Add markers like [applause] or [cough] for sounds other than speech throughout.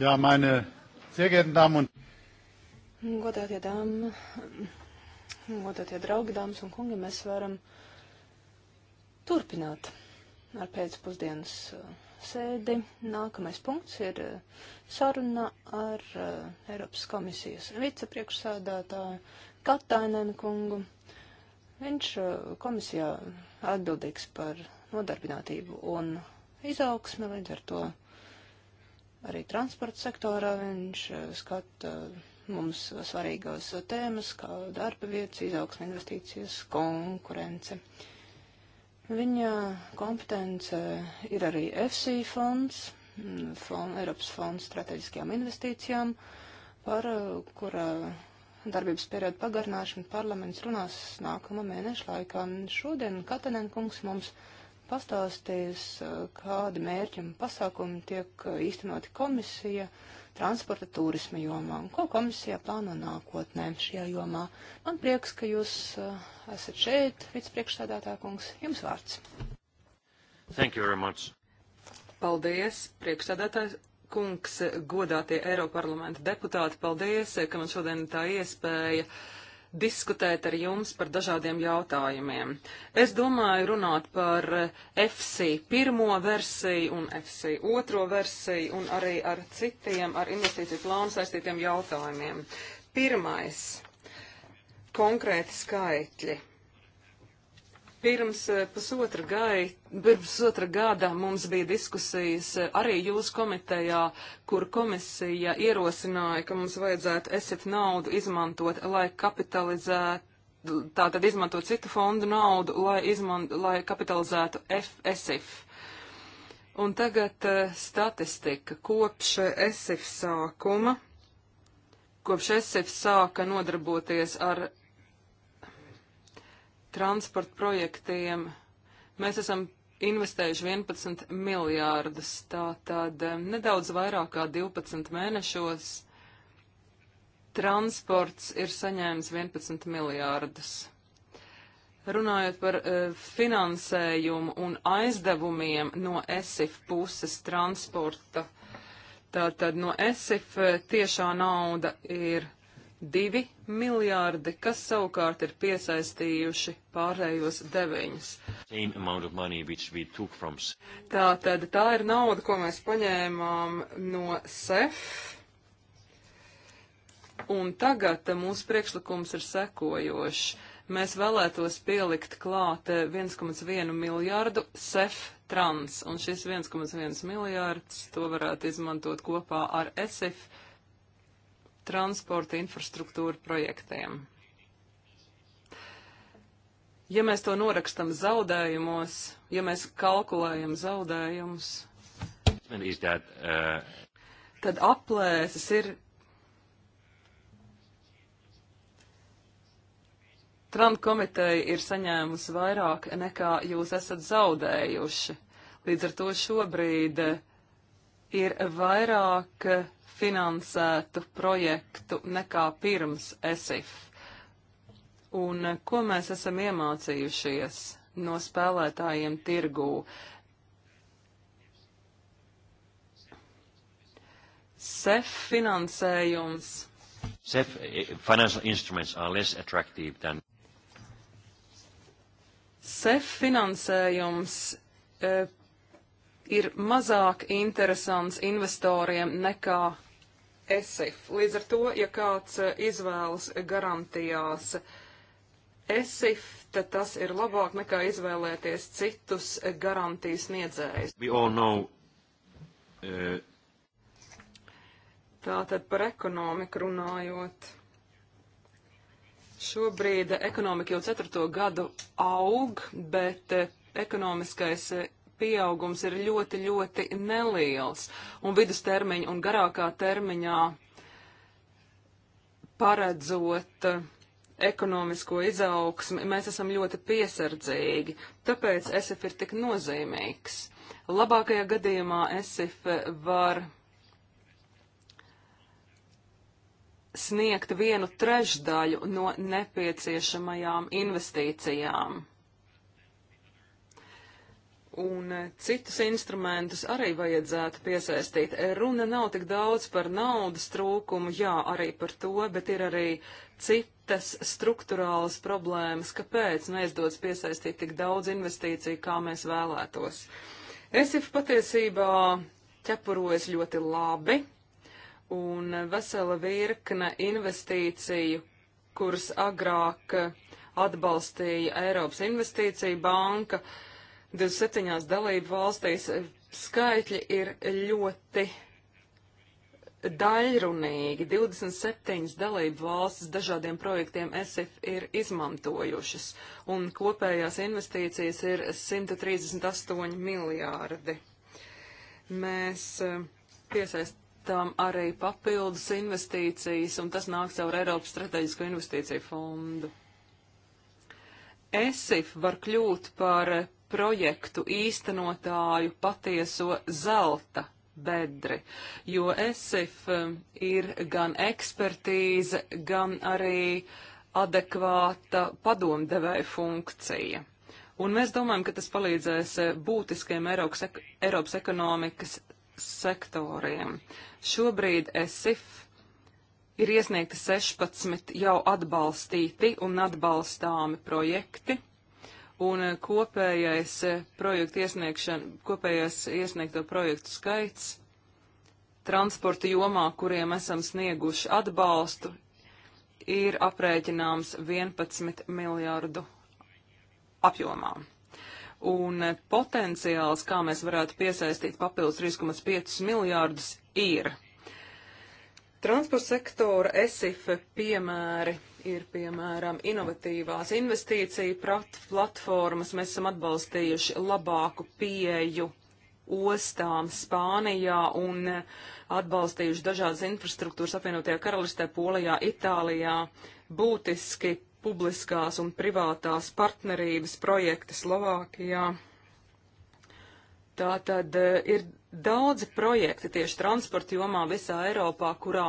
Jā, meine sehr geehrten Damen un Godātie dāmas, godātie draugi, dāmas un kungi, mēs varam turpināt ar pēcpusdienas uh, sēdi. Nākamais punkts ir uh, saruna ar uh, Eiropas komisijas vicepriekšsādātāju Katainēnu kungu. Viņš komisijā atbildīgs par nodarbinātību un izaugsmi, līdz ar to Arī transporta sektorā viņš eh, skata eh, mums svarīgās tēmas, kā darba vietas, izaugsme, investīcijas, konkurence. Viņa kompetence ir arī FSI fonds, mm, fond, Eiropas fonds strateģiskajām investīcijām, par eh, kura darbības periodu pagarināšanu parlaments runās nākamā mēneša laikā. Šodien Katanenkungs mums. Uh, pastāstījis, eh, kādi mērķi un pasākumi tiek eh, īstenoti komisija transporta turisma jomā un ko komisija plāno nākotnē šajā jomā. Man prieks, ka jūs eh, esat šeit, vicepriekšstādātā kungs. Jums vārds. Thank you very much. Paldies, priekšstādātājs kungs, godātie Eiroparlamenta deputāti. Paldies, ka man šodien tā iespēja. Uh, diskutēt ar jums par dažādiem jautājumiem. Es domāju runāt par FC pirmo versiju un FC otro versiju un arī ar citiem ar investīciju plānu saistītiem jautājumiem. Pirmais - konkrēti skaitļi. Pirms eh, pusotra, gai, pusotra gada mums bija diskusijas eh, arī jūsu komitejā, kur komisija ierosināja, ka mums vajadzētu esiet naudu izmantot, lai kapitalizētu. Tātad izmanto citu fondu naudu, lai, izman, lai kapitalizētu ESIF. Un tagad uh, statistika. Kopš ESIF sākuma, kopš ESIF sāka nodarboties ar transporta projektiem mēs esam investējuši 11 miljārdus, tā tad nedaudz vairāk kā 12 mēnešos transports ir saņēmis 11 miljārdus. Runājot par e, finansējumu un aizdevumiem no ESIF puses transporta, tātad no ESIF e, tiešā nauda ir 2 miljārdi, kas savukārt ir piesaistījuši pārējos deviņus. Tā tad tā ir nauda, ko mēs paņēmām no SEF. Un tagad mūsu priekšlikums ir sekojošs. Mēs vēlētos pielikt klāt 1,1 miljārdu SEF trans, un šis 1,1 miljārds to varētu izmantot kopā ar ESIF transporta infrastruktūra projektiem. Ja mēs to norakstam zaudējumos, ja mēs kalkulējam zaudējumus, that, uh... tad aplēses ir Trump komiteja ir saņēmusi vairāk nekā jūs esat zaudējuši. Līdz ar to šobrīd ir vairāk finansētu projektu nekā pirms ESIF. Un eh, ko mēs esam iemācījušies no spēlētājiem tirgū? SEF finansējums. SEF eh, financial instruments are less attractive than. SEF finansējums e, ir mazāk interesants investoriem nekā ESIF. Līdz ar to, ja kāds eh, izvēlas garantijās ESIF, tad tas ir labāk nekā izvēlēties citus eh, garantijas niedzējus. Know, uh... Tātad par ekonomiku runājot. Šobrīd ekonomika jau ceturto gadu aug, bet ekonomiskais pieaugums ir ļoti, ļoti neliels. Un vidustermiņa un garākā termiņā paredzot eh, ekonomisko izaugsmi, mēs esam ļoti piesardzīgi, tāpēc ESIF ir tik nozīmīgs. Labākajā gadījumā ESIF var sniegt vienu trešdaļu no nepieciešamajām investīcijām un eh, citus instrumentus arī vajadzētu piesaistīt. Eh, runa nav tik daudz par naudas trūkumu, jā, arī par to, bet ir arī citas struktūrālas problēmas, kāpēc neizdodas piesaistīt tik daudz investīciju, kā mēs vēlētos. ESIF patiesībā ķepurojas ļoti labi, un eh, vesela virkne investīciju, kuras agrāk atbalstīja Eiropas investīcija banka, uh, 27 dalību valstīs skaitļi ir ļoti daļrunīgi. 27 dalību valstis dažādiem projektiem ESIF ir izmantojušas, un kopējās investīcijas ir 138 miljārdi. Mēs eh, piesaistām arī papildus investīcijas, un tas nāk caur Eiropas strateģisko investīciju fondu. ESIF var kļūt par projektu īstenotāju patieso zelta bedri, jo ESIF um, ir gan ekspertīze, gan arī adekvāta padomdevēja funkcija. Un mēs domājam, ka tas palīdzēs uh, būtiskiem Eiropas, ek Eiropas ekonomikas sektoriem. Šobrīd ESIF ir iesniegti 16 jau atbalstīti un atbalstāmi projekti un eh, kopējais eh, projektu iesniegšana, kopējais iesniegto projektu skaits transporta jomā, kuriem esam snieguši atbalstu, ir aprēķināms 11 miljārdu apjomā. Un eh, potenciāls, kā mēs varētu piesaistīt papildus 3,5 miljārdus, ir. Transporta sektora ESIF piemēri ir, piemēram, inovatīvās investīcija platformas. Mēs esam atbalstījuši labāku pieju ostām Spānijā un atbalstījuši dažādas infrastruktūras apvienotajā karalistē, Polijā, Itālijā. Būtiski publiskās un privātās partnerības projekti Slovākijā. Tā tad eh, ir daudzi projekti tieši transporta jomā visā Eiropā, kurā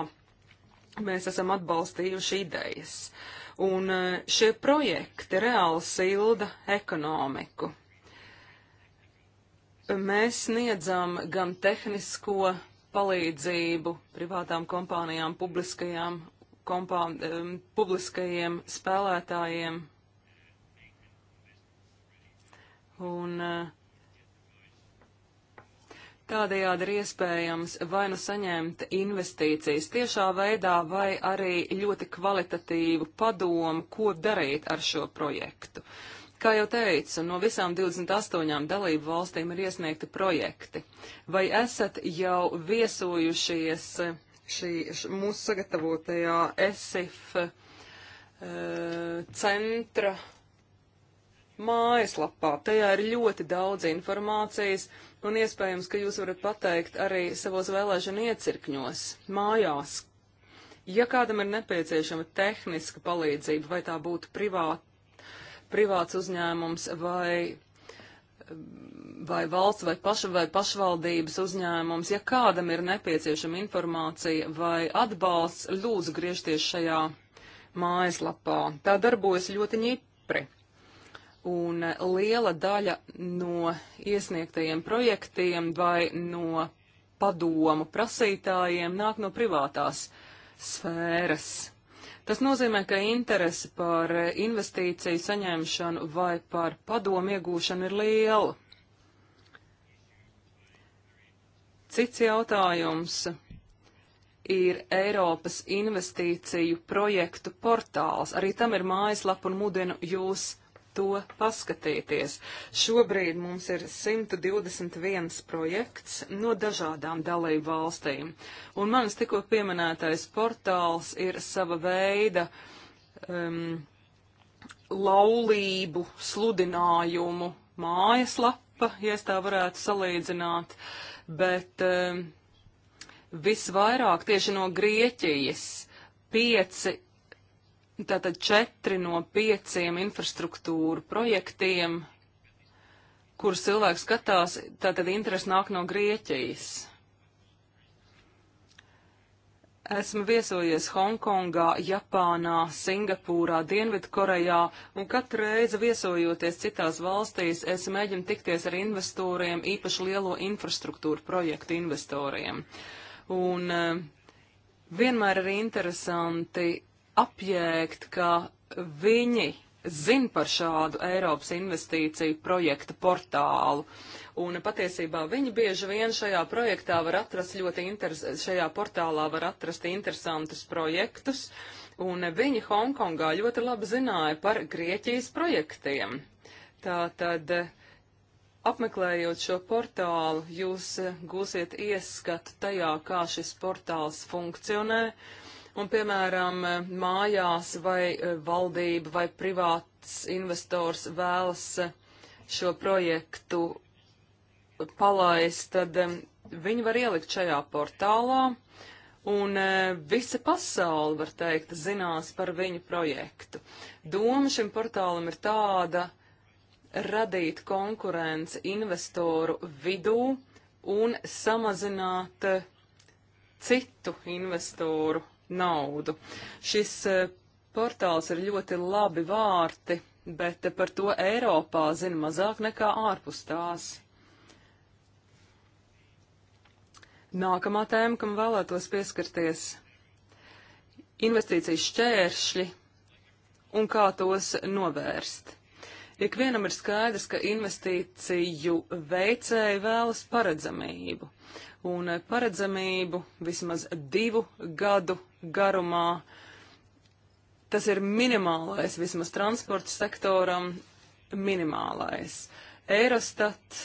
mēs esam atbalstījuši idejas. Un e, šie projekti reāli silda ekonomiku. Mēs sniedzam gan tehnisko palīdzību privātām kompānijām, publiskajām, kompā, um, publiskajiem spēlētājiem. Un uh, Tādējādi ir iespējams vai nu saņemt investīcijas tiešā veidā, vai arī ļoti kvalitatīvu padomu, ko darīt ar šo projektu. Kā jau teicu, no visām 28 dalību valstīm ir iesniegti projekti. Vai esat jau viesojušies šī š, mūsu sagatavotajā ESIF e, centra mājaslapā? Tajā ir ļoti daudz informācijas Un iespējams, ka jūs varat pateikt arī savos vēlēšana iecirkņos, mājās. Ja kādam ir nepieciešama tehniska palīdzība, vai tā būtu privāt, privāts uzņēmums vai vai valsts vai, paša, vai pašvaldības uzņēmums, ja kādam ir nepieciešama informācija vai atbalsts, lūdzu griežties šajā mājaslapā. Tā darbojas ļoti ņipri un liela daļa no iesniegtajiem projektiem vai no padomu prasītājiem nāk no privātās sfēras. Tas nozīmē, ka interese par investīciju saņemšanu vai par padomu iegūšanu ir liela. Cits jautājums ir Eiropas investīciju projektu portāls. Arī tam ir mājaslapa un mudinu jūs to paskatīties. Šobrīd mums ir 121 projekts no dažādām dalību valstīm, un manis tikko pieminētais portāls ir sava veida um, laulību sludinājumu mājaslapa, ja es tā varētu salīdzināt, bet um, visvairāk tieši no Grieķijas pieci Tātad četri no pieciem infrastruktūru projektiem, kurus cilvēks skatās, tātad interesi nāk no Grieķijas. Esmu viesojies Hongkongā, Japānā, Singapūrā, Dienvidkorejā, un katru reizi viesojoties citās valstīs, es mēģinu tikties ar investoriem, īpaši lielo infrastruktūru projektu investoriem. Un eh, vienmēr ir interesanti apjēgt, ka viņi zina par šādu Eiropas investīciju projekta portālu. Un patiesībā viņi bieži vien šajā projektā var atrast ļoti interes, šajā portālā var atrast interesantus projektus, un viņi Hongkongā ļoti labi zināja par Grieķijas projektiem. Tātad, apmeklējot šo portālu, jūs gūsiet ieskatu tajā, kā šis portāls funkcionē, uh, Un, piemēram, mājās vai e, valdība vai privāts investors vēlas e, šo projektu palaist, tad e, viņi var ielikt šajā portālā. Un e, visa pasaule, var teikt, zinās par viņu projektu. Doma šim portālam ir tāda radīt konkurenci investoru vidū un samazināt citu investoru naudu. Šis eh, portāls ir ļoti labi vārti, bet par to Eiropā zina mazāk nekā ārpus tās. Nākamā tēma, kam vēlētos pieskarties - investīcijas šķēršļi un kā tos novērst. Ikvienam ir skaidrs, ka investīciju veicēji vēlas paredzamību, un eh, paredzamību vismaz divu gadu garumā. Tas ir minimālais, vismaz transporta sektoram minimālais. Eurostat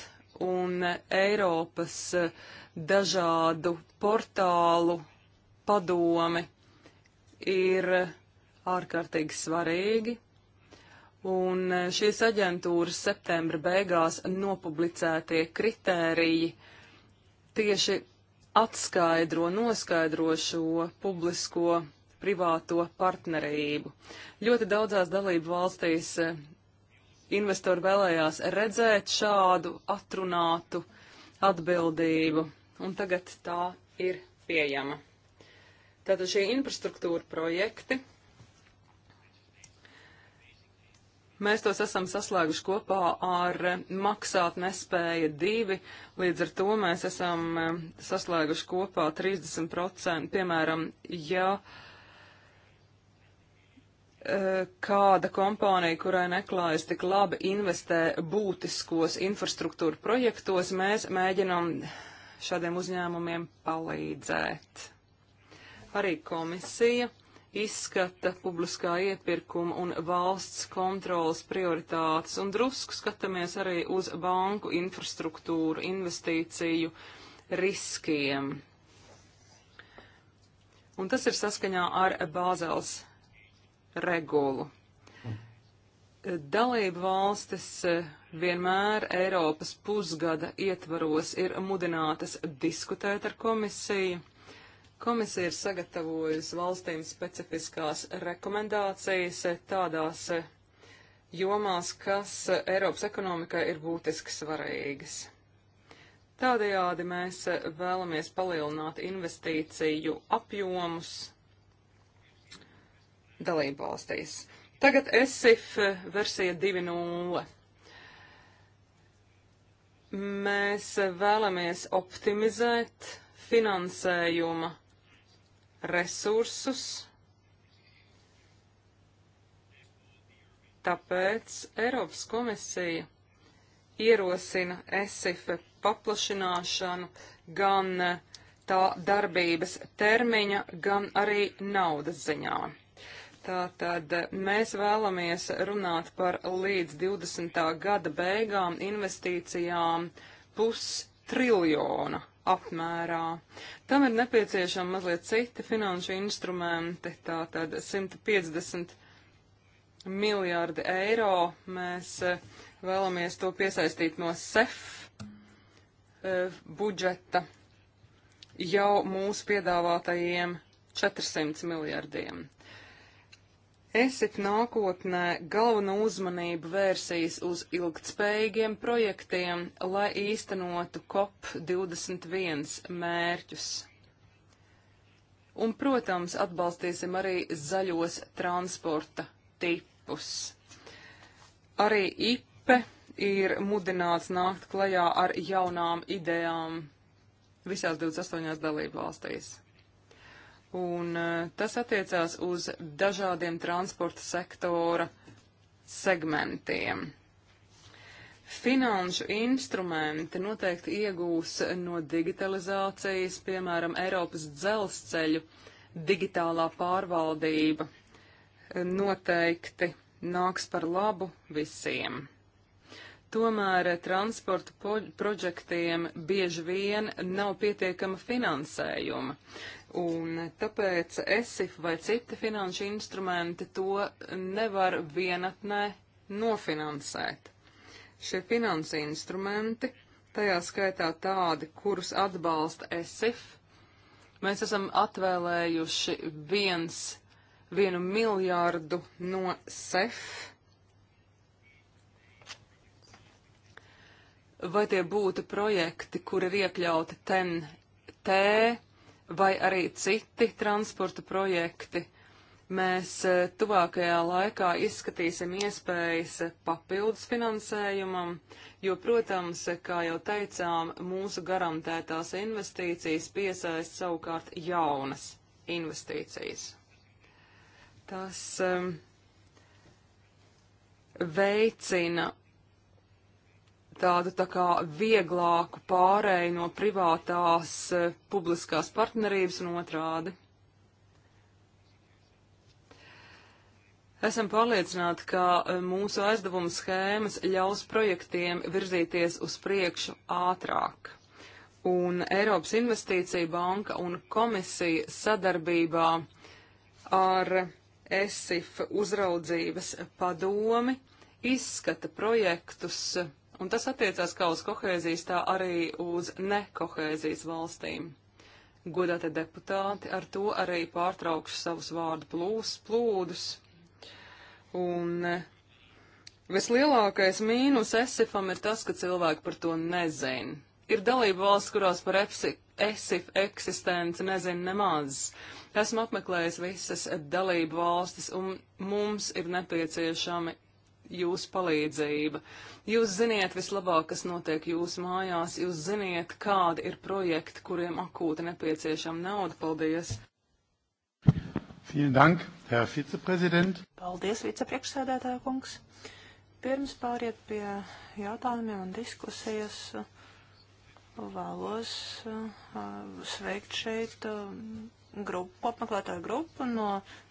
un Eiropas eh, dažādu portālu padomi ir eh, ārkārtīgi svarīgi. Un eh, šīs aģentūras septembra beigās nopublicētie kritēriji tieši atskaidro, noskaidro šo publisko privāto partnerību. Ļoti daudzās dalību valstīs eh, investori vēlējās redzēt šādu atrunātu atbildību, un tagad tā ir pieejama. Tātad šie infrastruktūra projekti Mēs tos esam saslēguši kopā ar maksāt nespēja divi, līdz ar to mēs esam e, saslēguši kopā 30%, piemēram, ja e, kāda kompānija, kurai neklājas tik labi, investē būtiskos infrastruktūra projektos, mēs mēģinam šādiem uzņēmumiem palīdzēt. Arī komisija izskata publiskā iepirkuma un valsts kontrolas prioritātes, un drusku skatāmies arī uz banku infrastruktūru investīciju riskiem. Un tas ir saskaņā ar Bāzels regulu. Dalību valstis eh, vienmēr Eiropas pusgada ietvaros ir mudinātas diskutēt ar komisiju Komisija ir sagatavojusi valstīm specifiskās rekomendācijas tādās jomās, kas Eiropas ekonomikai ir būtiski svarīgas. Tādējādi mēs vēlamies palielināt investīciju apjomus dalībvalstīs. Tagad ESIF versija 2.0. Mēs vēlamies optimizēt finansējuma resursus. Tāpēc Eiropas komisija ierosina ESIFE paplašināšanu gan eh, tā darbības termiņa, gan arī naudas ziņā. Tātad eh, mēs vēlamies runāt par līdz 20. gada beigām investīcijām pus triljona apmērā. Tam ir nepieciešama mazliet citi finanšu instrumenti, tātad 150 miljārdi eiro. Mēs eh, vēlamies to piesaistīt no SEF eh, budžeta jau mūsu piedāvātajiem 400 miljardiem. ESIT nākotnē galveno uzmanību vērsīs uz ilgtspējīgiem projektiem, lai īstenotu COP21 mērķus. Un, protams, atbalstīsim arī zaļos transporta tipus. Arī IPE ir mudināts nākt klajā ar jaunām idejām visās 28 dalību valstīs un eh, tas attiecās uz dažādiem transporta sektora segmentiem. Finanšu instrumenti noteikti iegūs no digitalizācijas, piemēram, Eiropas dzelzceļu digitālā pārvaldība noteikti nāks par labu visiem. Tomēr transporta projektiem bieži vien nav pietiekama finansējuma. Un tāpēc ESIF vai citi finanšu instrumenti to nevar vienatnē nofinansēt. Šie finansu instrumenti, tajā skaitā tādi, kurus atbalsta ESIF, mēs esam atvēlējuši viens, vienu miljārdu no SEF vai tie būtu projekti, kur ir iekļauti TEN-T vai arī citi transporta projekti. Mēs e, tuvākajā laikā izskatīsim iespējas papildus finansējumam, jo, protams, e, kā jau teicām, mūsu garantētās investīcijas piesaist savukārt jaunas investīcijas. Tas um, veicina tādu tā kā vieglāku pārēju no privātās eh, publiskās partnerības un otrādi. Esam pārliecināti, ka eh, mūsu aizdevuma schēmas ļaus projektiem virzīties uz priekšu ātrāk. Un Eiropas Investīcija banka un komisija sadarbībā ar ESIF uzraudzības padomi izskata projektus Un tas attiecās kā uz kohēzijas, tā arī uz nekohēzijas valstīm. Godātie deputāti, ar to arī pārtraukšu savus vārdu plūs, plūdus. Un e, vislielākais mīnus esifam ir tas, ka cilvēki par to nezin. Ir dalība valsts, kurās par EFSI, esif eksistenci nezin nemaz. Esmu apmeklējis visas dalību valstis, un mums ir nepieciešami jūsu palīdzība. Jūs ziniet vislabāk, kas notiek jūsu mājās, jūs ziniet, kādi ir projekti, kuriem akūti nepieciešama nauda. Paldies! Dank, Herr Paldies, vicepriekšsēdētāja kungs! Pirms pāriet pie jautājumiem un diskusijas, vēlos uh, sveikt šeit uh, grupu, apmeklētāju grupu no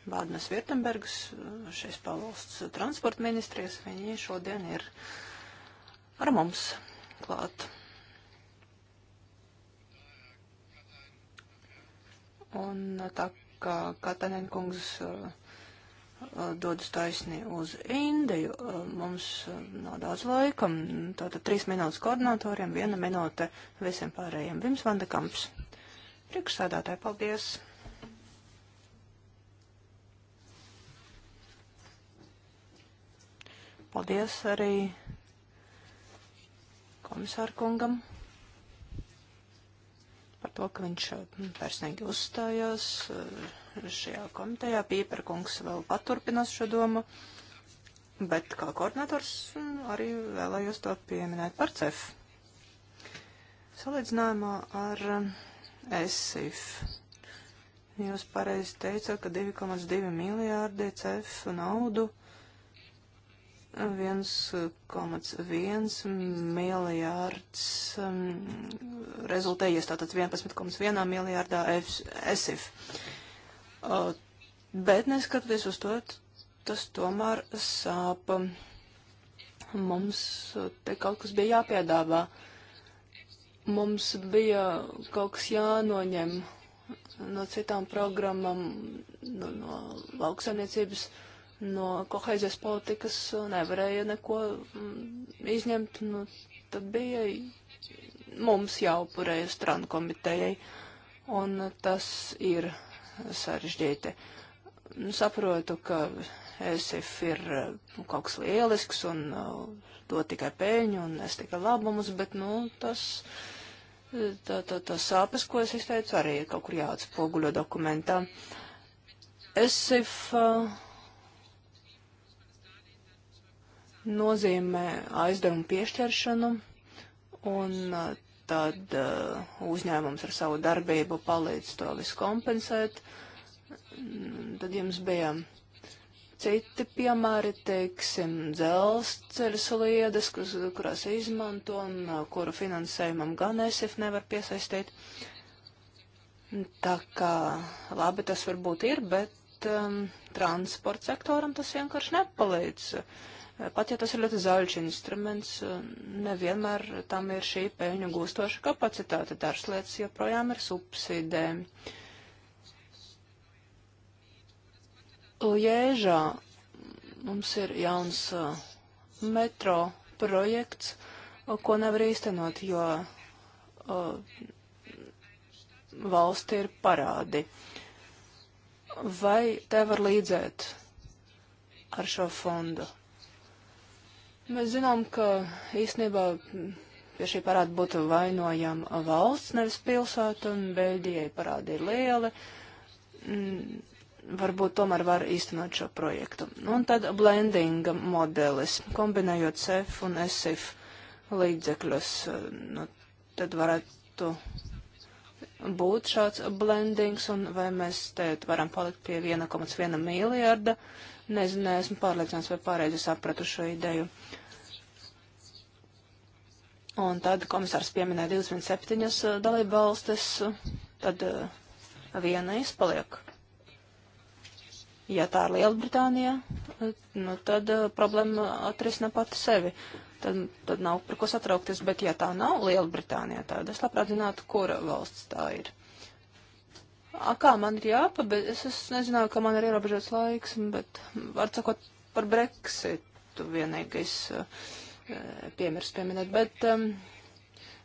Vādnas Vietembergas, šīs pavalsts transporta ministrijas. Viņi šodien ir ar mums klāt. Un tā kā Katanenkungs uh, uh, dodas taisni uz Indiju, uh, mums nav daudz laika, mm, tātad trīs minūtes koordinatoriem, viena minūte visiem pārējiem. Vims Vandekamps. Priekšsēdētāji, paldies! Paldies arī komisārkungam par to, ka viņš personīgi mm, uzstājās eh, šajā komitejā. Pīperkungs vēl paturpinās šo domu, bet kā koordinators mm, arī vēlējos to pieminēt par CEF. Salīdzinājumā ar ESIF. Mm, Jūs pareizi teicāt, ka 2,2 miljārdi CEF naudu uh, 1,1 eh, miljārds um, rezultējies tātad 11,1 miljārdā ESIF. Uh, bet neskatoties uz to, tas tomēr sāpa. Mums eh, te kaut kas bija jāpiedāvā. Mums bija kaut kas jānoņem no citām programmām, no, no lauksaimniecības. Uh, no kohēzijas politikas nevarēja neko mm, izņemt, nu, tad bija mums jāupurējas stranu komitejai, un tas ir sarežģīti. Nu, saprotu, ka ESIF ir nu, kaut kas lielisks un uh, dod tikai pēļņu un es tikai labumus, bet, nu, tas, tā, tā, tas sāpes, ko es izteicu, arī kaut kur jāatspoguļo dokumentā. ESIF uh, nozīmē aizdevumu piešķiršanu, un tad uzņēmums ar savu darbību palīdz to visu kompensēt. Mm, tad jums bija citi piemēri, teiksim, dzelzceļa sliedes, kas, kurās izmanto un kuru finansējumam gan ESIF nevar piesaistīt. Tā kā labi tas varbūt ir, bet um, transporta sektoram tas vienkārši nepalīdz. Uh, Pat ja tas ir ļoti zaļš instruments, nevienmēr tam ir šī peļņu gūstoša kapacitāte. Dažas lietas joprojām ir subsidē. Liežā mums ir jauns uh, metro projekts, uh, ko nevar īstenot, jo uh, valsti ir parādi. Vai te var līdzēt ar šo fondu? Mēs zinām, ka īstenībā pie šī parāda būtu vainojama valsts, nevis pilsēta, un Beļģijai parādi ir lieli. Mm, varbūt tomēr var īstenot šo projektu. Un tad blendinga modelis, kombinējot SEF un SIF līdzekļus, nu, tad varētu būt šāds blendings, un vai mēs te varam palikt pie 1,1 miljārda. Nezinu, esmu pārliecināts, vai pareizi sapratu šo ideju. Uh, Un tad komisārs pieminēja 27 eh, dalību valstis, tad eh, viena izpaliek. Ja tā ir Lielbritānija, eh, nu, tad problēma atrisina pati sevi. Tad, tad nav par ko satraukties, bet ja tā nav Lielbritānija, tad es labprāt zinātu, kura valsts tā ir. A, kā man ir jāpabeidz, es, es nezināju, ka man ir ierobežots laiks, bet var sakot par Brexitu vienīgais. Uh, Eh, piemērus pieminēt, bet um,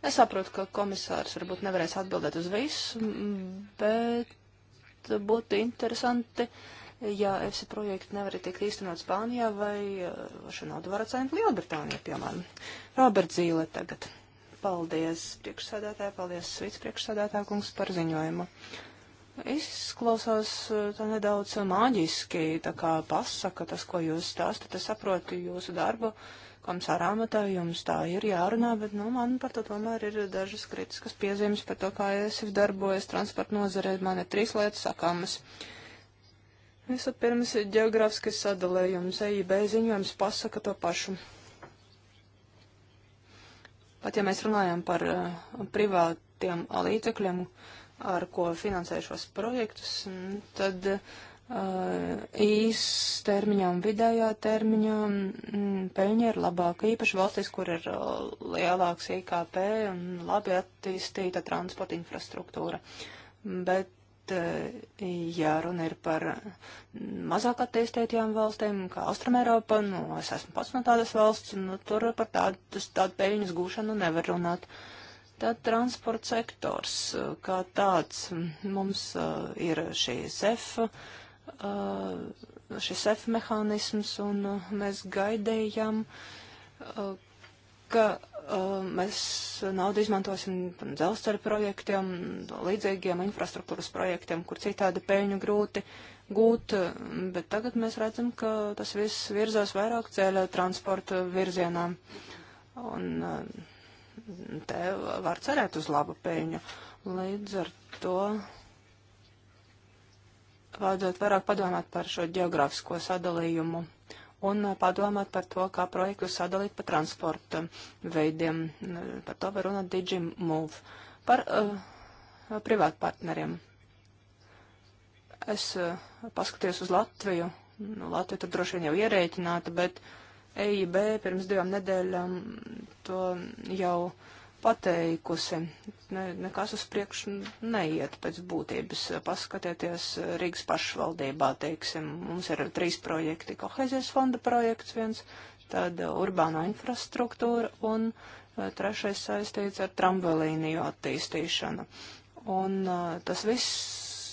es saprotu, ka komisārs varbūt nevarēs atbildēt uz visu, bet būtu interesanti, ja EFSI projekti nevar tikt īstenot Spānijā vai eh, šo naudu var atsaņemt Lielbritānijā, piemēram. Robert Zīle tagad. Paldies priekšsādātāji, paldies vicepriekšsādātāji kungs par ziņojumu. Izklausās eh, tā nedaudz maģiski, tā kā pasaka tas, ko jūs stāstat, es saprotu jūsu darbu. Uh, komisāra amatā, jums tā ir jārunā, bet, nu, man par to tomēr ir dažas kritiskas piezīmes par to, kā es darbojas transporta nozarē. Man ir trīs lietas sakāmas. Vispirms geogrāfiskais sadalījums EIB ziņojums pasaka to pašu. Pat ja mēs runājam par uh, privātiem līdzekļiem, ar ko finansē šos projektus, mm, tad Uh, īstermiņā un vidējā termiņā mm, peļņa ir labāka, īpaši valstīs, kur ir uh, lielāks IKP un labi attīstīta transporta infrastruktūra. Bet, uh, ja runa ir par mazāk attīstītajām valstīm, kā Austrumēropa, nu, es esmu pats no tādas valsts, nu, tur par tādu, tādu peļņas gūšanu nevar runāt. Tad transporta sektors, kā tāds, mm, mums ir šī ZEFA Uh, šis F mehānisms, un uh, mēs gaidījām, uh, ka mēs naudu izmantosim dzelzceļa projektiem, līdzīgiem infrastruktūras projektiem, kur citādi peļņu grūti gūt, bet tagad mēs redzam, ka tas viss virzās vairāk ceļa transporta virzienā. Un te var cerēt uz labu peļņu. Līdz ar to vajadzētu vairāk padomāt par šo geogrāfisko sadalījumu un uh, padomāt par to, kā projektu sadalīt pa transporta veidiem. Par to var runāt DigiMove. Par uh, privātu partneriem. Es uh, paskatījos uz Latviju. Nu, Latvija tur droši vien jau ierēķināta, bet EIB pirms divām nedēļām to jau uh, pateikusi. Ne, nekas uz priekšu neiet pēc būtības. Paskatieties Rīgas pašvaldībā, teiksim, mums ir trīs projekti. Kohezijas fonda projekts viens, tad urbāna infrastruktūra un eh, trešais saistīts ar tramvelīniju attīstīšanu. Un eh, tas viss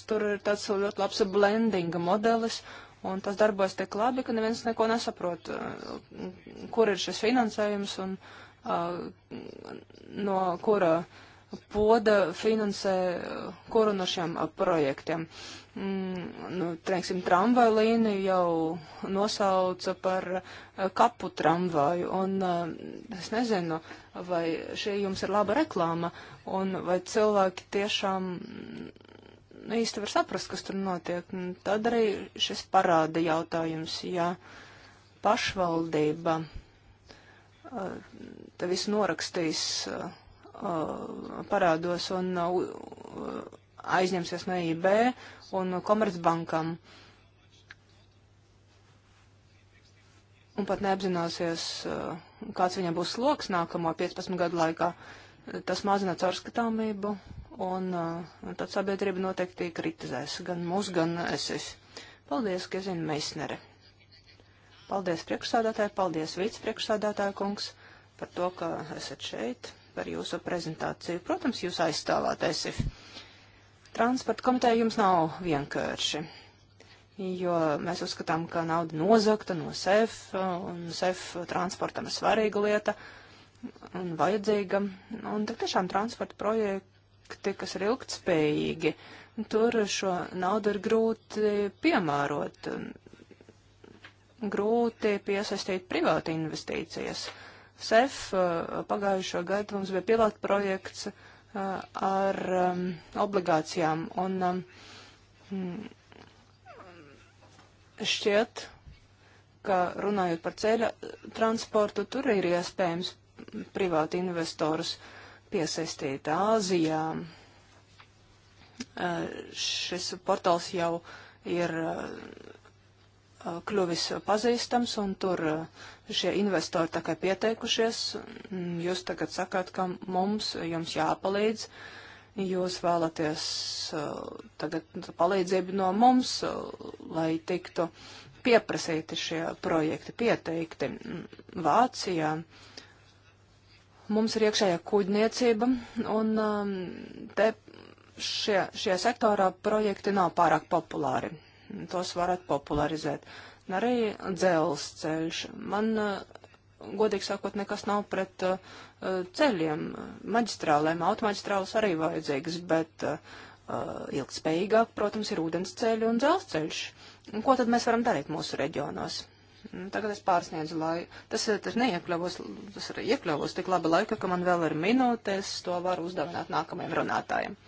tur ir tāds ļoti labs blendinga modelis, un tas darbojas tik labi, ka neviens neko nesaprot, eh, kur ir šis finansējums un finansējums no kura poda finansē kuru no šiem projektiem. Mm, nu, teiksim, tramvaju līniju jau nosauca par kapu tramvaju, un es nezinu, vai šī jums ir laba reklāma, un vai cilvēki tiešām nu, īsti var saprast, kas tur notiek. Un tad arī šis parāda jautājums, ja pašvaldība te visu norakstīs uh, parādos un uh, aizņemsies no IB un Komercbankam. Un pat neapzināsies, uh, kāds viņam būs sloks nākamo 15 gadu laikā. Tas mazina caurskatāmību, un tad sabiedrība noteikti kritizēs gan mūs, gan esis. Paldies, Gezina Meisnere. Paldies priekšsādātāji, paldies vicepriekšsādātāja kungs par to, ka esat šeit, par jūsu prezentāciju. Protams, jūs aizstāvāt ESIF. Transporta komiteja jums nav vienkārši, jo mēs uzskatām, ka nauda nozakta no SEF, un SEF transportam ir svarīga lieta un vajadzīga. Un tad tiešām transporta projekti, kas ir ilgtspējīgi, tur šo naudu ir grūti piemērot grūti piesaistīt privāti investīcijas. SEF eh, pagājušo gadu mums bija pilota projekts eh, ar ehm, obligācijām, un ehm, šķiet, ka runājot par ceļa transportu, tur ir iespējams privāti investorus piesaistīt Āzijā. Eh, šis portāls jau ir kļuvis pazīstams, un tur uh, šie investori tā kā pieteikušies. Jūs tagad sakāt, ka mums, jums jāpalīdz, jūs vēlaties uh, tagad palīdzību no mums, uh, lai tiktu pieprasīti šie projekti, pieteikti Vācijā. Mums ir iekšējā kuģniecība, un um, te šie, šie sektorā projekti nav pārāk populāri tos varētu popularizēt. Un arī dzelzceļš. Man, eh, godīgi sakot, nekas nav pret uh, ceļiem, maģistrālēm. Automaģistrāles arī vajadzīgas, bet uh, ilgspējīgāk, protams, ir ūdensceļi un dzelzceļš. Un ko tad mēs varam darīt mūsu reģionos? Mm, tagad es pārsniedzu laiku. Tas, tas neiekļavos, tas ir iekļavos tik labi laika, ka man vēl ir minūte, es to varu uzdevināt nākamajam runātājiem.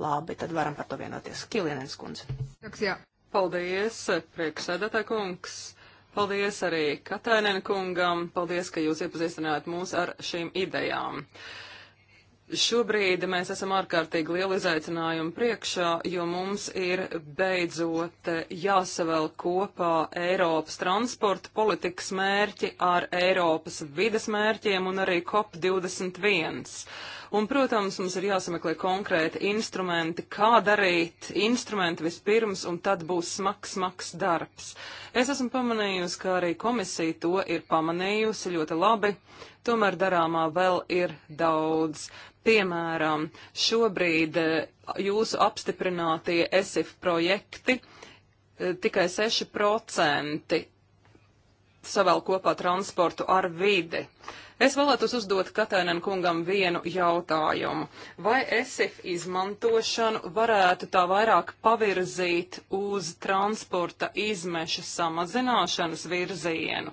Labi, tad varam par to vienoties. Kilienens kundze. Kiitoksia Paldies, priekšsēdētāj kungs! Paldies arī Katainēna kungam, paldies, ka jūs iepazīstinājāt mūs ar šīm idejām. Šobrīd mēs esam ārkārtīgi lielu izaicinājumu priekšā, jo mums ir beidzot jāsavēl kopā Eiropas transporta politikas mērķi ar Eiropas vides mērķiem un arī COP21. Un, protams, mums ir jāsameklē konkrēti instrumenti, kā darīt instrumenti vispirms, un tad būs smags, smags darbs. Es esmu pamanījusi, ka arī komisija to ir pamanījusi ļoti labi, tomēr darāmā vēl ir daudz. Piemēram, šobrīd eh, jūsu apstiprinātie ESIF projekti eh, tikai 6% savēl kopā transportu ar vidi. Uh, Es vēlētos uzdot Katēnen kungam vienu jautājumu. Vai ESIF izmantošanu varētu tā vairāk pavirzīt uz transporta izmeša samazināšanas virzienu,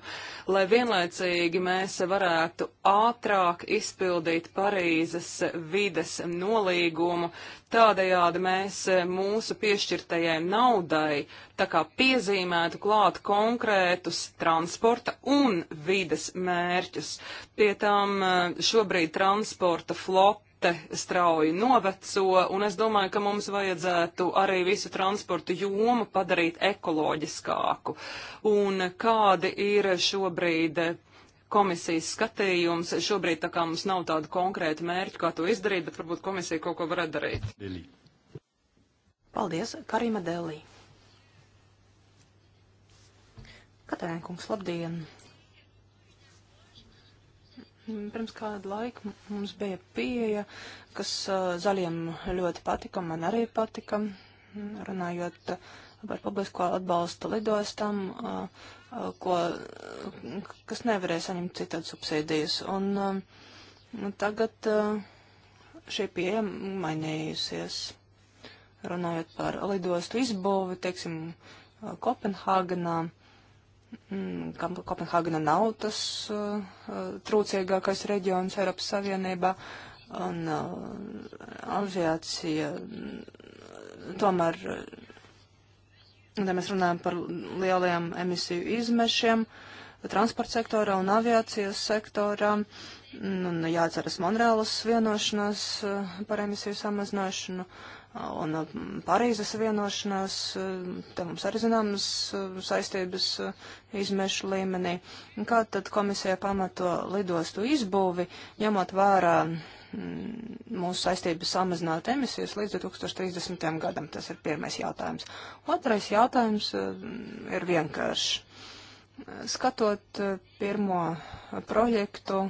lai vienlaicīgi mēs varētu ātrāk izpildīt Parīzes vides nolīgumu, Tādējādi mēs e, mūsu piešķirtajai naudai tā kā piezīmētu klāt konkrētus transporta un vides mērķus. Pie tam e, šobrīd transporta flota flote strauji noveco, un es domāju, ka mums vajadzētu arī visu transportu jomu padarīt ekoloģiskāku. Un kādi ir šobrīd komisijas skatījums. Šobrīd tā kā mums nav tāda konkrēta mērķa, kā to izdarīt, bet varbūt komisija kaut ko varētu darīt. Delī. Paldies, Karima Delī. Katēnkungs, labdien! Pirms kādu laiku mums bija pieeja, kas uh, zaļiem ļoti patika, man arī patika, runājot par publisko atbalstu lidostam. Uh, Uh, ko, kas nevarēja saņemt citādi subsīdijas. Un nu, tagad uh, šī pieeja mainījusies. Runājot par lidostu izbūvi, teiksim, uh, Kopenhāgenā. Mm, Kopenhāgena nav tas uh, trūcīgākais reģions Eiropas Savienībā, un uh, aviācija mm, tomēr Te mēs runājam par lieliem emisiju izmešiem transporta sektorā un aviācijas sektorā. Un jāceras Monreālas vienošanās eh, par emisiju samazināšanu eh, un eh, Parīzes vienošanās. Te mums arī zināmas saistības izmešu līmenī. Kā tad komisija pamato lidostu izbūvi, ņemot vērā Mm, mūsu saistības samazināt emisijas līdz 2030. gadam. Tas ir pirmais jautājums. Otrais jautājums mm, ir vienkāršs. Skatot eh, pirmo projektu,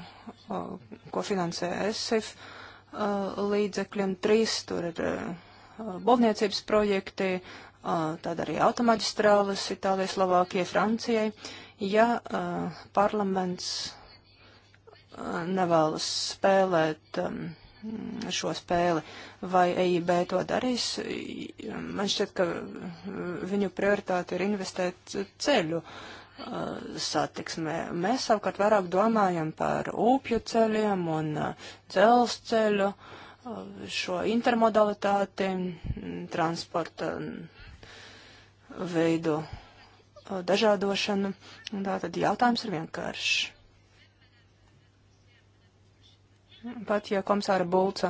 ko finansē ESIF, eh, līdzekļiem trīs tur ir eh, būvniecības projekti, tad arī automaģistrāles Itālijai, Slovākijai, Francijai. Ja parlaments nevēlas spēlēt um, šo spēli. Vai EIB to darīs? Man šķiet, ka uh, viņu prioritāte ir investēt ceļu uh, satiksmē. Mēs savukārt vairāk domājam par upju ceļiem un uh, dzelzceļu, uh, šo intermodalitāti, mm, transporta mm, veidu uh, dažādošanu. Un tā tad jautājums ir vienkāršs Pat ja komisāra Bulca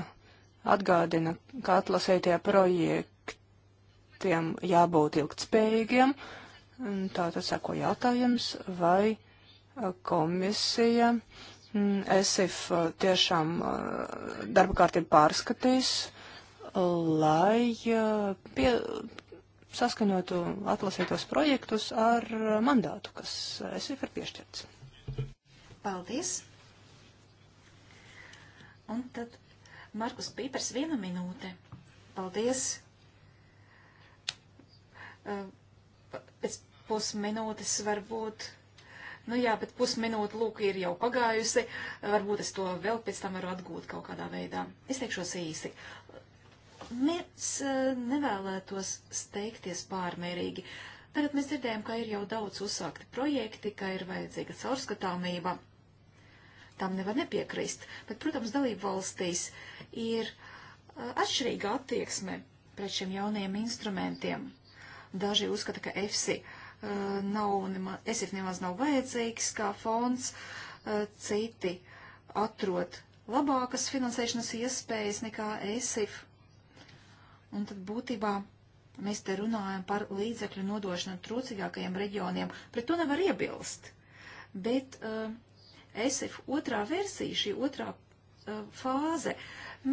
atgādina, ka atlasētie projektiem jābūt ilgtspējīgiem, tā tad sako jautājums, vai uh, komisija mm, ESIF uh, tiešām uh, darba kārtību pārskatīs, lai pie, saskaņotu atlasītos projektus ar mandātu, kas ESIF ir piešķirts. Paldies! Un tad Markus Pīpers viena minūte. Paldies. Pēc pusminūtes varbūt. Nu jā, bet pusminūte lūk ir jau pagājusi. Varbūt es to vēl pēc tam varu atgūt kaut kādā veidā. Es teikšos īsi. Mēs nevēlētos steigties pārmērīgi. Tagad mēs dzirdējam, ka ir jau daudz uzsākti projekti, ka ir vajadzīga caurskatāmība tam nevar nepiekrist. Bet, protams, dalību valstīs ir uh, atšķirīga attieksme pret šiem jaunajiem instrumentiem. Daži uzskata, ka EFSI uh, nav, ESIF nemaz nav vajadzīgs kā fonds, uh, citi atrod labākas finansēšanas iespējas nekā ESIF. Un tad būtībā mēs te runājam par līdzekļu nodošanu trūcīgākajiem reģioniem, pret to nevar iebilst. Bet uh, ESF otrā versija, šī otrā uh, fāze.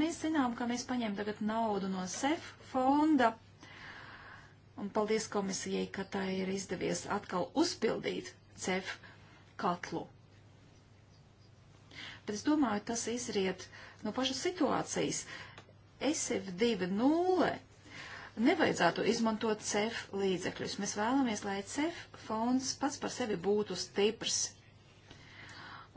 Mēs zinām, ka mēs paņēmām tagad naudu no SEF fonda, un paldies komisijai, ka tā ir izdevies atkal uzpildīt CEF katlu. Bet es domāju, tas izriet no pašas situācijas. ESF 2.0 nevajadzētu izmantot CEF līdzekļus. Mēs vēlamies, lai CEF fonds pats par sevi būtu stiprs.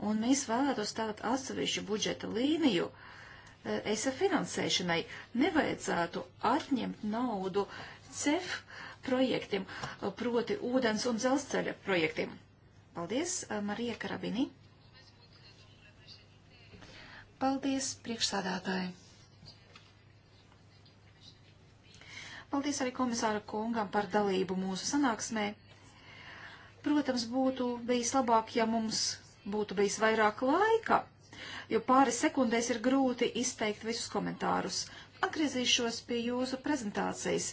Un mēs vēlētos tātad atsevišķu budžeta līniju e, ESA finansēšanai. Nevajadzētu atņemt naudu CEF projektiem, e, proti ūdens un dzelzceļa projektiem. Paldies, e, Marija Karabini. Paldies, priekšsādātāji. Paldies arī komisāra kungam par dalību mūsu sanāksmē. Protams, būtu bijis labāk, ja mums būtu bijis vairāk laika, jo pāris sekundēs ir grūti izteikt visus komentārus. Atgriezīšos pie jūsu prezentācijas.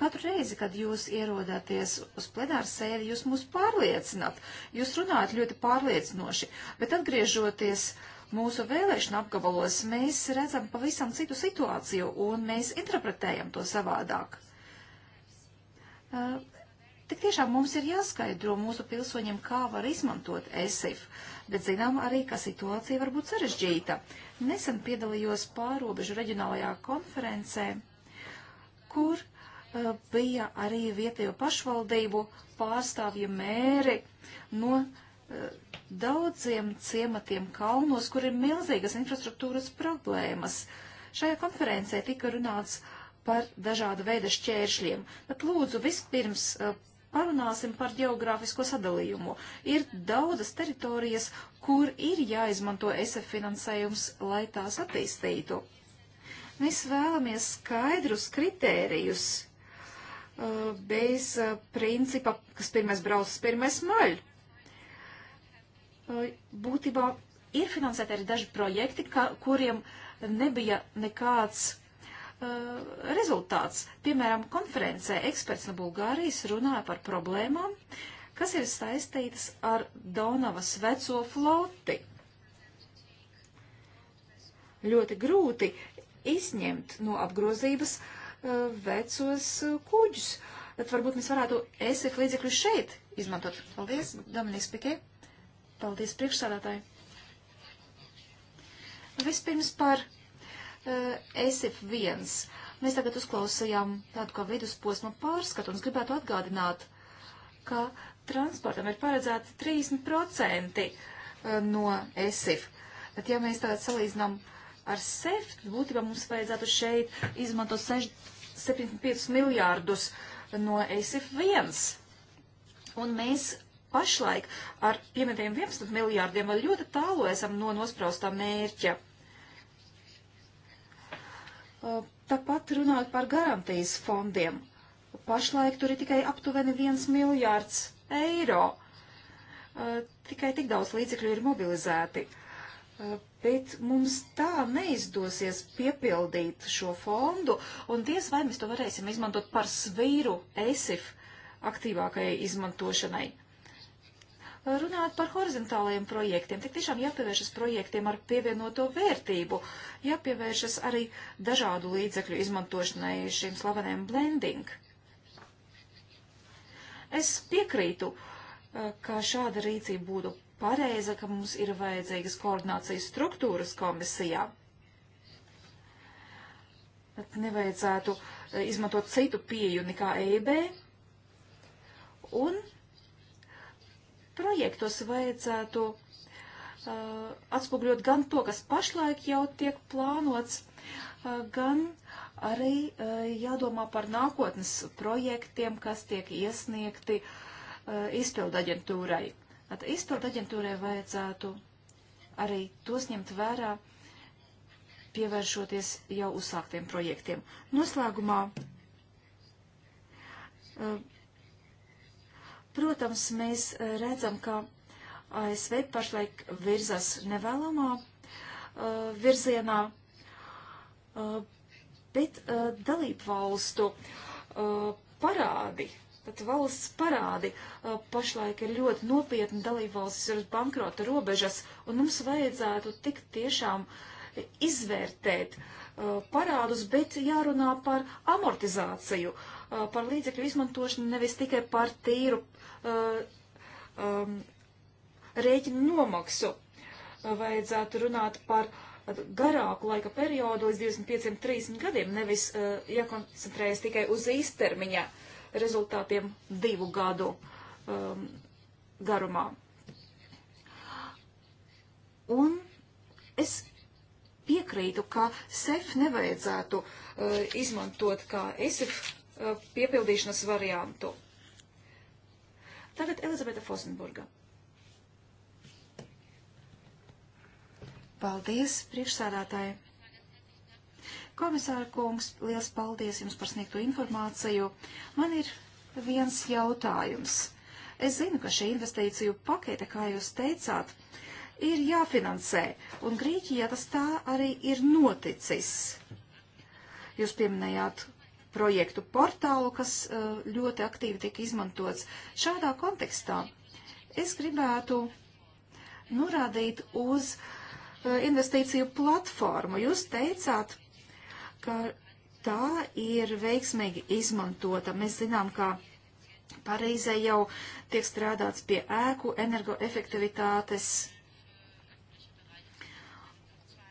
Katru reizi, kad jūs ierodāties uz plenāru sēdi, jūs mūs pārliecināt. Jūs runājat ļoti pārliecinoši, bet atgriežoties mūsu vēlēšana apgabalos, mēs redzam pavisam citu situāciju un mēs interpretējam to savādāk. Uh, Tik tiešām mums ir jāskaidro mūsu pilsoņiem, kā var izmantot ESIF bet zinām arī, ka situācija var būt sarežģīta. Nesen piedalījos pārobežu reģionālajā konferencē, kur uh, bija arī vietējo pašvaldību pārstāvju mēri no uh, daudziem ciematiem kalnos, kur ir milzīgas infrastruktūras problēmas. Šajā konferencē tika runāts par dažādu veidu šķēršļiem, bet lūdzu vispirms uh, parunāsim par geogrāfisko sadalījumu. Ir daudzas teritorijas, kur ir jāizmanto SF finansējums, lai tās attīstītu. Mēs vēlamies skaidrus kritērijus uh, bez uh, principa, kas pirmais brauc, pirmais maļ. Uh, būtībā ir finansēti arī daži projekti, ka, kuriem nebija nekāds Eh, rezultāts. Piemēram, konferencē eksperts no Bulgārijas runāja par problēmām, kas ir saistītas ar Donavas veco floti. Ļoti grūti izņemt no apgrozības uh, vecos uh, kuģus. Bet varbūt mēs varētu ESF līdzekļu šeit izmantot. Paldies, Dominiks Pikē. Paldies priekšsādātāji. Vispirms par Eh, SF1. Mēs tagad uzklausījām tādu kā vidusposma pārskatu un es gribētu atgādināt, ka transportam ir paredzēti 30% eh, no SF. Bet ja mēs tagad salīdzinām ar SEF, būtībā mums vajadzētu šeit izmantot 6, 75 miljārdus eh, no SF1. Un mēs pašlaik ar pieminētajiem 11 miljārdiem vēl ļoti tālu esam no nospraustā mērķa. Uh, Tāpat runājot par garantijas fondiem. Pašlaik tur ir tikai aptuveni 1 miljārds eiro. Tikai tik daudz līdzekļu ir mobilizēti. Bet mums tā neizdosies piepildīt šo fondu, un diez vai mēs to varēsim izmantot par svīru ESIF aktīvākajai izmantošanai. Runājot par horizontālajiem projektiem, tik tiešām jāpievēršas projektiem ar pievienoto vērtību, jāpievēršas arī dažādu līdzekļu izmantošanai šiem slaveniem blending. Es piekrītu, eh, ka šāda rīcība būtu pareiza, ka mums ir vajadzīgas koordinācijas struktūras komisijā. Bet nevajadzētu eh, izmantot citu pieju nekā EIB. Un projektos vajadzētu uh, atspūgļot gan to, kas pašlaik jau tiek plānots, uh, gan arī uh, jādomā par nākotnes projektiem, kas tiek iesniegti uh, izpildu aģentūrai. At izpildu aģentūrai vajadzētu arī tos ņemt vērā, pievēršoties jau uzsāktiem projektiem. Noslēgumā uh, Protams, mēs eh, redzam, ka ASV pašlaik virzas nevēlamā uh, virzienā, uh, bet uh, dalību valstu parādi, pat valsts parādi pašlaik ir ļoti nopietni dalību valstis ir uz bankrota robežas, un mums vajadzētu tik tiešām izvērtēt parādus, bet jārunā par amortizāciju, par līdzekļu izmantošanu, nevis tikai par tīru uh, Uh, um, rēķinu nomaksu. Uh, vajadzētu runāt par garāku laika periodu līdz 25-30 gadiem, nevis uh, jākoncentrējas tikai uz īstermiņa rezultātiem divu gadu um, garumā. Un es piekrītu, ka SEF nevajadzētu uh, izmantot kā ESF uh, piepildīšanas variantu. Tagad Elizabete Fosenburga. Paldies, priekšsādātāji! Komisāra kungs, liels paldies jums par sniegto informāciju. Man ir viens jautājums. Es zinu, ka šī investīciju pakete, kā jūs teicāt, ir jāfinansē, un Grieķijā tas tā arī ir noticis. Jūs pieminējāt projektu portālu, kas eh, ļoti aktīvi tika izmantots. Šādā kontekstā es gribētu norādīt uz eh, investīciju platformu. Jūs teicāt, ka tā ir veiksmīgi izmantota. Mēs zinām, ka Parīzē jau tiek strādāts pie ēku energoefektivitātes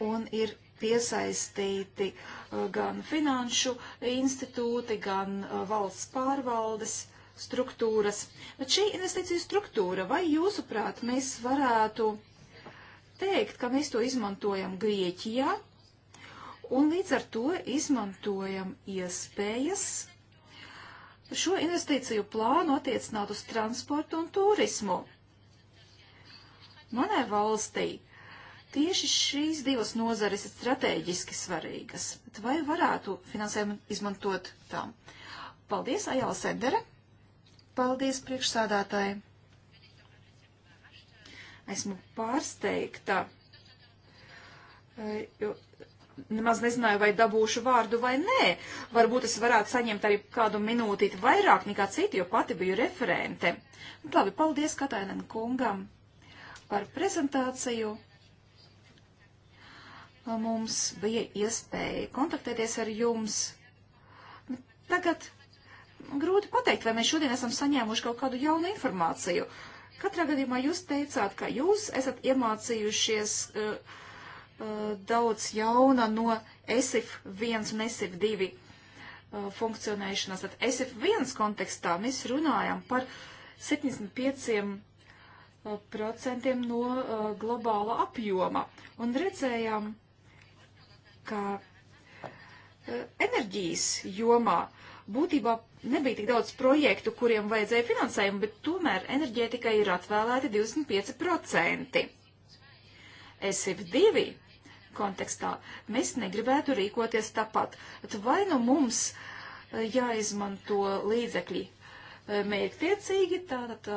un ir piesaistīti uh, gan finanšu institūti, gan uh, valsts pārvaldes struktūras. Bet šī investīciju struktūra, vai jūsuprāt, mēs varētu teikt, ka mēs to izmantojam Grieķijā un līdz ar to izmantojam iespējas šo investīciju plānu attiecināt uz transportu un turismu? Manai valstī uh, Tieši šīs divas nozares ir strateģiski svarīgas. Vai varētu finansējumu izmantot tam? Paldies, Ajāla Sendere. Paldies, priekšsādātāji. Esmu pārsteigta, e, jo nemaz nezināju, vai dabūšu vārdu vai nē. Varbūt es varētu saņemt arī kādu minūtīti vairāk nekā citi, jo pati biju referente. Bet labi, paldies Katainen kungam par prezentāciju mums bija iespēja kontaktēties ar jums. Tagad grūti pateikt, vai mēs šodien esam saņēmuši kaut kādu jaunu informāciju. Katrā gadījumā jūs teicāt, ka jūs esat iemācījušies uh, uh, daudz jauna no ESIF 1 un ESIF 2 uh, funkcionēšanas. Tad ESIF 1 kontekstā mēs runājam par 75 uh, procentiem no uh, globāla apjoma un redzējām, ka eh, enerģijas jomā būtībā nebija tik daudz projektu, kuriem vajadzēja finansējumu, bet tomēr enerģētikai ir atvēlēti 25%. SF2 kontekstā mēs negribētu rīkoties tāpat. Vai nu mums eh, jāizmanto līdzekļi eh, mērķtiecīgi, tātad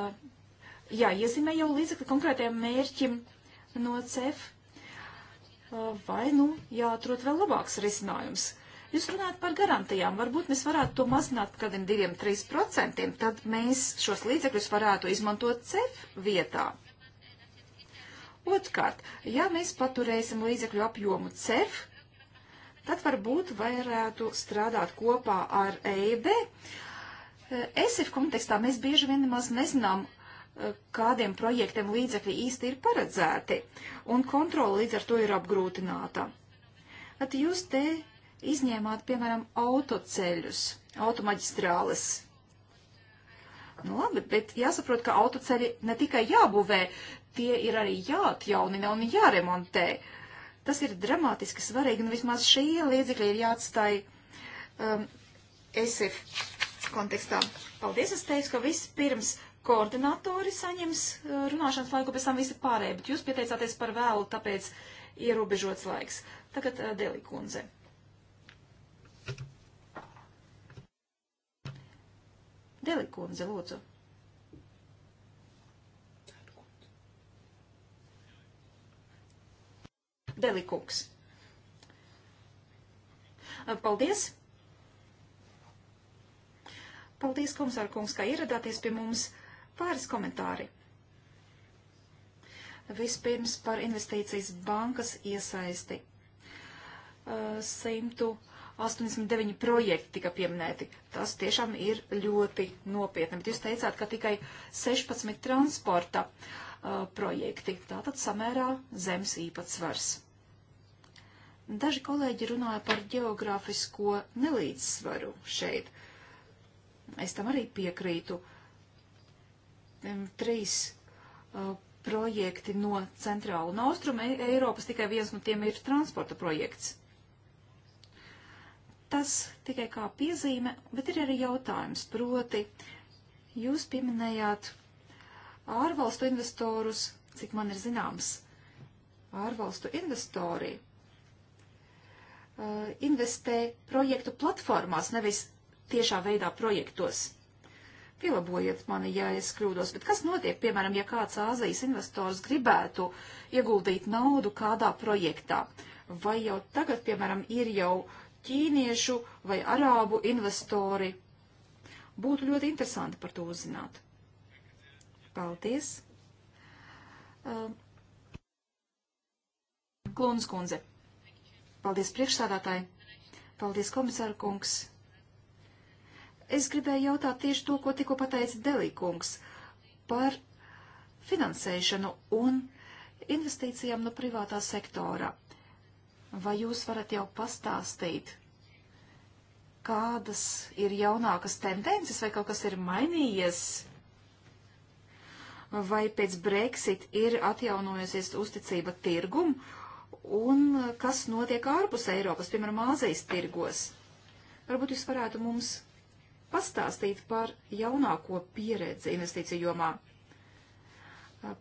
jāiezīmē jau līdzekļi konkrētajam mērķim no CEF vai nu jāatrod vēl labāks risinājums. Jūs runājat par garantijām. Varbūt mēs varētu to mazināt par kādiem 2-3%, tad mēs šos līdzekļus varētu izmantot CEF vietā. Otkārt, ja mēs paturēsim līdzekļu apjomu CEF, tad varbūt varētu strādāt kopā ar EIB. ESIF kontekstā mēs bieži vien nemaz nezinām, kādiem projektiem līdzekļi īsti ir paredzēti, un kontrola līdz ar to ir apgrūtināta. At jūs te izņēmāt, piemēram, autoceļus, automaģistrāles. Nu labi, bet jāsaprot, ka autoceļi ne tikai jābūvē, tie ir arī jāatjaunina un jāremontē. Tas ir dramatiski svarīgi, un nu vismaz šie līdzekļi ir jāatstāj um, ESIF kontekstā. Paldies, es teicu, ka vispirms koordinatori saņems eh, runāšanas laiku, pēc tam visi pārējie, bet jūs pieteicāties par vēlu, tāpēc ierobežots laiks. Tagad eh, Deli kundze. Deli kundze, lūdzu. Deli kungs. Eh, paldies! Paldies, komisāra kungs, ka ieradāties pie mums. Pāris komentāri. Vispirms par investīcijas bankas iesaisti. 189 projekti tika pieminēti. Tas tiešām ir ļoti nopietni. Bet jūs teicāt, ka tikai 16 transporta uh, projekti. Tātad samērā zemes īpatsvars. Daži kolēģi runāja par geogrāfisko nelīdzsvaru šeit. Es tam arī piekrītu. Uh, trīs projekti no centrāla un austruma e- Eiropas, tikai viens no tiem ir transporta projekts. Tas tikai kā piezīme, bet ir arī jautājums, proti, jūs pieminējāt ārvalstu investorus, cik man ir zināms, ārvalstu investori uh, investē projektu platformās, nevis tiešā veidā projektos. Pielabojiet mani, ja es kļūdos, bet kas notiek, piemēram, ja kāds Āzijas investors gribētu ieguldīt naudu kādā projektā? Vai jau tagad, piemēram, ir jau ķīniešu vai arābu investori? Būtu ļoti interesanti par to uzzināt. Paldies! Ehm, Klūnas kundze. Paldies priekšstādātāji. Paldies komisāra kungs Es gribēju jautāt tieši to, ko tikko pateica Delīkungs par finansēšanu un investīcijām no privātā sektora. Vai jūs varat jau pastāstīt, kādas ir jaunākas tendences, vai kaut kas ir mainījies? Vai pēc Brexit ir atjaunojusies uzticība tirgum, un kas notiek ārpus Eiropas, piemēram, Āzijas tirgos? Varbūt jūs varētu mums pastāstīt par jaunāko pieredzi investīciju jomā.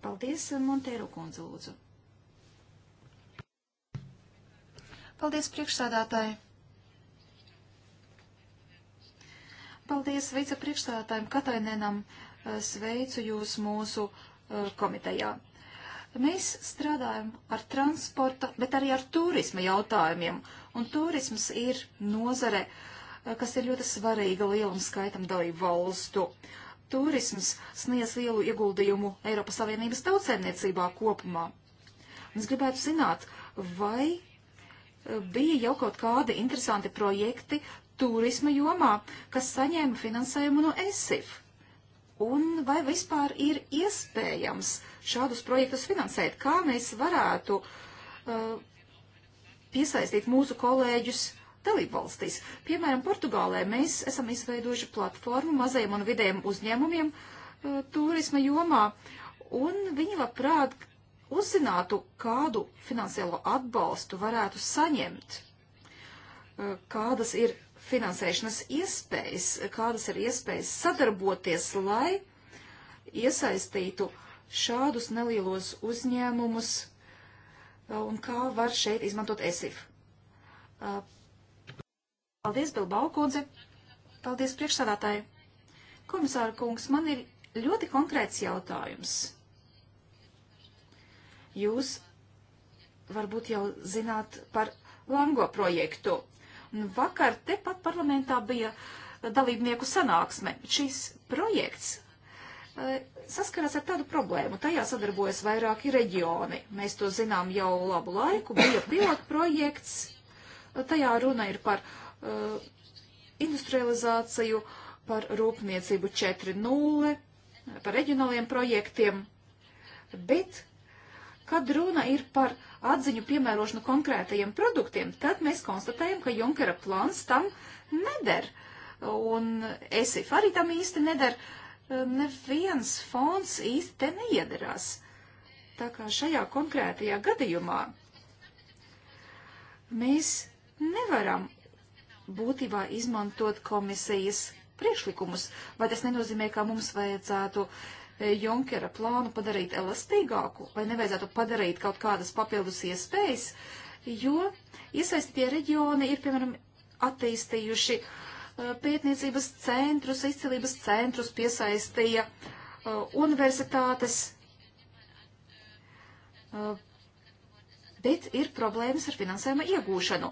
Paldies, Monteiro kundze, lūdzu. Paldies, priekšsādātāji. Paldies vicepriekšstādātājiem Katainenam. Sveicu jūs mūsu komitejā. Mēs strādājam ar transporta, bet arī ar turisma jautājumiem. Un turisms ir nozare, uh, Eh, kas ir ļoti svarīga lielam skaitam dalību valstu. Turisms sniedz lielu ieguldījumu Eiropas Savienības tautsēmniecībā kopumā. Mēs gribētu zināt, vai eh, bija jau kaut kādi interesanti projekti turisma jomā, kas saņēma finansējumu no ESIF. Un vai vispār ir iespējams šādus projektus finansēt? Kā mēs varētu uh, piesaistīt mūsu kolēģus dalībvalstīs. Piemēram, Portugālē mēs esam izveidojuši platformu mazajiem un vidējiem uzņēmumiem uh, turisma jomā, un viņi labprāt uzzinātu, kādu finansiālo atbalstu varētu saņemt, uh, kādas ir finansēšanas iespējas, kādas ir iespējas sadarboties, lai iesaistītu šādus nelielos uzņēmumus uh, un kā var šeit izmantot ESIF. Uh, Paldies, Bilbao kundze. Paldies, priekšsādātāji. Komisāra kungs, man ir ļoti konkrēts jautājums. Jūs varbūt jau zināt par Lango projektu. Un vakar tepat parlamentā bija dalībnieku sanāksme. Šis projekts e, eh, saskaras ar tādu problēmu. Tajā sadarbojas vairāki reģioni. Mēs to zinām jau labu laiku. Bija pilotprojekts. Tajā runa ir par Uh, industrializāciju, par rūpniecību 4.0, par reģionāliem projektiem. Bet, kad runa ir par atziņu piemērošanu konkrētajiem produktiem, tad mēs konstatējam, ka Junkera plāns tam neder. Un ESIF arī tam īsti neder. Neviens fonds īsti te neiederās. Tā kā šajā konkrētajā gadījumā mēs nevaram būtībā izmantot komisijas priekšlikumus. Vai tas nenozīmē, ka mums vajadzētu e, Junkera plānu padarīt elastīgāku, vai nevajadzētu padarīt kaut kādas papildus iespējas, jo iesaistītie reģioni ir, piemēram, attīstījuši e, pētniecības centrus, izcilības centrus, piesaistīja e, universitātes, bet ir problēmas ar finansējuma iegūšanu.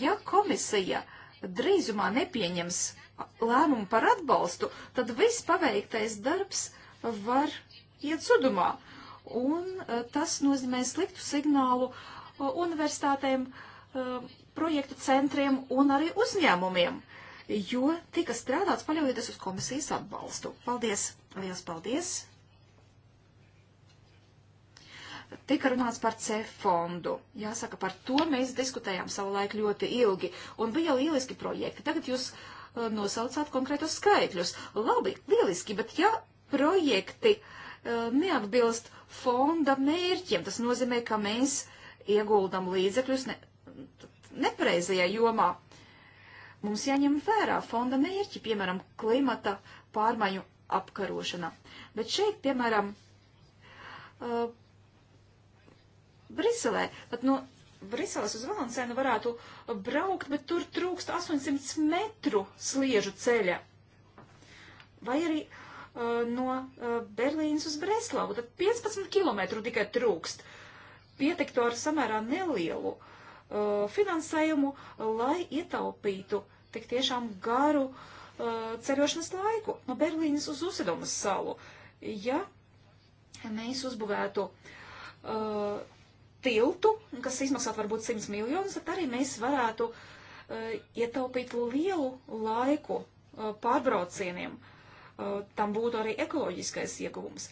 Ja komisija uh, drīzumā nepieņems lēmumu par atbalstu, tad viss paveiktais darbs var iet sudumā. Un e, tas nozīmē sliktu signālu e, universitātēm, e, projektu centriem un arī uzņēmumiem, jo tika strādāts paļaujoties uz komisijas atbalstu. Paldies! Liels paldies! Tika runāts par C fondu. Jāsaka, par to mēs diskutējām savu laiku ļoti ilgi, un bija lieliski projekti. Tagad jūs uh, nosaucāt konkrētos skaitļus. Labi, lieliski, bet ja projekti uh, neatbilst fonda mērķiem, tas nozīmē, ka mēs ieguldam līdzekļus ne, nepareizajā jomā. Mums jāņem vērā fonda mērķi, piemēram, klimata pārmaiņu apkarošana. Bet šeit, piemēram, uh, Briselē, pat no nu, Briseles uz Valencēnu varētu braukt, bet tur trūkst 800 metru sliežu ceļa. Vai arī uh, no uh, Berlīnas uz Breslavu, tad 15 km tikai trūkst. Pietektu ar samērā nelielu uh, finansējumu, lai ietaupītu tik tiešām garu uh, ceļošanas laiku no Berlīnas uz Usedomas salu. Ja mēs uzbūvētu uh, tiltu, kas izmaksātu varbūt 100 miljonus, tad arī mēs varētu uh, ietaupīt lielu laiku uh, pārbraucieniem. Uh, tam būtu arī ekoloģiskais ieguvums.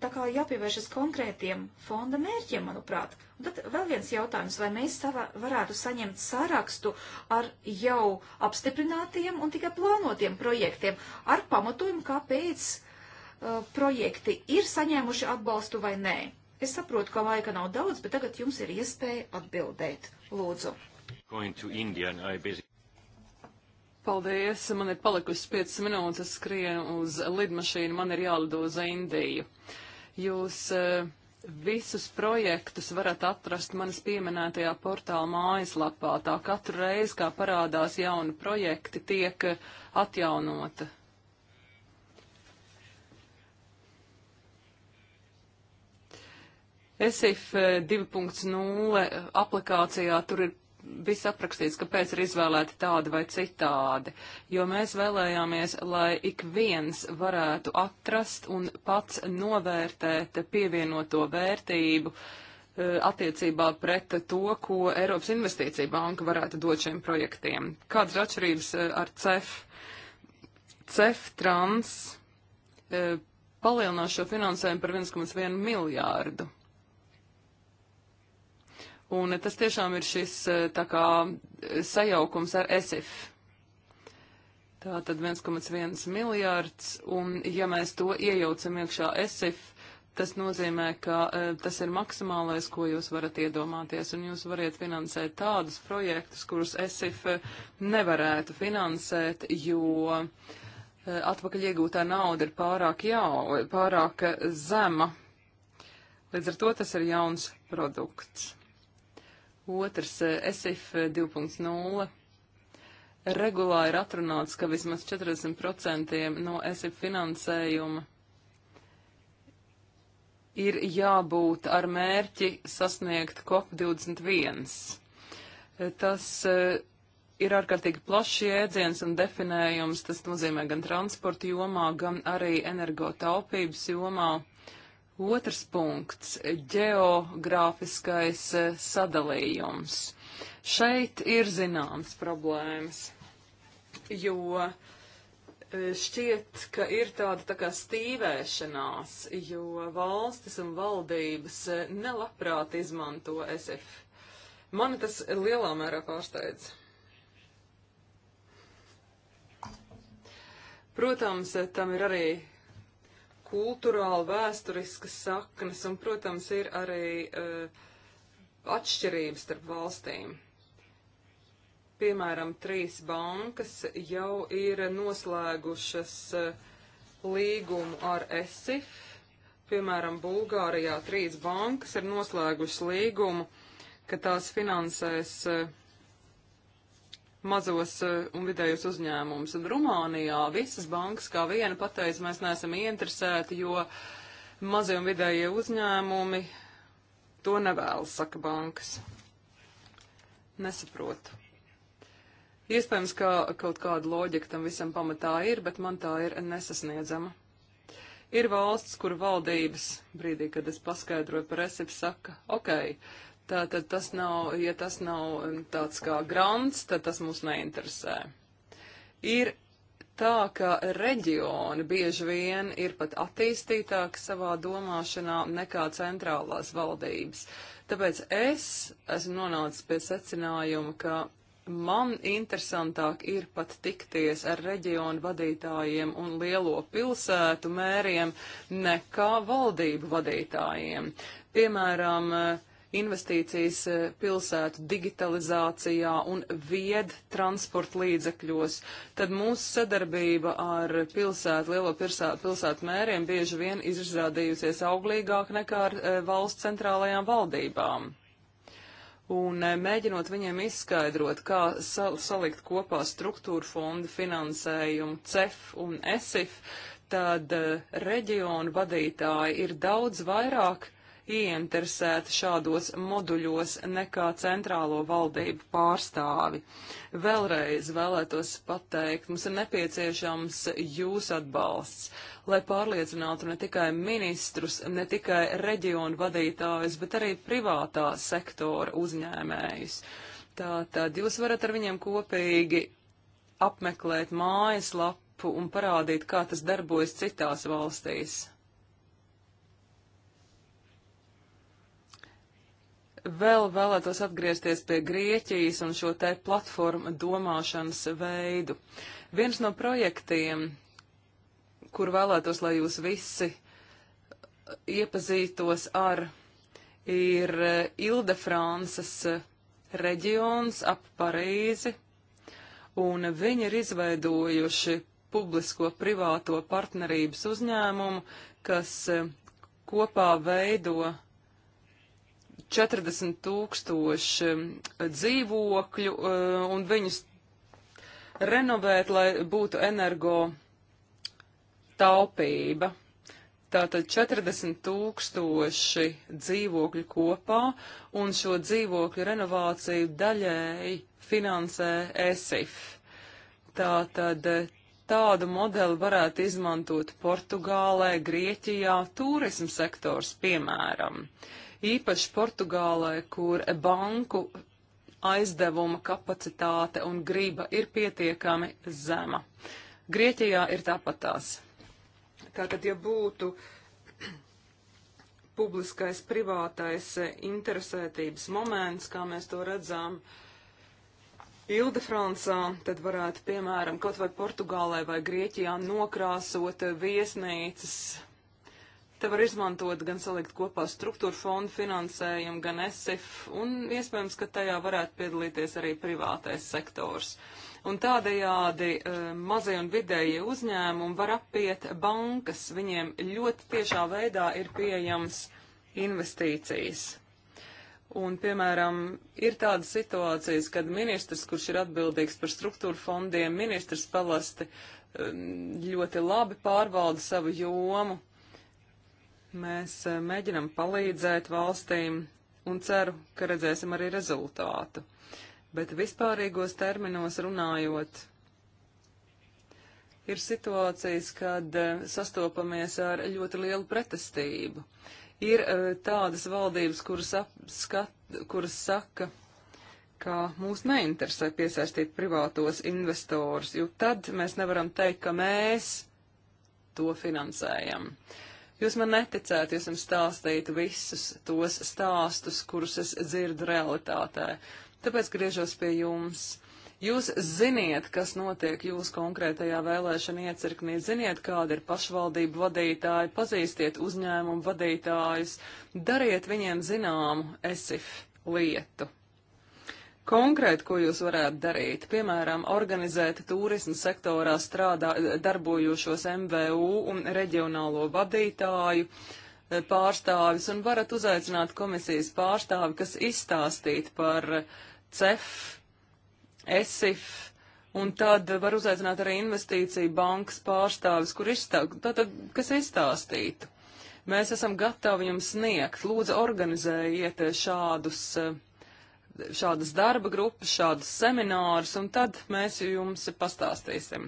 Tā kā jāpievēršas konkrētiem fonda mērķiem, manuprāt. Un tad vēl viens jautājums, vai mēs savā varētu saņemt sarakstu ar jau apstiprinātiem un tikai plānotiem projektiem ar pamatojumu, kāpēc uh, projekti ir saņēmuši atbalstu vai nē. Es saprotu, ka laika nav daudz, bet tagad jums ir iespēja atbildēt. Lūdzu. Paldies, man ir palikusi 5 minūtes, es skrienu uz lidmašīnu, man ir jālido uz Indiju. Jūs uh, Visus projektus varat atrast manas pieminētajā portāla mājaslapā. Tā katru reizi, kā parādās jauni projekti, tiek eh, atjaunota ESIF 2.0 eh, aplikācijā tur ir viss aprakstīts, kāpēc ir izvēlēti tādi vai citādi, jo mēs vēlējāmies, lai ik viens varētu atrast un pats novērtēt pievienoto vērtību eh, attiecībā pret to, ko Eiropas Investīcija banka varētu dot šiem projektiem. Kādas ir atšķirības eh, ar CEF? CEF trans palielinās šo finansējumu par 1,1 miljārdu Un tas tiešām ir šis eh, tā kā eh, sajaukums ar ESIF. Tā tad 1,1 miljārds, un ja mēs to iejaucam iekšā ESIF, tas nozīmē, ka eh, tas ir maksimālais, ko jūs varat iedomāties, un jūs variet finansēt tādus projektus, kurus ESIF nevarētu finansēt, jo atpakaļ iegūtā nauda ir pārāk, jau, pārāk zema. Līdz ar to tas ir jauns produkts. Otrs - SIF 2.0. Regulā ir atrunāts, ka vismaz 40% no SIF finansējuma ir jābūt ar mērķi sasniegt COP21. Eh, tas eh, ir ārkārtīgi plašs jēdziens un definējums, tas nozīmē gan transporta jomā, gan arī energotaupības jomā. Otrs punkts - geogrāfiskais eh, sadalījums. Šeit ir zināms problēmas, jo eh, šķiet, ka ir tāda tā kā stīvēšanās, jo valstis un valdības eh, nelabprāt izmanto SF. Mani tas lielā mērā pārsteidz. Protams, tam ir arī kulturāli vēsturiskas saknes, un, protams, ir arī uh, atšķirības starp valstīm. Piemēram, trīs bankas jau ir noslēgušas uh, līgumu ar ESIF. Piemēram, Bulgārijā trīs bankas ir noslēgušas līgumu, ka tās finansēs uh, mazos eh, un vidējos uzņēmumus. Un Rumānijā visas bankas kā viena pateica, mēs neesam ieinteresēti, jo mazie un vidējie uzņēmumi to nevēlas, saka bankas. Nesaprotu. Iespējams, ka kaut kāda loģika tam visam pamatā ir, bet man tā ir nesasniedzama. Ir valsts, kur valdības, brīdī, kad es paskaidroju par esipu, saka, ok, Tātad tas nav, ja tas nav um, tāds kā grants, tad tas mūs neinteresē. Ir tā, ka reģioni bieži vien ir pat attīstītāki savā domāšanā nekā centrālās valdības. Tāpēc es esmu nonācis pie secinājuma, ka man interesantāk ir pat tikties ar reģionu vadītājiem un lielo pilsētu mēriem nekā valdību vadītājiem. Piemēram, uh, investīcijas eh, pilsētu digitalizācijā un vied transporta līdzekļos, tad mūsu sadarbība ar pilsētu, lielo pilsētu, pilsētu mēriem bieži vien izrādījusies auglīgāk nekā ar eh, valsts centrālajām valdībām un eh, mēģinot viņiem izskaidrot, kā sal salikt kopā struktūra fonda finansējumu CEF un ESIF, tad uh, reģionu vadītāji ir daudz vairāk ieinteresēti šādos moduļos nekā centrālo valdību pārstāvi. Vēlreiz vēlētos pateikt, mums ir nepieciešams jūsu atbalsts, lai pārliecinātu ne tikai ministrus, ne tikai reģionu vadītājus, bet arī privātā sektora uzņēmējus. Tātad jūs varat ar viņiem kopīgi apmeklēt mājaslapu un parādīt, kā tas darbojas citās valstīs. Vēl vēlētos atgriezties pie Grieķijas un šo te platformu domāšanas veidu. Viens no projektiem, kur vēlētos, lai jūs visi iepazītos ar, ir e, Ilde Frances e, reģions ap Parīzi, un viņi ir izveidojuši publisko-privāto partnerības uzņēmumu, kas e, kopā veido 40 tūkstoši eh, dzīvokļu eh, un viņus renovēt, lai būtu energo taupība. Tātad 40 tūkstoši dzīvokļu kopā, un šo dzīvokļu renovāciju daļēji finansē ESIF. Tātad eh, tādu modeli varētu izmantot Portugālē, Grieķijā, turismu sektors piemēram. Uh, īpaši Portugālē, kur banku aizdevuma kapacitāte un griba ir pietiekami zema. Grieķijā ir tāpatās. Tātad, ja būtu [clears throat] publiskais, privātais eh, interesētības moments, kā mēs to redzam, Ilde Francā, tad varētu, piemēram, kaut vai Portugālē vai Grieķijā nokrāsot eh, viesnīcas Te var izmantot gan salikt kopā struktūra fondu finansējumu, gan ESIF, un iespējams, ka tajā varētu piedalīties arī privātais sektors. Un tādējādi eh, mazie un vidējie uzņēmumi var apiet bankas, viņiem ļoti tiešā veidā ir pieejams investīcijas. Un, piemēram, ir tādas situācijas, kad ministrs, kurš ir atbildīgs par struktūru fondiem, ministrs palasti eh, ļoti labi pārvalda savu jomu, Mēs eh, mēģinam palīdzēt valstīm un ceru, ka redzēsim arī rezultātu. Bet vispārīgos terminos runājot, ir situācijas, kad eh, sastopamies ar ļoti lielu pretestību. Ir eh, tādas valdības, kuras, apskat, kuras saka, ka mūs neinteresē piesaistīt privātos investorus, jo tad mēs nevaram teikt, ka mēs to finansējam. Uh, Jūs man neticētu, ja es jums stāstītu visus tos stāstus, kurus es dzirdu realitātē. Tāpēc griežos pie jums. Jūs ziniet, kas notiek jūsu konkrētajā vēlēšana iecirknī, ziniet, kāda ir pašvaldību vadītāji, pazīstiet uzņēmumu vadītājus, dariet viņiem zināmu esif lietu konkrēti, ko jūs varētu darīt? Piemēram, organizēt turismu sektorā strādā, darbojošos MVU un reģionālo vadītāju eh, pārstāvis un varat uzaicināt komisijas pārstāvi, kas izstāstīt par CEF, ESIF, un tad var uzaicināt arī investīciju bankas pārstāvis, kur izstāst, tātad, kas izstāstītu. Mēs esam gatavi jums sniegt, lūdzu organizējiet šādus uh, šādas darba grupas, šādas seminārus, un tad mēs jums pastāstīsim.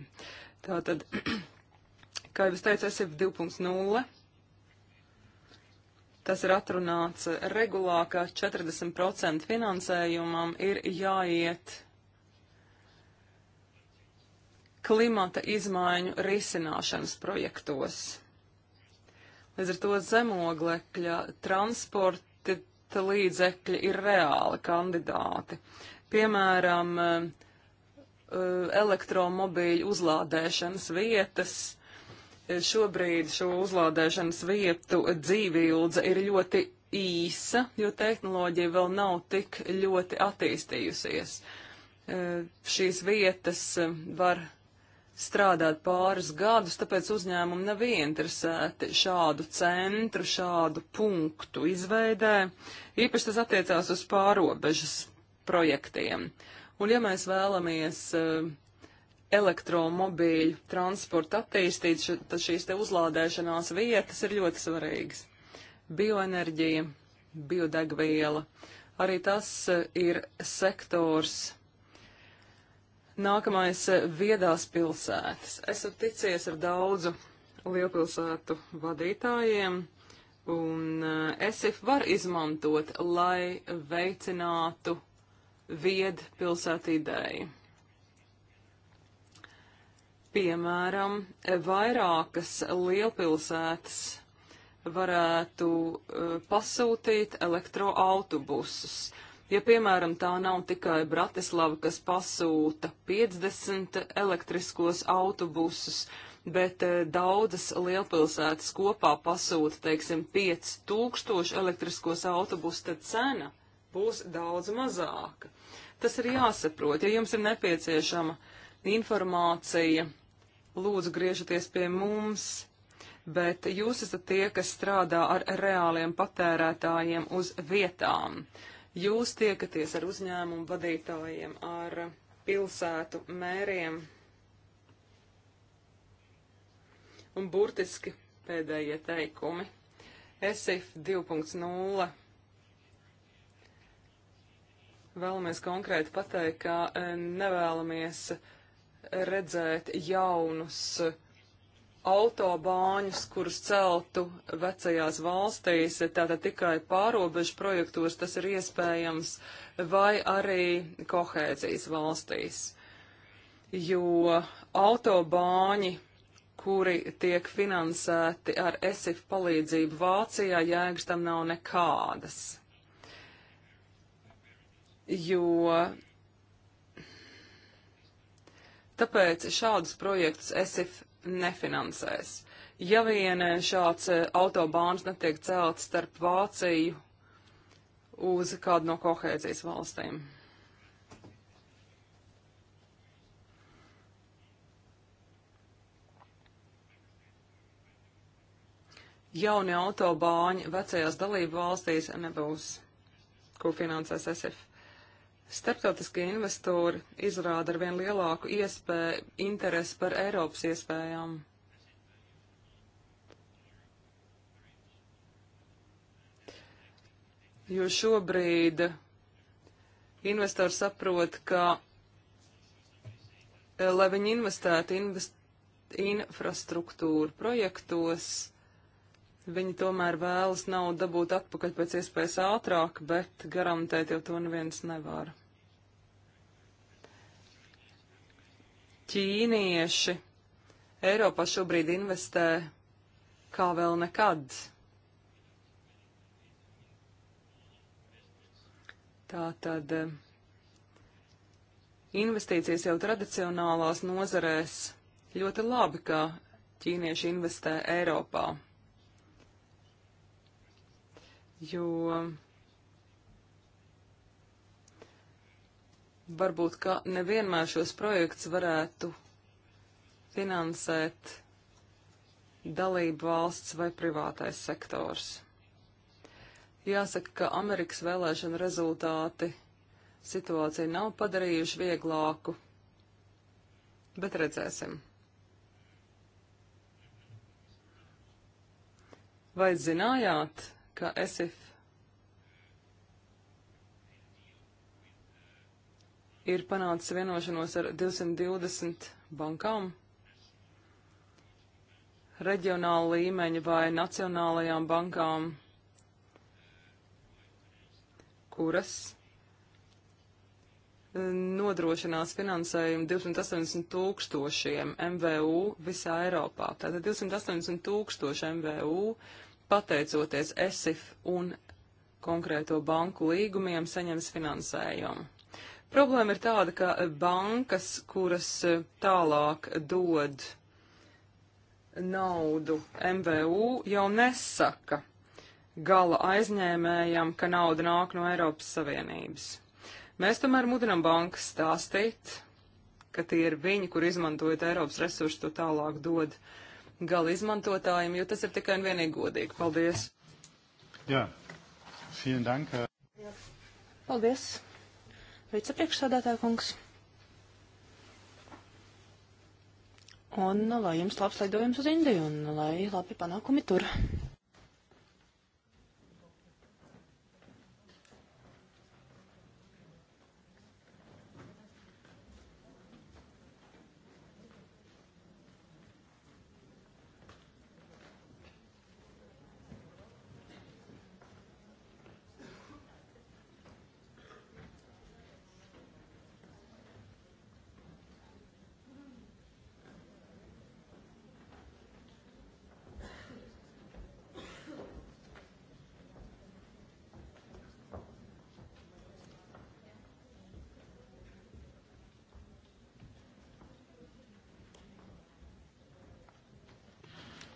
Tātad, [clears throat] kā jau es teicu, SIP 2.0. Tas ir atrunāts regulā, ka 40% finansējumam ir jāiet klimata izmaiņu risināšanas projektos. Līdz ar to zemoglekļa transporta budžeta līdzekļi ir reāli kandidāti. Piemēram, eh, elektromobīļu uzlādēšanas vietas. Eh, šobrīd šo uzlādēšanas vietu dzīvīldze ir ļoti īsa, jo tehnoloģija vēl nav tik ļoti attīstījusies. Eh, šīs vietas var strādāt pāris gadus, tāpēc uzņēmumi nav ieinteresēti šādu centru, šādu punktu izveidē. Īpaši tas attiecās uz pārobežas projektiem. Un ja mēs vēlamies uh, elektromobīļu transportu attīstīt, š, tad šīs te uzlādēšanās vietas ir ļoti svarīgas. Bioenerģija, biodegviela, arī tas uh, ir sektors, Nākamais eh, - viedās pilsētas. Esmu ticies ar daudzu lielpilsētu vadītājiem, un eh, ESIF var izmantot, lai veicinātu viedu pilsētu ideju. Piemēram, vairākas lielpilsētas varētu uh, pasūtīt elektroautobusus. Uh, Ja, piemēram, tā nav tikai Bratislava, kas pasūta 50 elektriskos autobusus, bet e, daudzas lielpilsētas kopā pasūta, teiksim, 5000 elektriskos autobusus, tad cena būs daudz mazāka. Tas ir jāsaprot, ja jums ir nepieciešama informācija, lūdzu griežaties pie mums, bet jūs esat tie, kas strādā ar reāliem patērētājiem uz vietām. Uh, Jūs tiekaties ar uzņēmumu vadītājiem, ar pilsētu mēriem. Un burtiski pēdējie teikumi. SIF 2.0. Vēlamies konkrēti pateikt, ka eh, nevēlamies redzēt jaunus uh, autobāņus, kurus celtu vecajās valstīs, tātad tikai pārobežu projektos tas ir iespējams, vai arī kohēzijas valstīs. Jo autobāņi, kuri tiek finansēti ar ESIF palīdzību Vācijā, jēgas tam nav nekādas. Jo tāpēc šādus projektus ESIF nefinansēs. Ja vien eh, šāds eh, autobāns netiek celts starp Vāciju uz kādu no kohēzijas valstīm. Jaunie autobāņi vecajās dalību valstīs nebūs, ko finansēs SFI. Starptautiskie investori izrāda ar vien lielāku iespēju interesi par Eiropas iespējām. Jo šobrīd investori saprot, ka, eh, lai viņi investētu invest, infrastruktūru projektos, viņi tomēr vēlas naudu dabūt atpakaļ pēc iespējas ātrāk, bet garantēt jau to neviens nevar. ķīnieši Eiropā šobrīd investē kā vēl nekad. Tā tad eh, investīcijas jau tradicionālās nozarēs ļoti labi, ka ķīnieši investē Eiropā. Jo varbūt, ka nevienmēr šos projekts varētu finansēt dalību valsts vai privātais sektors. Jāsaka, ka Amerikas vēlēšana rezultāti situāciju nav padarījuši vieglāku, bet redzēsim. Vai zinājāt, ka ESIF ir panācis vienošanos ar 220 bankām reģionāla līmeņa vai nacionālajām bankām, kuras e, nodrošinās finansējumu 280 tūkstošiem MVU visā Eiropā. Tātad 280 tūkstoši MVU, pateicoties ESIF un konkrēto banku līgumiem, saņems finansējumu. Problēma ir tāda, ka bankas, kuras e, tālāk dod naudu MVU, jau nesaka gala aizņēmējam, ka nauda nāk no Eiropas Savienības. Mēs tomēr mudinam bankas stāstīt, ka tie ir viņi, kur izmantojot Eiropas resursus, to tālāk dod gala izmantotājiem, jo tas ir tikai un vienīgi godīgi. Paldies! Jā, vielen dank! Paldies! vicepriekšsādātāja kungs. Un lai jums labs lidojums uz Indiju un lai labi panākumi tur.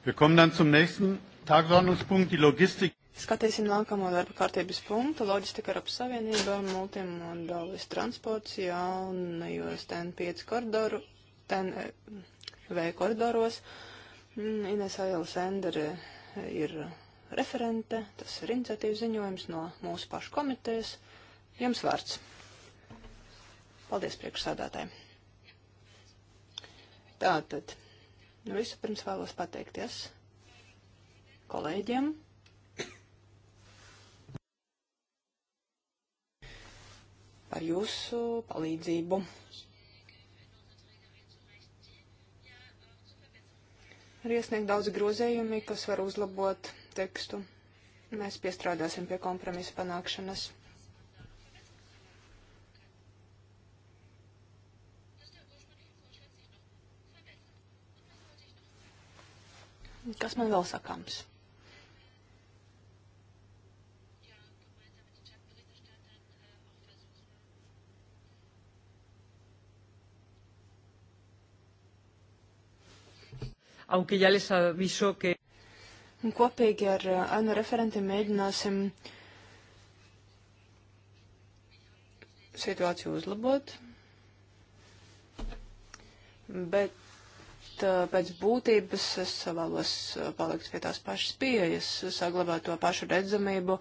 Wir kommen dann zum nächsten Tagesordnungspunkt, die Logistik. Skatīsim nākamo darba kārtības punktu - loģistika Eiropas Savienībā, multimodālis transports, jaunajos TN5 koridoru, TNV e koridoros. Mm, Ines Aila Sendere ir referente, tas ir iniciatīvas ziņojums no mūsu pašu komitejas. Jums vārds. Paldies priekšsādātājiem. Tātad. Nu, Vispirms vēlos pateikties kolēģiem. Par jūsu palīdzību. ir iesniegt daudz grozējumi, kas var uzlabot tekstu. Mēs piestrādāsim pie kompromisa panākšanas. Kas man vēl sakāms? aunque ya les aviso que. Kopīgi ar ANU eh, referentiem mēģināsim situāciju uzlabot, bet bet eh, pēc būtības es vēlos eh, palikt pie tās pašas pieejas, saglabāt to pašu redzamību,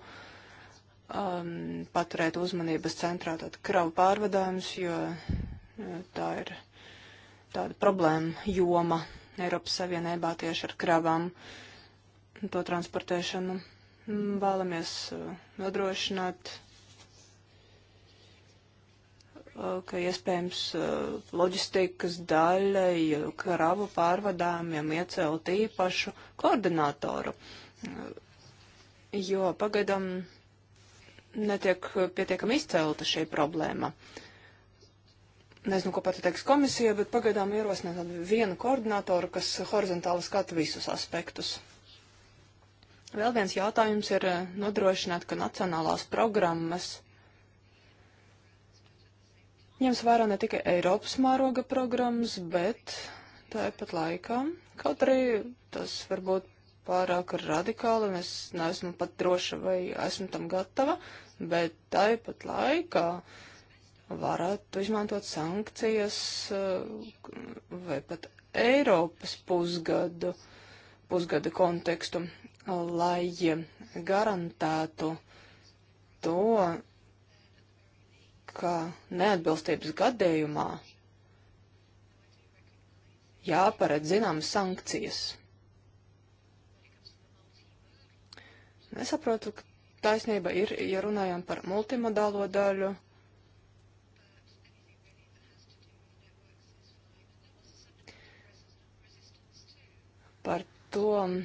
um, paturēt uzmanības centrā tādu kravu pārvadājumus, jo eh, tā ir tāda problēma joma Eiropas Savienībā tieši ar kravām to transportēšanu. Vēlamies nodrošināt Uh, ka iespējams uh, loģistikas daļai kravu pārvadājumiem iecelt īpašu koordinātoru, uh, jo pagaidām netiek pietiekami izcelta šī problēma. Nezinu, ko pati teiks komisija, bet pagaidām ierosināt vienu koordinātoru, kas horizontāli skata visus aspektus. Vēl viens jautājums ir nodrošināt, ka nacionālās programmas ņems vērā ne tikai Eiropas mēroga programmas, bet tāpat laikā, kaut arī tas varbūt pārāk radikāli, un es neesmu pat droša, vai esmu tam gatava, bet tāpat laikā varētu izmantot sankcijas eh, vai pat Eiropas pusgadu, pusgada kontekstu, lai garantētu to, ka neatbilstības gadījumā jāparedz zināmas sankcijas. Nesaprotu, ka taisnība ir, ja runājam par multimodālo daļu. Par to mm,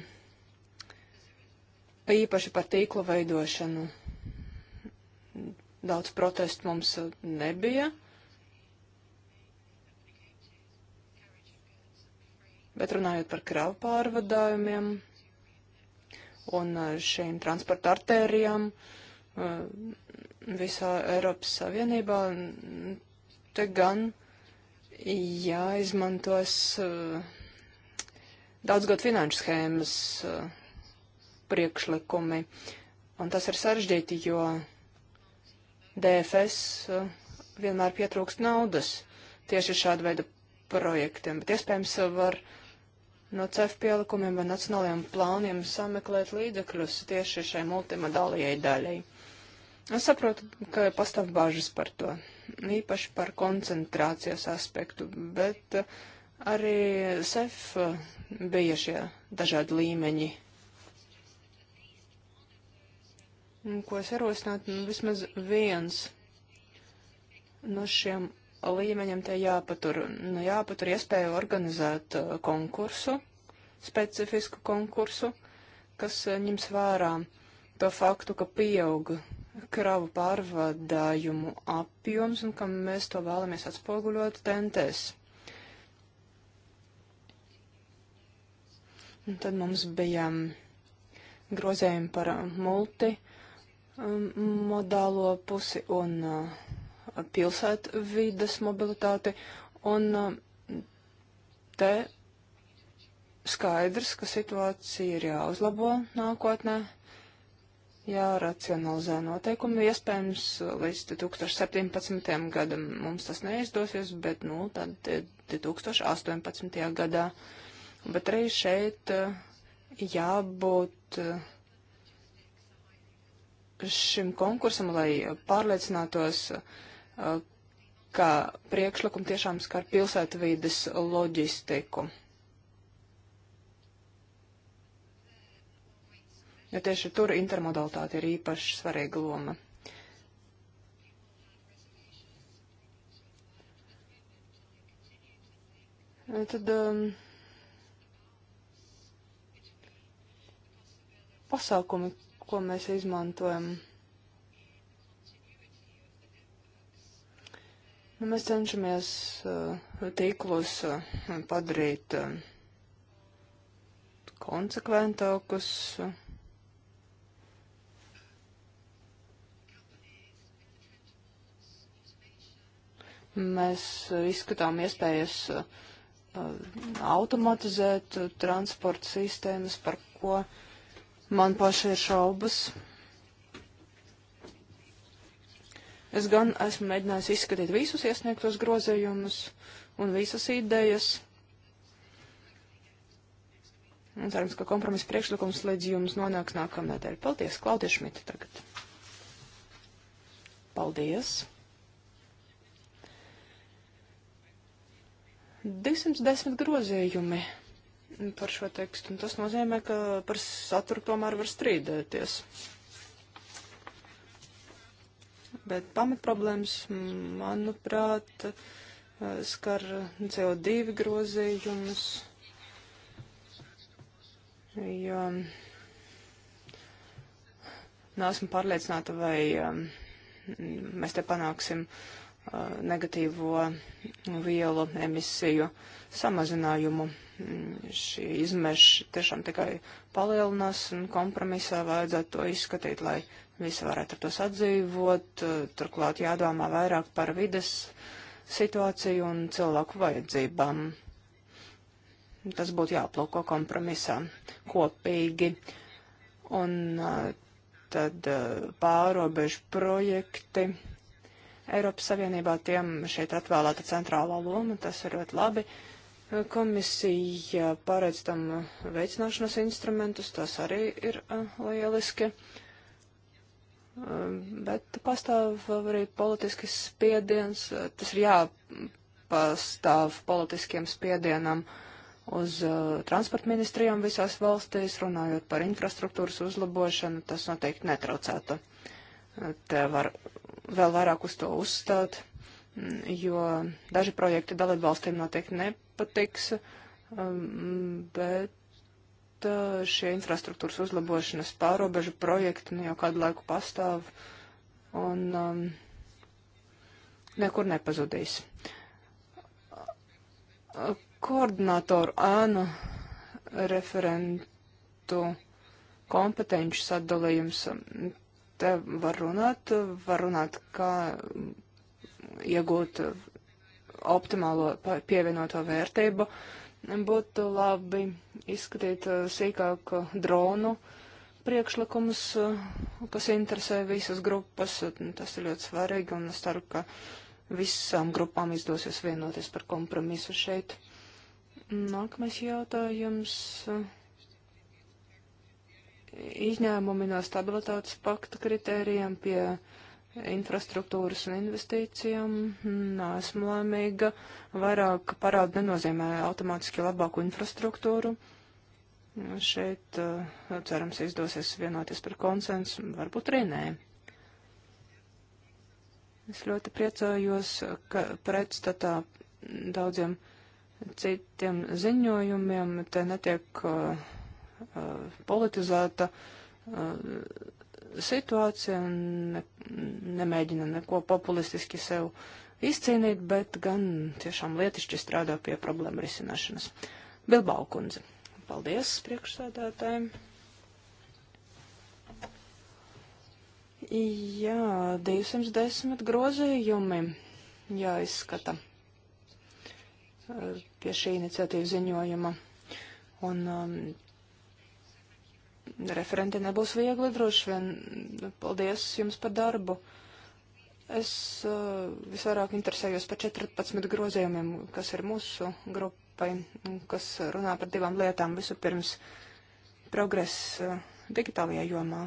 īpaši par tīklu veidošanu. Daudz protestu mums uh, nebija. Bet runājot par kravu pārvadājumiem un uh, šīm transporta artērijām uh, visā Eiropas Savienībā, te gan jāizmantos daudzgad finanšu schēmas priekšlikumi. Un tas ir sarežģīti, jo DFS uh, vienmēr pietrūkst naudas tieši šāda veida projektiem, bet iespējams uh, var no CEF pielikumiem vai nacionālajiem plāniem sameklēt līdzekļus tieši šai multimodālajai daļai. Es saprotu, ka pastāv bažas par to, īpaši par koncentrācijas aspektu, bet uh, arī SEF bija šie dažādi līmeņi ko es ierosinātu, nu, vismaz viens no šiem līmeņiem te jāpatur, nu, jāpatur iespēja organizēt uh, konkursu, specifisku konkursu, kas uh, ņems vērā to faktu, ka pieaug kravu pārvadājumu apjoms un ka mēs to vēlamies atspoguļot tentēs. Un tad mums bija um, grozējumi par multi. Uh, Um, modālo pusi un uh, pilsētu vides mobilitāti. Un um, te skaidrs, ka situācija ir jāuzlabo nākotnē, jāracionalizē noteikumi. Iespējams, līdz 2017. gadam mums tas neizdosies, bet, nu, tad 2018. gadā. Bet arī šeit uh, jābūt. Uh, šim konkursam, lai pārliecinātos, ka priekšlikumi tiešām skar pilsētvīdes loģistiku. Jo tieši tur intermodalitāte ir īpaši svarīga loma. Tad um, pasākumi, ko mēs izmantojam. Nu, mēs cenšamies uh, tīklus uh, padarīt uh, konsekventākus. Uh, Mēs izskatām iespējas uh, uh, automatizēt uh, transporta sistēmas, par ko Man paši ir šaubas. Es gan esmu mēģinājis izskatīt visus iesniegtos grozējumus un visas idejas. Un cerams, ka kompromisa priekšlikums līdz jums nonāks nākamnedēļ. Paldies, Klaudija Šmita tagad. Paldies. 210 grozējumi par šo tekstu. Un tas nozīmē, ka par saturu tomēr var strīdēties. Bet pamatproblēmas, manuprāt, skar CO2 grozījumus, jo neesmu pārliecināta, vai um, mēs te panāksim uh, negatīvo vielu emisiju samazinājumu. Mm, šī izmeša tiešām tikai palielinās un kompromisā vajadzētu to izskatīt, lai visi varētu ar to sadzīvot. Turklāt jādomā vairāk par vides situāciju un cilvēku vajadzībām. Tas būtu jāplūko kompromisā kopīgi. Un tad pārobežu projekti. Eiropas Savienībā tiem šeit atvēlēta centrālā loma, tas ir ļoti labi. Uh, Komisija paredz tam veicināšanas instrumentus, tas arī ir lieliski. Bet pastāv arī politiskas spiediens, tas ir jāpastāv politiskiem spiedienam uz transporta ministrijām visās valstīs, runājot par infrastruktūras uzlabošanu, tas noteikti netraucētu. Te var vēl vairāk uz to uzstāt, jo daži projekti dalībvalstīm noteikti ne nepatiks, um, bet uh, šie infrastruktūras uzlabošanas pārobežu projekti nu, jau kādu laiku pastāv un um, nekur nepazudīs. Koordinātoru ēnu referentu kompetenci sadalījums. Te var runāt, var runāt, kā iegūt optimālo pievienoto vērtību. Būtu labi izskatīt eh, sīkāk dronu priekšlikumus, eh, kas interesē visas grupas. Tas ir ļoti svarīgi un es ceru, ka visām grupām izdosies vienoties par kompromisu šeit. Nākamais jautājums. Izņēmumi no stabilitātes pakta kritērijiem pie infrastruktūras un investīcijām. Esmu laimīga. Vairāk parādu nenozīmē automātiski labāku infrastruktūru. Šeit eh, cerams izdosies vienoties par konsensu, varbūt arī nē. Es ļoti priecājos, ka pretstatā daudziem citiem ziņojumiem te netiek uh, politizēta uh, situācija un ne, nemēģina neko populistiski sev izcīnīt, bet gan tiešām lietišķi strādā pie problēma risināšanas. Bilbao kundze. Paldies priekšsēdētājiem. Jā, 210 grozījumi jāizskata uh, pie šī iniciatīva ziņojuma. Un um, referenti nebūs viegli, droši vien. Paldies jums par darbu. Es uh, visvairāk interesējos par 14 grozījumiem, kas ir mūsu grupai, kas runā par divām lietām. Vispirms progress uh, digitālajā jomā,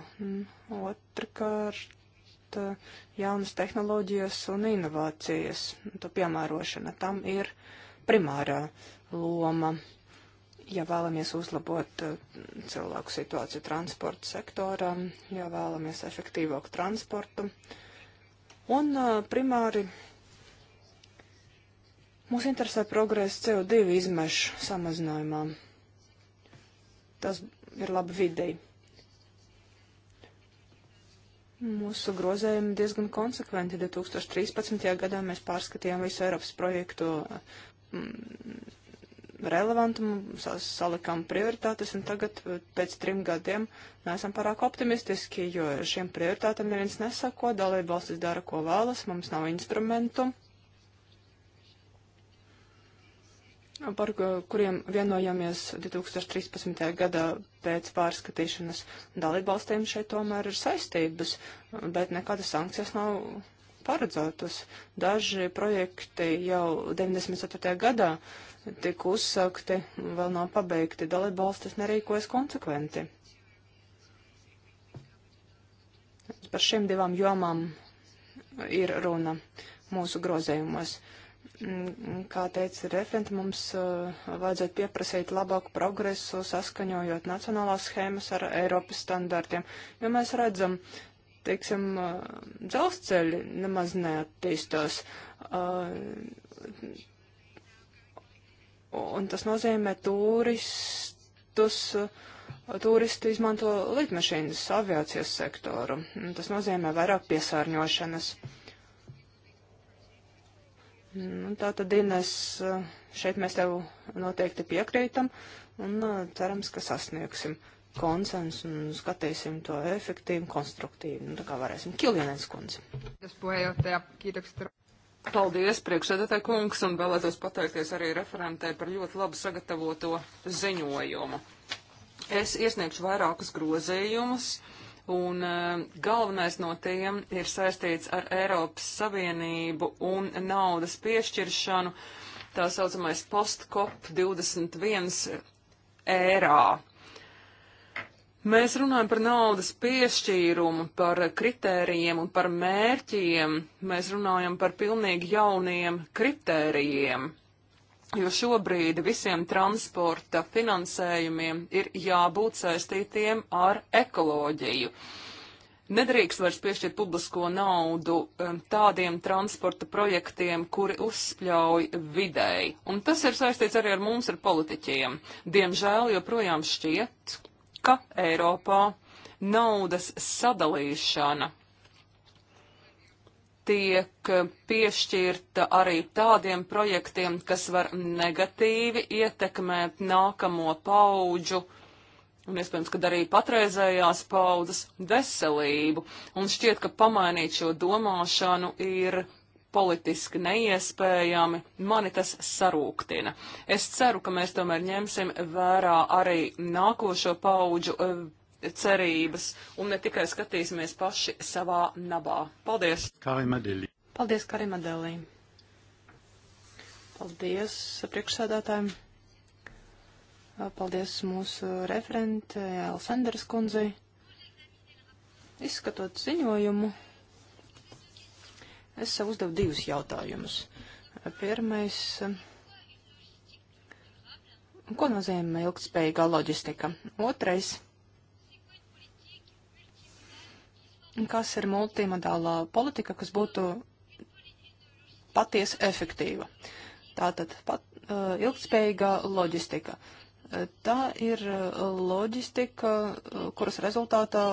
otrkārt uh, jaunas tehnoloģijas un inovācijas, to piemērošana. Tam ir primārā loma. Uh, ja vēlamies uzlabot eh, cilvēku situāciju transporta sektorā, ja vēlamies efektīvāku transportu. Un eh, primāri mūs interesē progress CO2 izmešu samazinājumā. Tas ir labi videi. Mūsu grozējumi diezgan konsekventi. 2013. gadā mēs pārskatījām visu Eiropas projektu eh, relevantumu, salikām prioritātes, un tagad eh, pēc trim gadiem neesam pārāk optimistiski, jo šiem prioritātiem neviens nesako, dalība valstis dara, ko vēlas, mums nav instrumentu, par eh, kuriem vienojamies 2013. gadā pēc pārskatīšanas. Dalība valstīm šeit tomēr ir saistības, bet nekādas sankcijas nav paredzētas. Daži projekti jau 94. gadā tika uzsākti un vēl nav pabeigti, dalība valstis nerīkojas konsekventi. Par šiem divām jomām ir runa mūsu grozējumos. Mm, kā teica referenta, mums uh, vajadzētu pieprasīt labāku progresu, saskaņojot nacionālās schēmas ar Eiropas standartiem, jo mēs redzam, teiksim, uh, dzelzceļi nemaz neattīstos. Uh, Un tas nozīmē turistus, turisti izmanto lidmašīnas aviācijas sektoru. Un tas nozīmē vairāk piesārņošanas. Nu, tā tad, Ines, šeit mēs tev noteikti piekrītam un cerams, ka sasniegsim konsensu un skatīsim to efektīvi un konstruktīvi. Nu, tā kā varēsim. Kilvienēns kundze. Kiitoksia Paldies, priekšsēdētāji kungs, un vēlētos pateikties arī referentē par ļoti labu sagatavoto ziņojumu. Es iesniegšu vairākus grozījumus, un eh, galvenais no tiem ir saistīts ar Eiropas Savienību un naudas piešķiršanu, tā saucamais postkop 21 ērā. Mēs runājam par naudas piešķīrumu, par kritērijiem un par mērķiem. Mēs runājam par pilnīgi jauniem kritērijiem, jo šobrīd visiem transporta finansējumiem ir jābūt saistītiem ar ekoloģiju. Nedrīkst vairs piešķirt publisko naudu um, tādiem transporta projektiem, kuri uzspļauj videi. Un tas ir saistīts arī ar mums, ar politiķiem. Diemžēl joprojām šķiet, ka Eiropā naudas sadalīšana tiek piešķirta arī tādiem projektiem, kas var negatīvi ietekmēt nākamo paudžu un iespējams, ka arī patreizējās paudzes veselību. Un šķiet, ka pamainīt šo domāšanu ir politiski neiespējami, mani tas sarūktina. Es ceru, ka mēs tomēr ņemsim vērā arī nākošo pauģu eh, cerības un ne tikai skatīsimies paši savā nabā. Paldies! Karimadēlī. Paldies, Karimadēlī. Paldies priekšsēdētājiem. Paldies mūsu referente Elsandras kundzei. Izskatot ziņojumu. Es sev uzdevu divus jautājumus. Pirmais, ko nozīmē ilgspējīgā loģistika? Otrais, kas ir multimodālā politika, kas būtu patiesi efektīva? Tātad pat, uh, ilgspējīgā loģistika. Tā ir eh, loģistika, eh, kuras rezultātā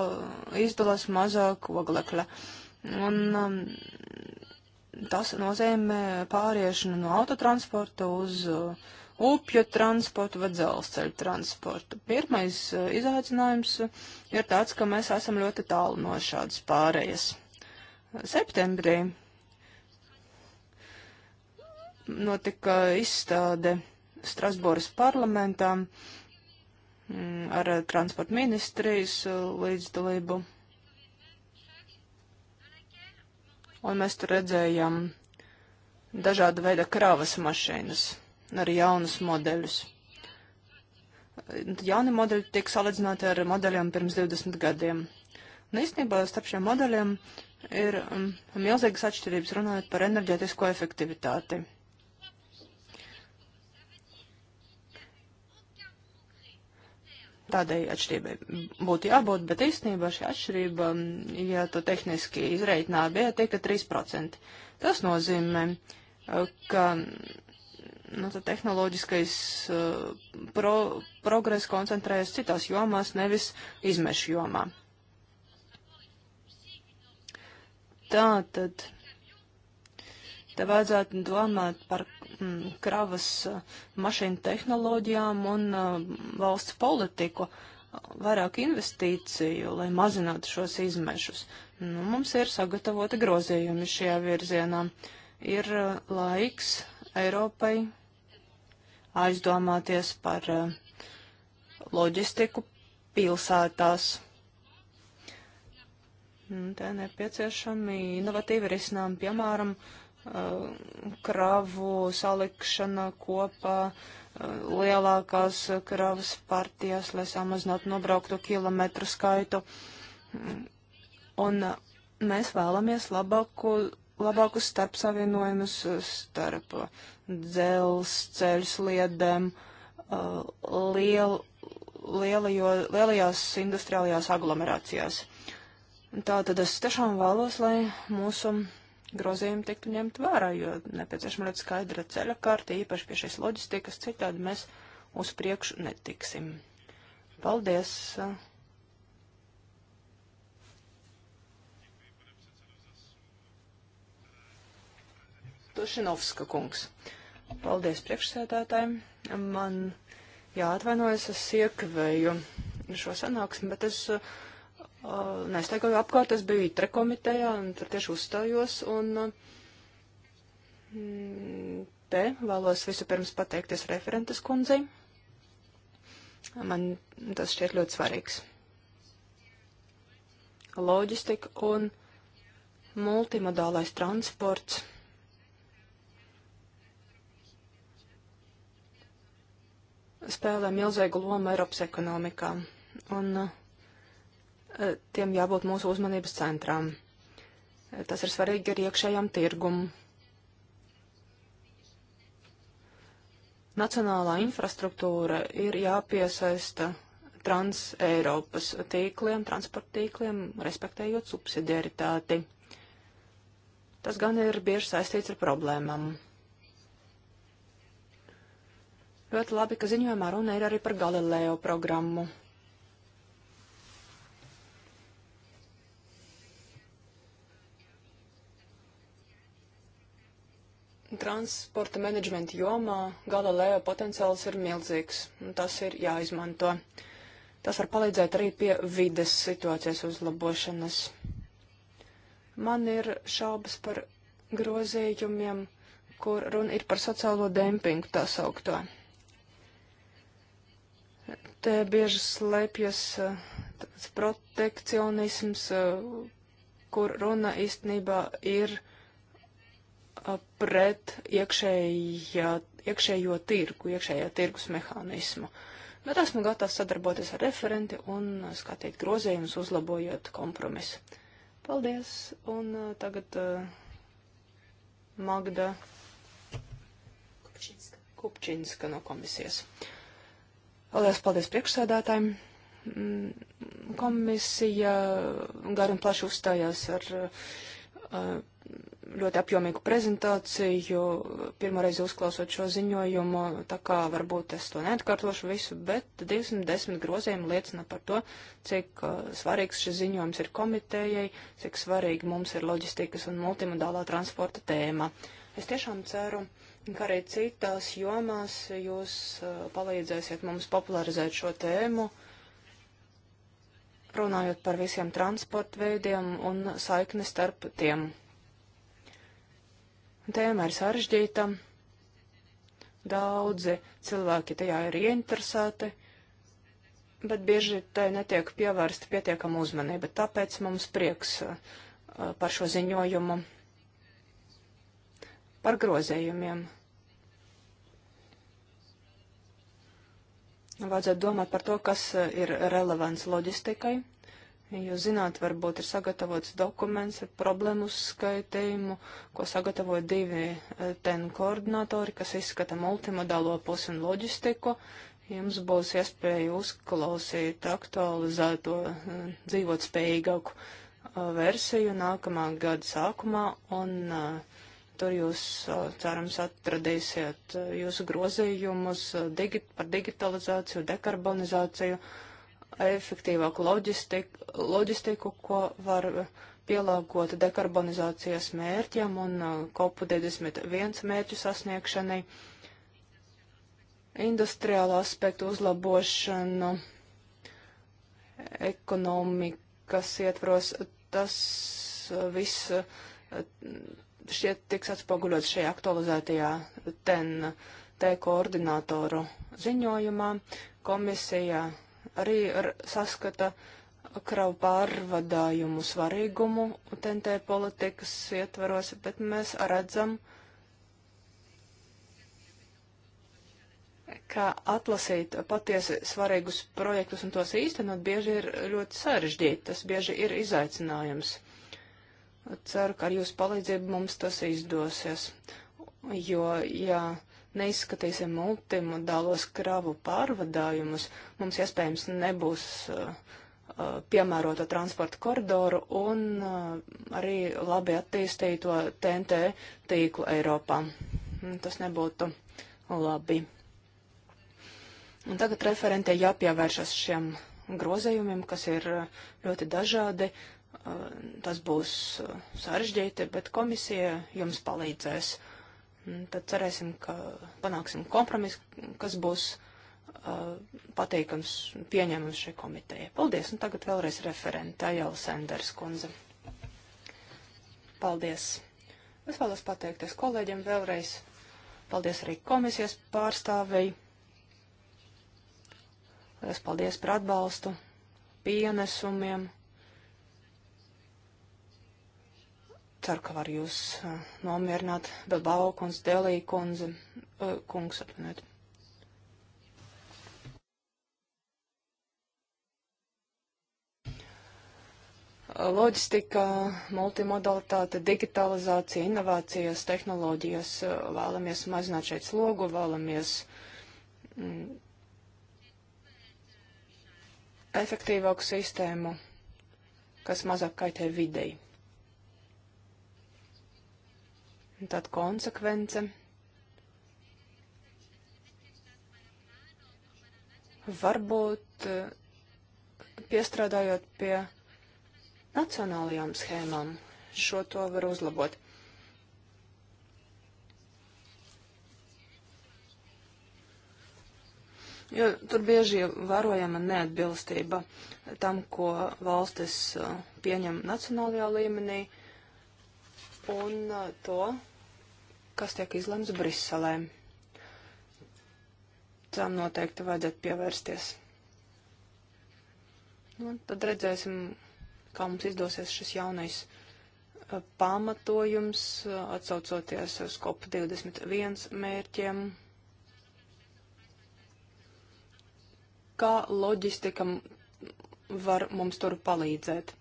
izdalās mazāk oglekļa. Uh, Un um, tas nozīmē pāriešanu no autotransporta uz uh, upju transportu vai dzelzceļu transportu. Pirmais uh, izaicinājums ir tāds, ka mēs esam ļoti tālu no šādas pārējas. Septembrī notika izstāde Strasbūras parlamentā mm, ar transporta ministrijas uh, līdzdalību. un mēs tur redzējām dažāda veida kravas mašīnas, arī jaunus modeļus. Jauni modeļi tiek salīdzināti ar modeļiem pirms 20 gadiem. Un īstenībā starp šiem modeļiem ir um, milzīgas atšķirības runājot par enerģētisko efektivitāti. Tādai atšķirībai būtu jābūt, bet īstenībā šī atšķirība, ja to tehniski izreikinātu, bija teikta 3%. Tas nozīmē, ka nu, tehnoloģiskais uh, pro, progress koncentrējas citās jomās, nevis izmešu jomā. Tā tad Te vajadzētu domāt par mm, kravas eh, mašīnu tehnoloģijām un mm, valsts politiku, vairāk investīciju, lai mazinātu šos izmešus. Nu, mums ir sagatavoti grozījumi šajā virzienā. Ir eh, laiks Eiropai aizdomāties par loģistiku pilsētās. Mm, te nepieciešami inovatīvi risinājumi, piemēram, uh, kravu salikšana kopā eh, lielākās kravas partijas, lai samazinātu nobraukto kilometru skaitu. Un eh, mēs vēlamies labāku, labākus starpsavienojumus eh, starp dzelzceļu sliedēm, liel, lielajo, lielajās industriālajās aglomerācijās. Tātad es tiešām vēlos, lai mūsu grozījumi tiktu ņemt vērā, jo nepieciešama ļoti skaidra ceļa kārta, īpaši pie šīs loģistikas, citādi mēs uz priekšu netiksim. Paldies! Tušinovska kungs. Paldies priekšsēdētājiem. Man jāatvainojas, es iekvēju šo sanāksmi, bet es uh, Uh, Nestaigāju apkārt, es biju ITRE komitejā un tur tieši uzstājos. Un, mm, te vēlos vispirms pateikties referentes kundzei. Man tas šķiet ļoti svarīgs. Loģistika un multimodālais transports. spēlē milzīgu lomu Eiropas ekonomikā. Un uh, Eh, tiem jābūt mūsu uzmanības centrām. Eh, tas ir svarīgi arī iekšējām tirgumu. Nacionālā infrastruktūra ir jāpiesaista trans-Eiropas tīkliem, transporta tīkliem, respektējot subsidiaritāti. Tas gan ir bieži saistīts ar problēmām. Ļoti labi, ka ziņojumā runa ir arī par Galileo programmu. Transporta menedžmenta jomā Galileo potenciāls ir milzīgs, un tas ir jāizmanto. Tas var palīdzēt arī pie vides situācijas uzlabošanas. Man ir šaubas par grozījumiem, kur runa ir par sociālo dempingu tā saukto. Te bieži slēpjas eh, tāds protekcionisms, eh, kur runa īstenībā ir pret iekšējā, iekšējo tirgu, iekšējā tirgus mehānismu. Bet esmu gatavs sadarboties ar referenti un skatīt grozījumus, uzlabojot kompromisu. Paldies! Un uh, tagad uh, Magda Kupčinska. Kupčinska no komisijas. Paldies, paldies priekšsēdētājiem! Mm, komisija uh, gar un plaši uzstājās ar uh, ļoti apjomīgu prezentāciju, pirmoreiz uzklausot šo ziņojumu, tā kā varbūt es to neatkārtošu visu, bet 210 grozījumi liecina par to, cik uh, svarīgs šis ziņojums ir komitejai, cik svarīgi mums ir loģistikas un multimodālā transporta tēma. Es tiešām ceru, ka arī citās jomās jūs uh, palīdzēsiet mums popularizēt šo tēmu runājot par visiem transporta veidiem un saikni starp tiem. Tēma ir sarežģīta. Daudzi cilvēki tajā ir ieinteresēti, bet bieži tai netiek pievērsta pietiekama uzmanība. Tāpēc mums prieks uh, par šo ziņojumu, par grozējumiem. Vajadzētu domāt par to, kas uh, ir relevants loģistikai. Jūs zināt, varbūt ir sagatavots dokuments ar problēmu uzskaitījumu, ko sagatavoja divi eh, ten koordinatori, kas izskata multimodālo pusi un loģistiku. Jums būs iespēja uzklausīt aktualizēto eh, dzīvot spējīgāku eh, versiju nākamā gada sākumā, un tur jūs, cerams, atradīsiet jūsu grozījumus digi par digitalizāciju, dekarbonizāciju efektīvāku loģistiku, loģistiku ko var pielāgot dekarbonizācijas mērķiem un COP21 uh, mērķu sasniegšanai, industriālu aspektu uzlabošanu, ekonomikas ietvaros. Tas uh, viss uh, šķiet tiks atspoguļots šajā aktualizētajā TEN T koordinātoru ziņojumā. Komisija arī saskata kravu pārvadājumu svarīgumu TNT politikas ietvaros, bet mēs redzam, ka atlasīt patiesi svarīgus projektus un tos īstenot bieži ir ļoti sarežģīti, tas bieži ir izaicinājums. Ceru, ka ar jūsu palīdzību mums tas izdosies, jo, ja. Jā, neizskatīsim multimodālos kravu pārvadājumus, mums iespējams nebūs uh, uh, piemēroto transporta koridoru un uh, arī labi attīstīto TNT tīklu Eiropā. Mm, tas nebūtu labi. Un tagad referentē jāpievēršas šiem grozējumiem, kas ir uh, ļoti dažādi. Uh, tas būs uh, sarežģīti, bet komisija jums palīdzēs. Uh, Tad cerēsim, ka panāksim kompromisu, kas būs uh, pateikams, pieņemams šai komitejai. Paldies, un tagad vēlreiz referenta Jāla Senders kundze. Paldies! Es vēlos pateikties kolēģiem vēlreiz. Paldies arī komisijas pārstāvei. Lielas paldies par atbalstu, pienesumiem. Ceru, ka var jūs nomierināt, bet Balkons, Delī kundze, kungs atvinēt. Loģistika, multimodalitāte, digitalizācija, inovācijas, tehnoloģijas, vēlamies mazināt šeit slogu, vēlamies mm, efektīvāku sistēmu, kas mazāk kaitē videi. tāda konsekvence. Varbūt eh, piestrādājot pie nacionālajām schēmām, šo to var uzlabot. Jo tur bieži vērojama neatbilstība tam, ko valstis eh, pieņem nacionālajā līmenī, un eh, to kas tiek izlemts Briselē. Tam noteikti vajadzētu pievērsties. Nu, un tad redzēsim, kā mums izdosies šis jaunais pamatojums, atsaucoties uz COP21 mērķiem. Kā loģistika var mums tur palīdzēt?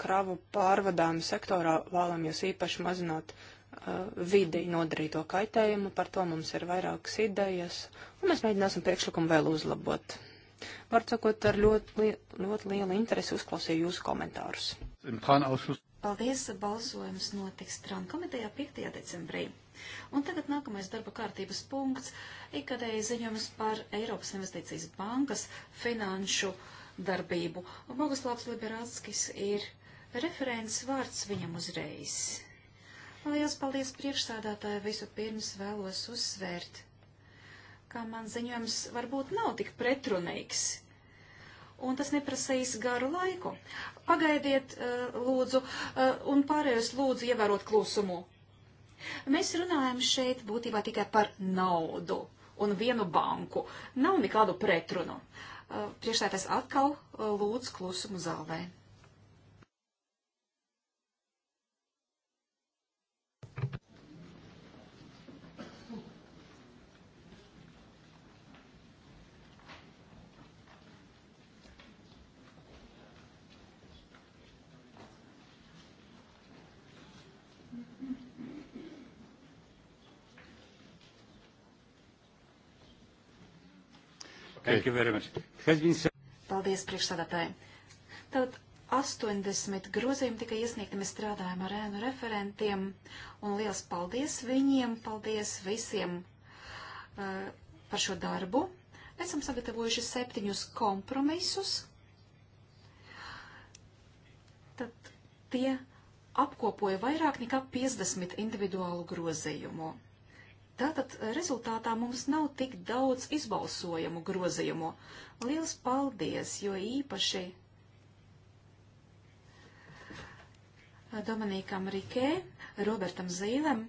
kravu pārvadājumu sektorā vēlamies īpaši mazināt uh, vidi nodarīto kaitējumu. Par to mums ir vairākas idejas, un mēs mēģināsim priekšlikumu vēl uzlabot. Var sakot, ar ļoti, li ļoti lielu interesi uzklausīju jūsu komentārus. Paldies, balsojums notiks Tran komitejā 5. decembrī. Un tagad nākamais darba kārtības punkts - ikgadēji ziņojums par Eiropas investīcijas bankas finanšu uh, darbību. Un Boguslavs Liberāckis ir referents vārds viņam uzreiz. Lielas paldies priekšsādātāju visu pirms vēlos uzsvērt, kā man ziņojums varbūt nav tik pretrunīgs. Un tas neprasīs garu laiku. Pagaidiet, eh, lūdzu, eh, un pārējos lūdzu ievērot klusumu. Mēs runājam šeit būtībā tikai par naudu un vienu banku. Nav nekādu pretrunu. Uh, Priekšsētājs atkal uh, lūdz klusumu zālē. Thank you very much. Paldies priekšsādātāji. Tad 80 grozījumi tika iesniegti, mēs strādājam ar ēnu referentiem, un liels paldies viņiem, paldies visiem uh, par šo darbu. Esam sagatavojuši septiņus kompromisus. Tad tie apkopoja vairāk nekā 50 individuālu grozījumu. Tātad eh, rezultātā mums nav tik daudz izbalsojumu grozījumu. Liels paldies, jo īpaši eh, Dominikam Rikē, Robertam Zīlem eh,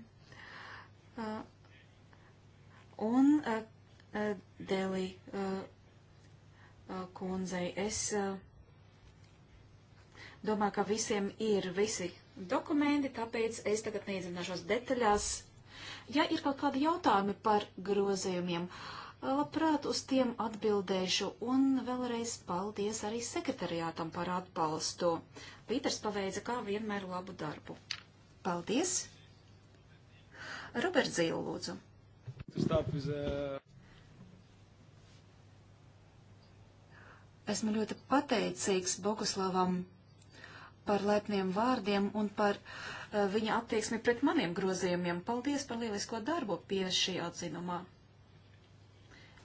un Deli kundzei. Es domāju, ka visiem ir visi dokumenti, tāpēc es tagad neiedzināšos detaļās Ja ir kaut kādi jautājumi par grozījumiem, labprāt uz tiem atbildēšu un vēlreiz paldies arī sekretariātam par atbalstu. Pīters paveica kā vienmēr labu darbu. Paldies! Roberts Zīle, lūdzu. Esmu ļoti pateicīgs Boguslavam par lepniem vārdiem un par uh, Uh, viņa attieksmi pret maniem grozījumiem. Paldies par lielisko darbu pie šī atzinumā.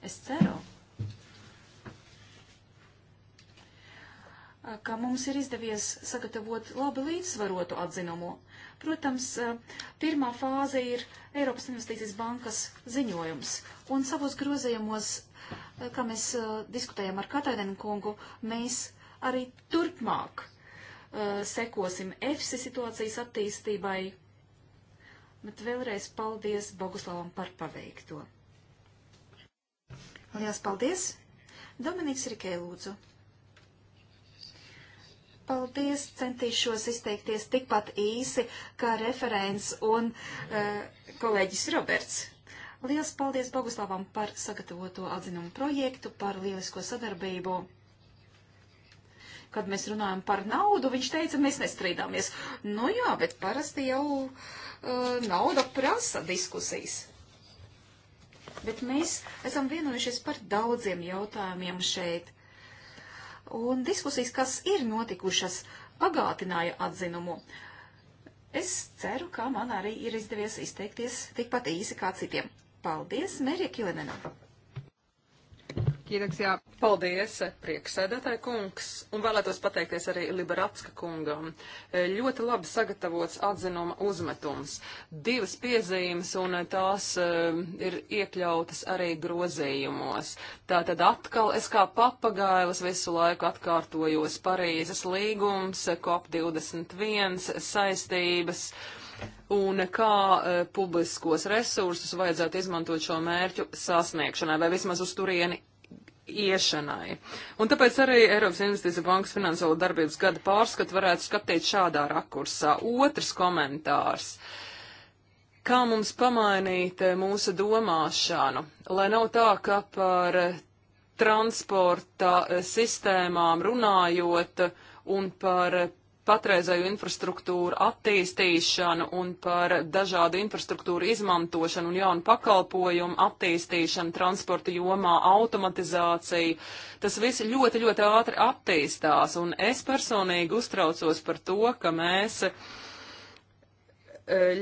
Es ceru, uh, ka mums ir izdevies sagatavot labi līdzsvarotu atzinumu. Protams, uh, pirmā fāze ir Eiropas Investīcijas bankas ziņojums, un savos grozījumos, kā mēs diskutējam ar Katainen kungu, mēs arī turpmāk Eh, sekosim EFSI situācijas attīstībai. Bet vēlreiz paldies Boguslavam par paveikto. Lielas paldies! Dominiks Rikē lūdzu. Paldies, centīšos izteikties tikpat īsi kā referents un uh, kolēģis Roberts. Lielas paldies Boguslavam par sagatavoto atzinumu projektu, par lielisko sadarbību kad mēs runājam par naudu, viņš teica, mēs nestrīdāmies. Nu jā, bet parasti jau uh, nauda prasa diskusijas. Bet mēs esam vienojušies par daudziem jautājumiem šeit. Un diskusijas, kas ir notikušas, pagātināja atzinumu. Es ceru, ka man arī ir izdevies izteikties tikpat īsi kā citiem. Paldies, Mērija Kilenena! Kiitoksia. Paldies, prieksēdētāji kungs, un vēlētos pateikties arī Liberatska kungam. Ļoti labi sagatavots atzinuma uzmetums. Divas piezīmes, un tās uh, ir iekļautas arī grozījumos. Tātad atkal es kā papagailis visu laiku atkārtojos Parīzes līgums, COP21, saistības un kā e, publiskos resursus vajadzētu izmantot šo mērķu sasniegšanai, vai vismaz uz turieni iešanai. Un tāpēc arī Eiropas Investīcija bankas finansiālo darbības gada pārskatu varētu skatīt šādā rakursā. Otrs komentārs. Kā mums pamainīt eh, mūsu domāšanu, lai nav tā, ka par eh, transporta eh, sistēmām runājot un par patreizēju infrastruktūru attīstīšanu un par dažādu infrastruktūru izmantošanu un jaunu pakalpojumu attīstīšanu transporta jomā, automatizāciju. Tas viss ļoti, ļoti ātri attīstās, un es personīgi uztraucos par to, ka mēs e,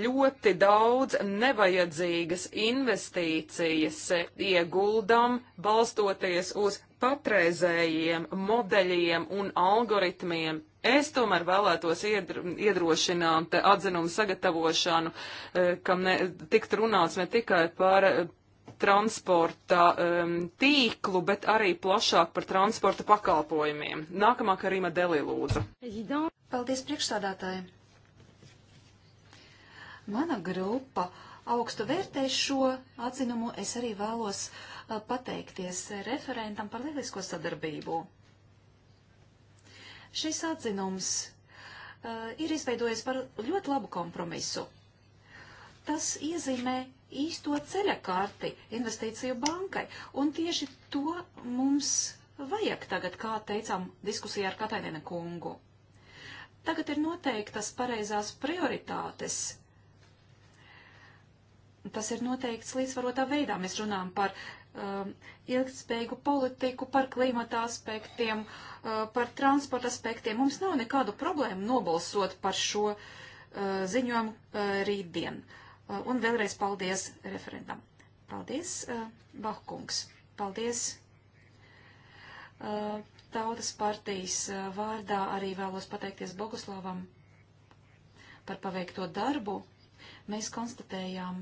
ļoti daudz nevajadzīgas investīcijas ieguldam, balstoties uz patreizējiem modeļiem un algoritmiem, Es tomēr vēlētos iedrošināt atzinumu sagatavošanu, eh, kam ne, tikt runāts ne tikai par eh, transporta um, tīklu, bet arī plašāk par transporta pakalpojumiem. Nākamā Karīma Delī lūdzu. Paldies priekšsādātājiem. Mana grupa augstu vērtē šo atzinumu. Es arī vēlos eh, pateikties referentam par lielisko sadarbību. Šis atzinums uh, ir izveidojis par ļoti labu kompromisu. Tas iezīmē īsto ceļa karti investīciju bankai, un tieši to mums vajag tagad, kā teicām diskusijā ar Katainēna kungu. Tagad ir noteiktas pareizās prioritātes. Tas ir noteikts līdzvarotā veidā. Mēs runājam par uh, um, ilgspējīgu politiku, par klimata aspektiem, uh, par transporta aspektiem. Mums nav nekādu problēmu nobalsot par šo uh, ziņojumu uh, rītdien. Uh, un vēlreiz paldies referendam. Paldies, uh, Bahkungs. Paldies. Uh, Tautas partijas uh, vārdā arī vēlos pateikties Boguslavam par paveikto darbu. Mēs konstatējām,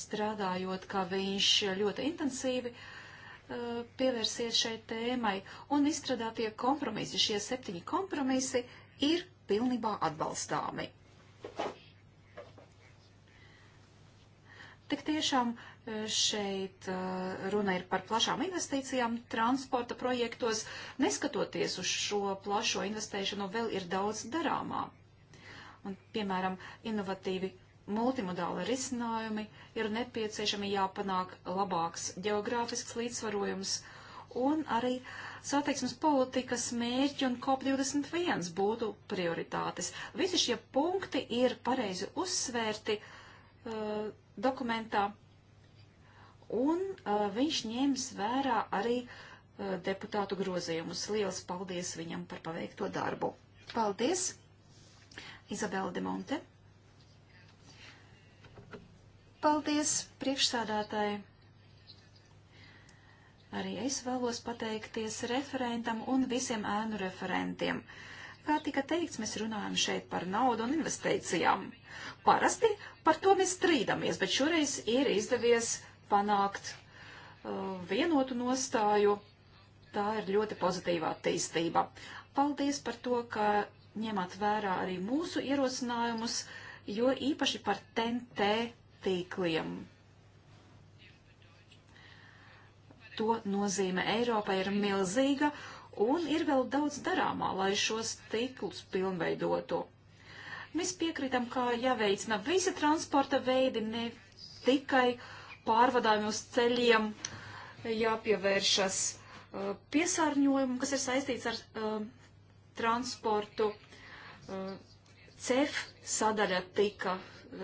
strādājot, ka viņš ļoti intensīvi uh, pievērsies šai tēmai un izstrādātie kompromisi, šie septiņi kompromisi, ir pilnībā atbalstāmi. Tik tiešām uh, šeit uh, runa ir par plašām investīcijām transporta projektos. Neskatoties uz šo plašo investēšanu, vēl ir daudz darāmā. Un, piemēram, inovatīvi multimodāli risinājumi ir nepieciešami jāpanāk labāks geogrāfisks līdzsvarojums un arī satiksmes politikas mērķi un COP21 būtu prioritātes. Visi šie punkti ir pareizi uzsvērti uh, dokumentā, un uh, viņš ņems vērā arī uh, deputātu grozījumus. Lielas paldies viņam par paveikto darbu. Paldies! Izabela de Monte. Paldies priekšsādātāji! Arī es vēlos pateikties referentam un visiem ēnu referentiem. Kā tika teikts, mēs runājam šeit par naudu un investīcijām. Parasti par to mēs strīdamies, bet šoreiz ir izdevies panākt uh, vienotu nostāju. Tā ir ļoti pozitīva attīstība. Paldies par to, ka ņemat vērā arī mūsu ierosinājumus, jo īpaši par TNT tīkliem. To nozīme Eiropai ir milzīga un ir vēl daudz darāmā, lai šos tīklus pilnveidotu. Mēs piekrītam, ka jāveicina visi transporta veidi, ne tikai pārvadājumi uz ceļiem, jāpievēršas uh, piesārņojumu, kas ir saistīts ar uh, transportu. Uh, CEF sadaļa tika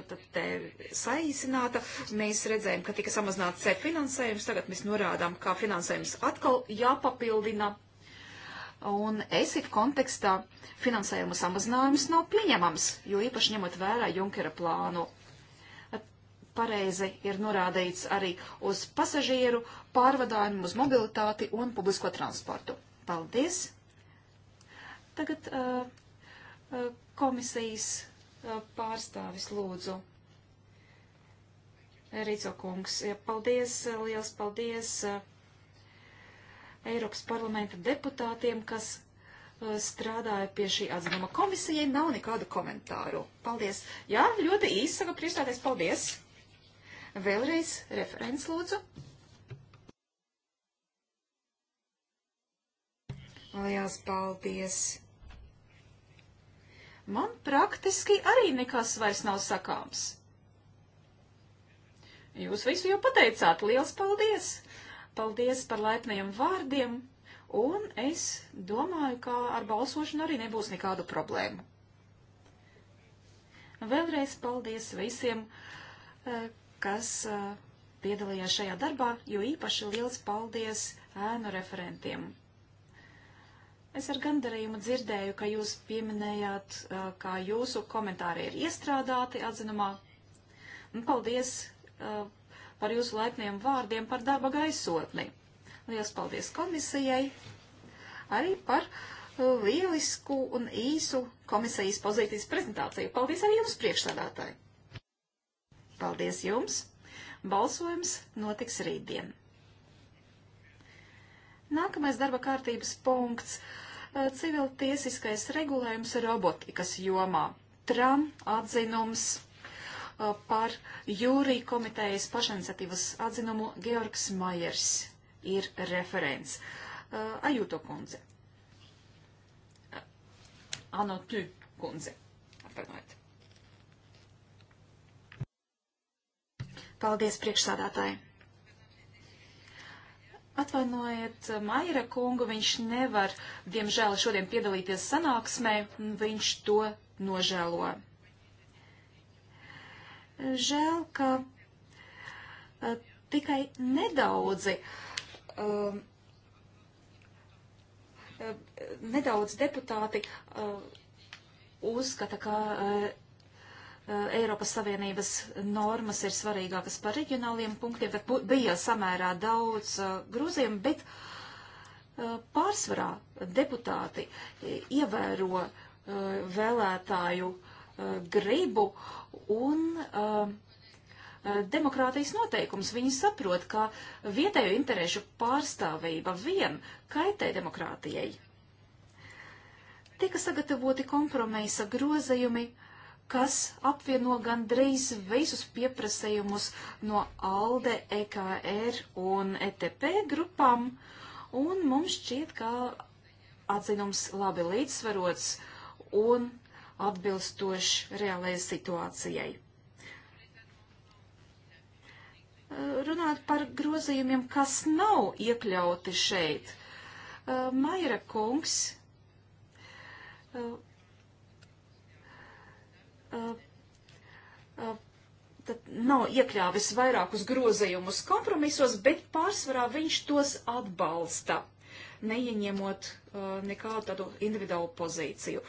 te saīsināta. Mēs redzējām, ka tika samazināts C finansējums, tagad mēs norādām, kā finansējums atkal jāpapildina. Un ESIF kontekstā finansējuma samazinājums nav pieņemams, jo īpaši ņemot vērā Junkera plānu. Pareizi ir norādīts arī uz pasažieru pārvadājumu, uz mobilitāti un publisko transportu. Paldies! Tagad uh, uh, komisijas Eh, pārstāvis lūdzu. Rīco kungs, ja, paldies, eh, liels paldies eh, Eiropas parlamenta deputātiem, kas strādāja pie šī atzinuma. Komisijai nav nekādu komentāru. Paldies. Jā, ļoti īsi saka priekšstādēs paldies. Vēlreiz referents lūdzu. Liels paldies man praktiski arī nekas vairs nav sakāms. Jūs visu jau pateicāt, liels paldies! Paldies par laipnajiem vārdiem, un es domāju, ka ar balsošanu arī nebūs nekādu problēmu. Vēlreiz paldies visiem, eh, kas eh, piedalījās šajā darbā, jo īpaši liels paldies ēnu referentiem. Es ar gandarījumu dzirdēju, ka jūs pieminējāt, kā jūsu komentāri ir iestrādāti atzinumā. Un paldies uh, par jūsu laipniem vārdiem par darba gaisotni. Lielas paldies komisijai arī par lielisku un īsu komisijas pozīcijas prezentāciju. Paldies arī jums priekšsādātāji. Paldies jums. Balsojums notiks rītdien. Nākamais darba kārtības punkts - civiltiesiskais regulējums robotikas jomā. Tram atzinums par jūrī komitejas pašiniciatīvas atzinumu Georgs Majers ir referents. Ajūto kundze. Anotu kundze. Atvainojiet. Paldies priekšsādātāji. Atvainojiet, Maira kungu, viņš nevar, diemžēl, šodien piedalīties sanāksmē, viņš to nožēlo. Žēl, ka a, eh, tikai nedaudzi, um, eh, eh, nedaudz deputāti uh, uzskata, ka uh, Eh, Eiropas Savienības normas ir svarīgākas par reģionāliem punktiem, tad bija samērā daudz uh, eh, grūzījumu, bet uh, pārsvarā deputāti ievēro uh, vēlētāju gribu un demokrātijas noteikums. Viņi saprot, ka vietējo interešu pārstāvība vien kaitē demokrātijai. Tika sagatavoti kompromisa grozījumi, uh, kas apvieno gandrīz visus pieprasījumus no ALDE, EKR un ETP grupām, un mums šķiet, ka atzinums labi līdzsvarots un atbilstoši reālajai situācijai. Runāt par grozījumiem, kas nav iekļauti šeit. Maira kungs tad nav iekļāvis vairākus grozējumus kompromisos, bet pārsvarā viņš tos atbalsta, neieņemot nekādu tādu individuālu pozīciju.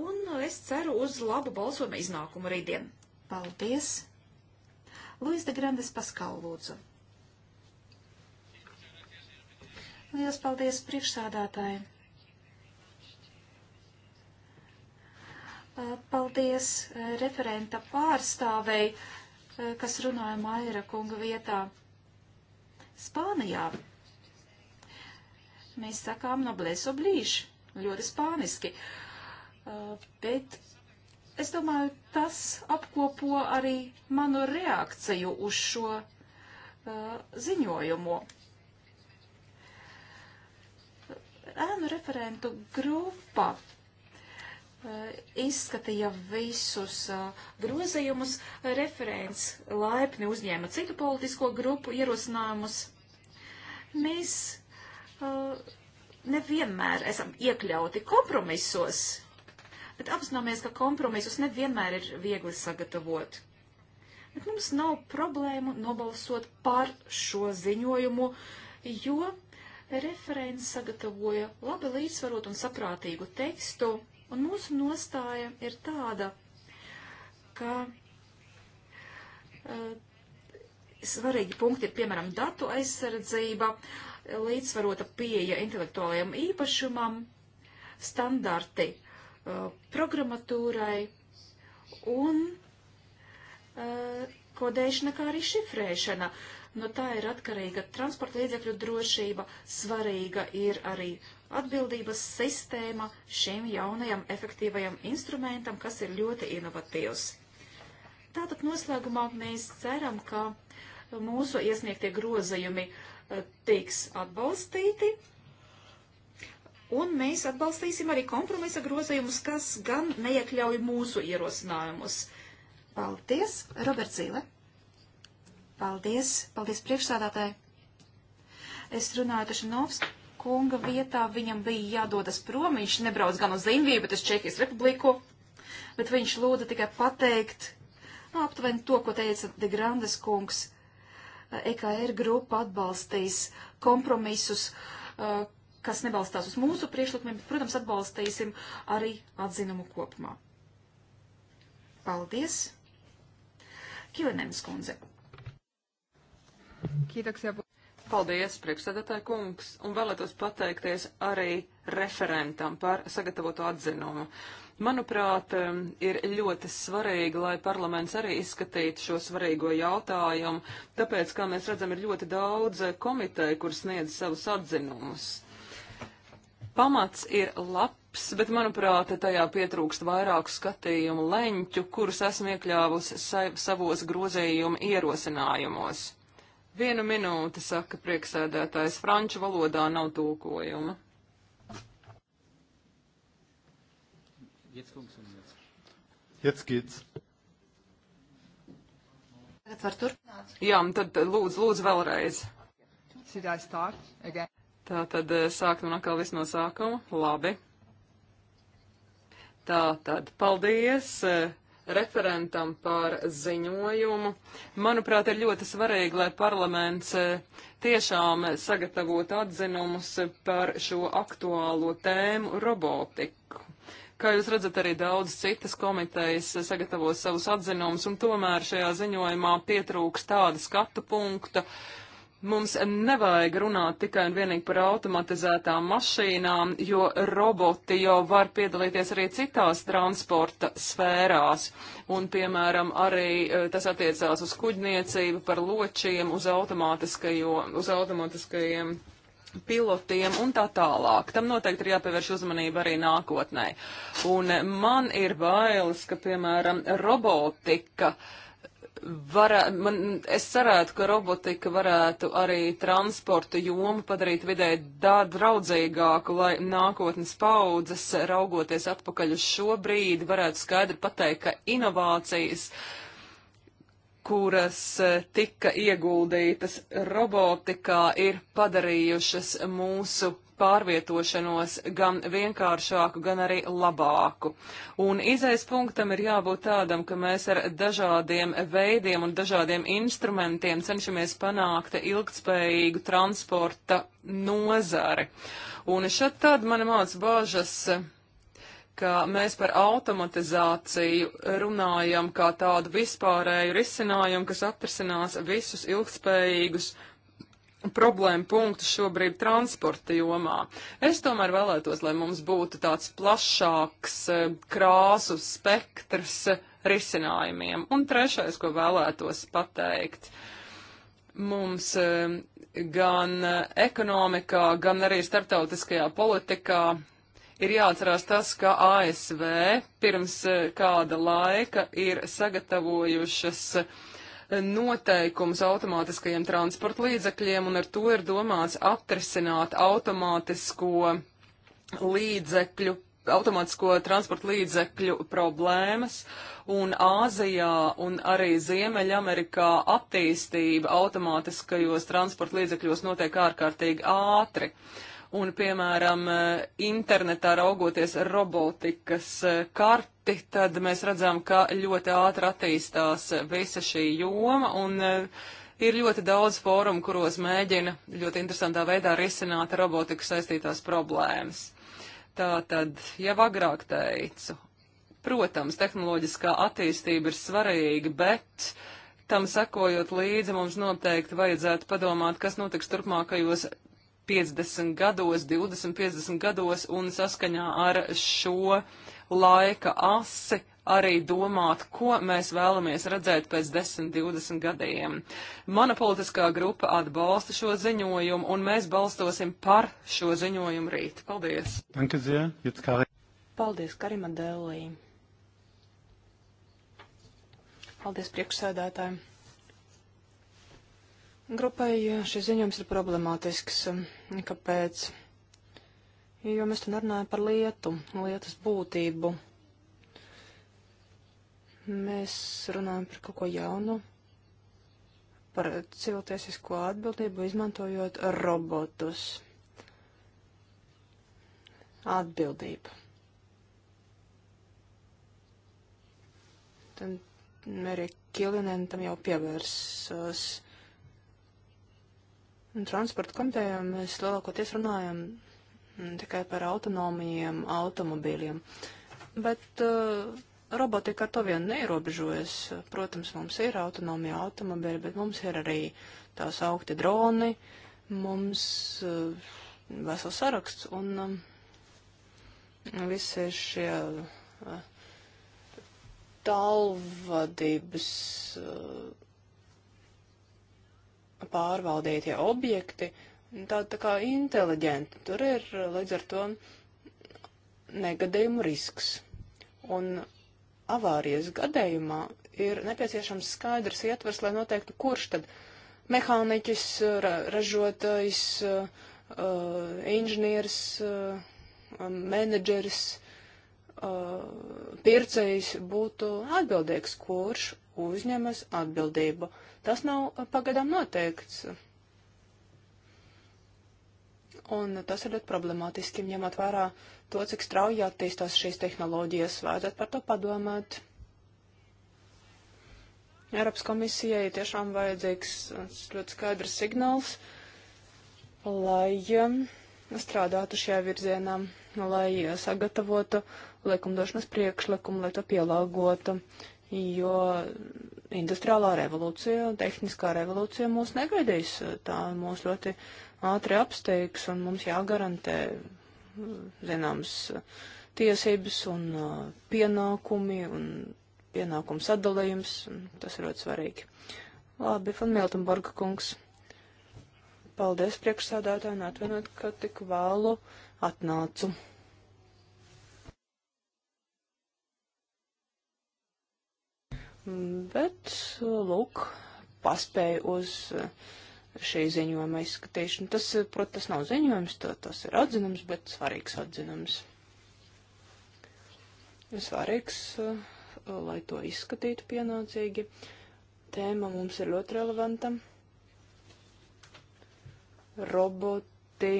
Un es ceru uz labu balsojumu iznākumu rītdien. Paldies! Luis de Grandes Paskal, lūdzu. Lielas paldies priekšsādātājiem! Eh, paldies eh, referenta pārstāvei, eh, kas runāja Maira kunga vietā. Spānijā mēs sakām noblēs oblīž, ļoti spāniski, bet es domāju, tas apkopo arī manu reakciju uz šo ziņojumu. Ēnu referentu grupa Eh, izskatīja visus eh, grozījumus. Referents laipni uzņēma citu politisko grupu ierosinājumus. Mēs eh, nevienmēr esam iekļauti kompromisos, bet apzināmies, ka kompromisus nevienmēr ir viegli sagatavot. Bet mums nav problēmu nobalsot par šo ziņojumu, jo referents sagatavoja labi līdzsvarot un saprātīgu tekstu Un mūsu nostāja ir tāda, ka uh, svarīgi punkti ir, piemēram, datu aizsardzība, līdzsvarota pieeja intelektuālajiem īpašumam, standarti uh, programmatūrai un uh, kodēšana, kā arī šifrēšana. No tā ir atkarīga transporta līdzekļu drošība, svarīga ir arī uh, atbildības sistēma šim jaunajam efektīvajam instrumentam, kas ir ļoti inovatīvs. Tātad noslēgumā mēs ceram, ka mūsu iesniegtie grozījumi eh, tiks atbalstīti, un mēs atbalstīsim arī kompromisa grozījumus, kas gan neiekļauj mūsu ierosinājumus. Paldies, Roberts Zīle! Paldies, paldies priekšsādātāji! Es runāju Tašanovski kunga vietā viņam bija jādodas prom, viņš nebrauc gan uz Zimviju, bet uz Čehijas republiku, bet viņš lūda tikai pateikt nu, aptuveni to, ko teica De Grandes kungs. EKR grupa atbalstīs kompromisus, kas nebalstās uz mūsu priešlikumiem, bet, protams, atbalstīsim arī atzinumu kopumā. Paldies! Kilinēnas kundze. Kiitoksia Paldies, priekšsēdētāji kungs, un vēlētos pateikties arī referentam par sagatavotu atzinumu. Manuprāt, um, ir ļoti svarīgi, lai parlaments arī izskatītu šo svarīgo jautājumu, tāpēc, kā mēs redzam, ir ļoti daudz komiteju, kur sniedz savus atzinumus. Pamats ir labs, bet, manuprāt, tajā pietrūkst vairāku skatījumu leņķu, kurus esmu iekļāvusi savos grozījumu ierosinājumos. Vienu minūti, saka prieksēdētājs, franču valodā nav tūkojuma. Jetzt geht's. Tagad var turpināt. Jā, un tad lūdzu, lūdzu vēlreiz. Tā tad eh, sākam atkal viss no sākuma. Labi. Tā tad paldies. Uh, referentam par ziņojumu. Manuprāt, ir ļoti svarīgi, lai parlaments eh, tiešām sagatavotu atzinumus par šo aktuālo tēmu robotiku. Kā jūs redzat, arī daudz citas komitejas sagatavo savus atzinumus, un tomēr šajā ziņojumā pietrūks tāda skatu punkta, uh, Mums nevajag runāt tikai un vienīgi par automatizētām mašīnām, jo roboti jau var piedalīties arī citās transporta sfērās. Un, piemēram, arī e, tas attiecās uz kuģniecību, par ločiem, uz, uz automātiskajiem pilotiem un tā tālāk. Tam noteikti ir jāpievērš uzmanība arī nākotnē. Un man ir bailes, ka, piemēram, robotika uh, varā, man, es cerētu, ka robotika varētu arī transporta jomu padarīt vidēji draudzīgāku, lai nākotnes paudzes, raugoties atpakaļ uz šo brīdi, varētu skaidri pateikt, ka inovācijas, kuras e, tika ieguldītas robotikā, ir padarījušas mūsu pārvietošanos gan vienkāršāku, gan arī labāku. Un izējas punktam ir jābūt tādam, ka mēs ar dažādiem veidiem un dažādiem instrumentiem cenšamies panākt ilgtspējīgu transporta nozari. Un šad tad mani māc bāžas ka mēs par automatizāciju runājam kā tādu vispārēju risinājumu, kas atrisinās visus ilgspējīgus problēma punktu šobrīd transporta jomā. Es tomēr vēlētos, lai mums būtu tāds plašāks e, krāsu spektrs e, risinājumiem. Un trešais, ko vēlētos pateikt. Mums e, gan ekonomikā, gan arī starptautiskajā politikā ir jāatcerās tas, ka ASV pirms kāda laika ir sagatavojušas uh, noteikumus automātiskajiem transporta līdzekļiem, un ar to ir domāts atrisināt automātisko līdzekļu automātisko transporta līdzekļu problēmas, un Āzijā un arī Ziemeļamerikā attīstība automātiskajos transporta līdzekļos notiek ārkārtīgi ātri. Uh, Un, piemēram, eh, internetā raugoties robotikas eh, karti, tad mēs redzam, ka ļoti ātri attīstās eh, visa šī joma. Un, Ir ļoti daudz fórumu, kuros mēģina ļoti interesantā veidā risināt robotikas saistītās problēmas. Tā tad, jau agrāk teicu, protams, tehnoloģiskā attīstība ir svarīga, bet tam sekojot līdzi mums noteikti vajadzētu padomāt, kas notiks turpmākajos 50 gados, 20, 50 gados un saskaņā ar šo laika asi arī domāt, ko mēs vēlamies redzēt pēc 10, 20 gadiem. Mana politiskā grupa atbalsta šo ziņojumu, un mēs balstosim par šo ziņojumu rīt. Paldies! Paldies, Karima Dēlī! Paldies, priekšsēdētāji! Grupai šis ziņojums ir problemātisks. Um, kāpēc? Jo mēs tur nerunājam par lietu, lietas būtību. Mēs runājam par kaut ko jaunu, par cilvēcisko atbildību, izmantojot robotus. Atbildība. Tad Mērija Kilinēna tam jau pievērsās. Uh, Un transporta komitejā mēs lielākoties runājam mm, tikai par autonomijiem automobīļiem. Bet uh, robotika ar to vien neierobežojas. Protams, mums ir autonomija automobīļi, bet mums ir arī tā saukti droni, mums uh, vesels saraksts un um, visi šie uh, tālvadības. Uh, pārvaldītie objekti, tāda tā kā inteliģenti. Tur ir eh, līdz ar to negadījumu risks. Un avārijas gadījumā ir nepieciešams skaidrs ietvers, lai noteiktu, kurš tad mehāniķis, ra ražotājs, uh, inženieris, uh, menedžeris, uh, pircējs būtu atbildīgs, kurš uzņemas atbildību. Tas nav pagadām noteikts. Un tas ir ļoti problemātiski, ņemot vērā to, cik strauji attīstās šīs tehnoloģijas. Vajadzētu par to padomāt. Eiropas komisijai tiešām vajadzīgs ļoti skaidrs signāls, lai um, strādātu šajā virzienā, lai sagatavotu likumdošanas priekšlikumu, lai to pielāgotu jo industriālā revolūcija, tehniskā revolūcija mūs negaidīs. Tā mūs ļoti ātri apsteigs un mums jāgarantē zināmas tiesības un uh, pienākumi un pienākumu sadalījums. Un tas ir ļoti svarīgi. Labi, Fan Miltenborga kungs. Paldies priekšsādātājiem, atvainojiet, ka tik vēlu atnācu. Bet, lūk, paspēju uz šī ziņojuma izskatīšanu. Tas, protams, nav ziņojums, to, tas ir atzinums, bet svarīgs atzinums. Svarīgs, eh, lai to izskatītu pienācīgi. Tēma mums ir ļoti relevanta. Roboti,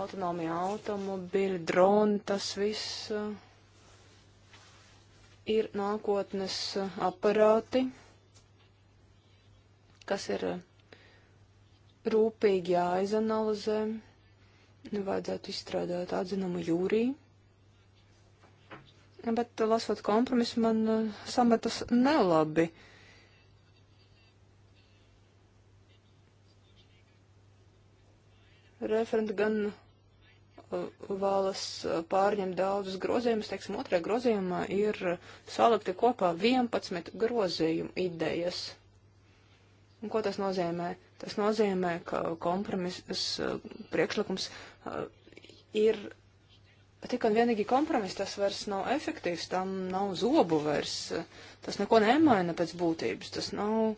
autonomija automobili, droni, tas viss eh, ir nākotnes aparāti, kas ir eh, rūpīgi jāizanalizē, vajadzētu izstrādāt atzinumu jūrī. Bet lasot kompromisu, man eh, sametas nelabi. Referenti gan vēlas eh, pārņemt daudzus grozījumus. Teiksim, otrajā grozījumā ir salikti kopā 11 grozījumu idejas. Un ko tas nozīmē? Tas nozīmē, ka kompromiss eh, priekšlikums eh, ir tik un vienīgi kompromiss, tas vairs nav efektīvs, tam nav zobu vairs, tas neko nemaina pēc būtības, tas nav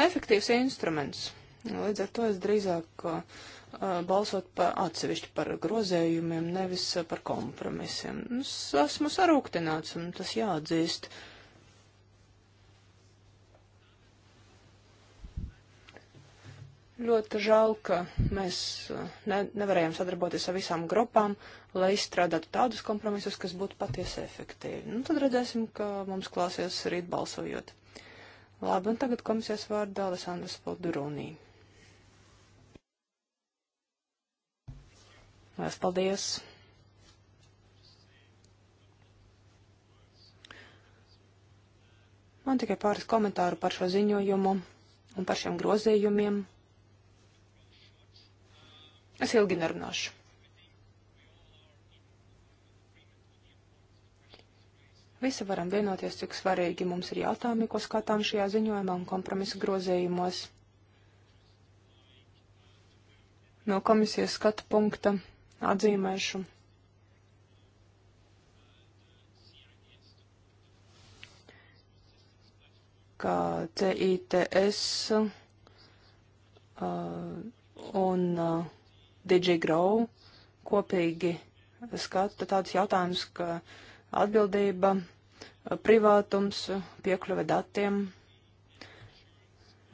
efektīvs instruments. Līdz ar to es drīzāk uh, balsot pa atsevišķi par grozējumiem, nevis par kompromisiem. Es nu, esmu sarūktināts, un tas jāatzīst. Ļoti žēl, ka mēs ne, nevarējām sadarboties ar visām grupām, lai izstrādātu tādus kompromisus, kas būtu patiesi efektīvi. Nu, tad redzēsim, ka mums klāsies rīt balsojot. Labi, un tagad komisijas vārdā Alessandrs Paldurūnī. Lielas paldies! Man tikai pāris komentāru par šo ziņojumu un par šiem grozījumiem. Es ilgi nerunāšu. Visi varam vienoties, cik svarīgi mums ir jautājumi, ko skatām šajā ziņojumā un kompromisa grozījumos. No komisijas skatu punkta atzīmēšu. Kā CITS uh, un uh, DigiGrow kopīgi skata tāds jautājums, ka atbildība, uh, privātums, piekļuve datiem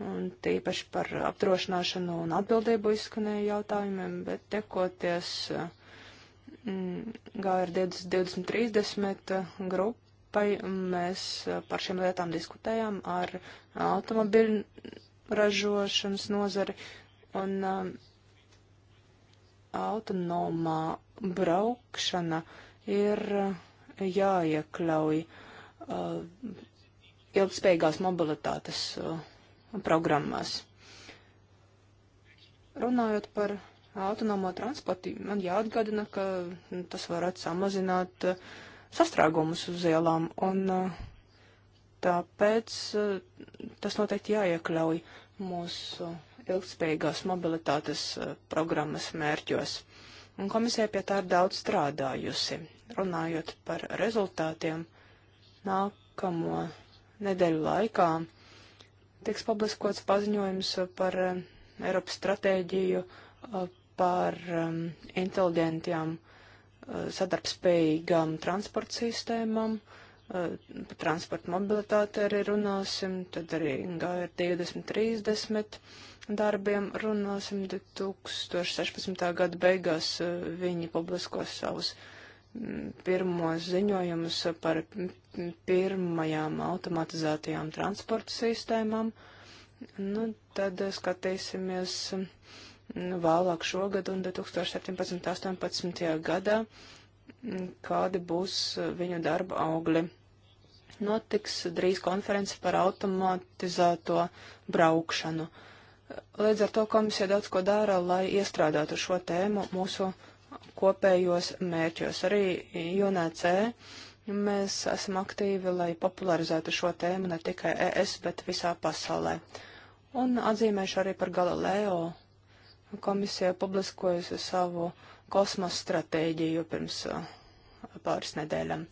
un tīpaši par apdrošināšanu un atbildību izskanēja jautājumiem, bet tekoties mm, GR2030 uh, grupai, mēs uh, par šiem lietām diskutējām ar automobiļu ražošanas nozari un um, autonomā braukšana ir uh, jāiekļauj uh, ilgspējīgās mobilitātes uh, programmās. Runājot par autonomo transportu, man jāatgādina, ka nu, tas varētu samazināt uh, sastrēgumus uz ielām, un uh, tāpēc uh, tas noteikti jāiekļauj mūsu ilgspējīgās mobilitātes programmas mērķos. Un komisija pie tā ir daudz strādājusi. Runājot par rezultātiem, nākamo nedēļu laikā tiks publiskots paziņojums par eh, Eiropas stratēģiju eh, par ehm, inteliģentiem, eh, sadarbspējīgām transporta sistēmām. Par transporta mobilitāti arī runāsim, tad arī GR 2030 darbiem runāsim 2016. gada beigās. Viņi publiskos savus uh, pirmos ziņojumus par pirmajām automatizētajām transporta sistēmām. Nu, tad skatīsimies vēlāk šogad un 2017.18. gadā, kādi būs viņu darba augļi. Notiks drīz konference par automatizēto braukšanu. Līdz ar to komisija daudz ko dara, lai iestrādātu šo tēmu mūsu kopējos mērķos. Arī UNC mēs esam aktīvi, lai popularizētu šo tēmu ne tikai ES, bet visā pasaulē. Un atzīmēšu arī par Galileo. Komisija publiskojusi savu kosmosa stratēģiju pirms uh, pāris nedēļām.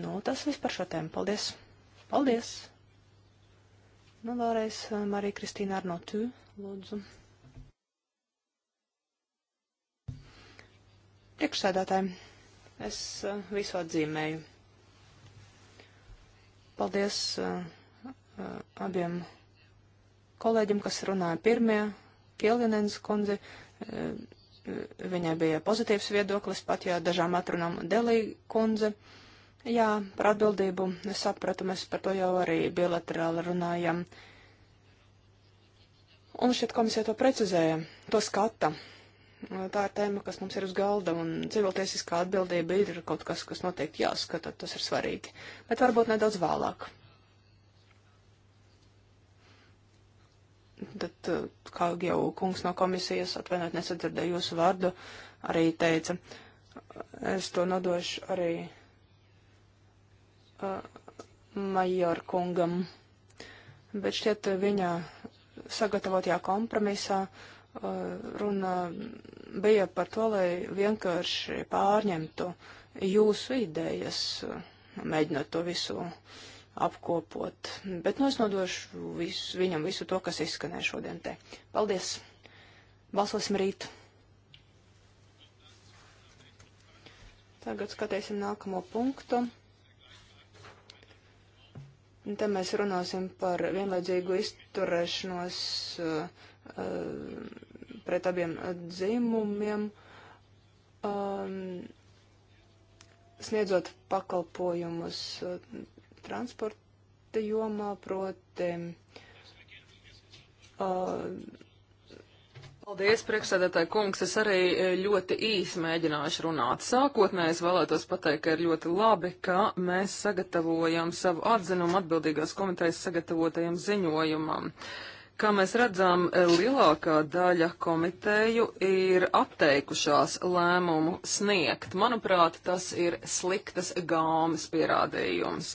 Nu, tas viss par šo tēmu. Paldies! Paldies! Nu, vēlreiz uh, Marija Kristīna Arnotu, lūdzu. Priekšsēdētāji, es eh, visu atzīmēju. Paldies eh, eh, abiem kolēģiem, kas runāja pirmie. Kielinens kundze, viņai bija pozitīvs viedoklis, pat ja dažām atrunām Delī kundze. Jā, par atbildību es sapratu, mēs par to jau arī bilaterāli runājam. Un šeit komisija to precizēja, to skata. Tā ir tēma, kas mums ir uz galda, un civiltiesiskā atbildība ir kaut kas, kas noteikti jāskata, tas ir svarīgi. Bet varbūt nedaudz vēlāk. Tad, eh, kā jau kungs no komisijas, atvainojiet, nesadzirdēju jūsu vārdu, arī teica, es to nodošu arī uh, major kungam. Bet šķiet viņa sagatavotajā kompromisā uh, runa bija par to, lai vienkārši pārņemtu jūsu idejas, mēģinot to visu apkopot. Bet nu es nodošu visu, viņam visu to, kas izskanē šodien te. Paldies! Balsosim rīt! Tagad skatīsim nākamo punktu. Un te mēs runāsim par vienlaidzīgu izturēšanos uh, Eh, pret abiem dzimumiem, ehm, sniedzot pakalpojumus eh, transporta jomā, proti. Eh, Paldies, priekšsēdētāji kungs. Es arī ļoti īsi mēģināšu runāt. Sākotnēji es vēlētos pateikt, ka ir ļoti labi, ka mēs sagatavojam savu atzinumu atbildīgās komitejas sagatavotajam ziņojumam. Uh, Kā mēs redzam, e, lielākā daļa komiteju ir atteikušās lēmumu sniegt. Manuprāt, tas ir sliktas gāmas pierādījums.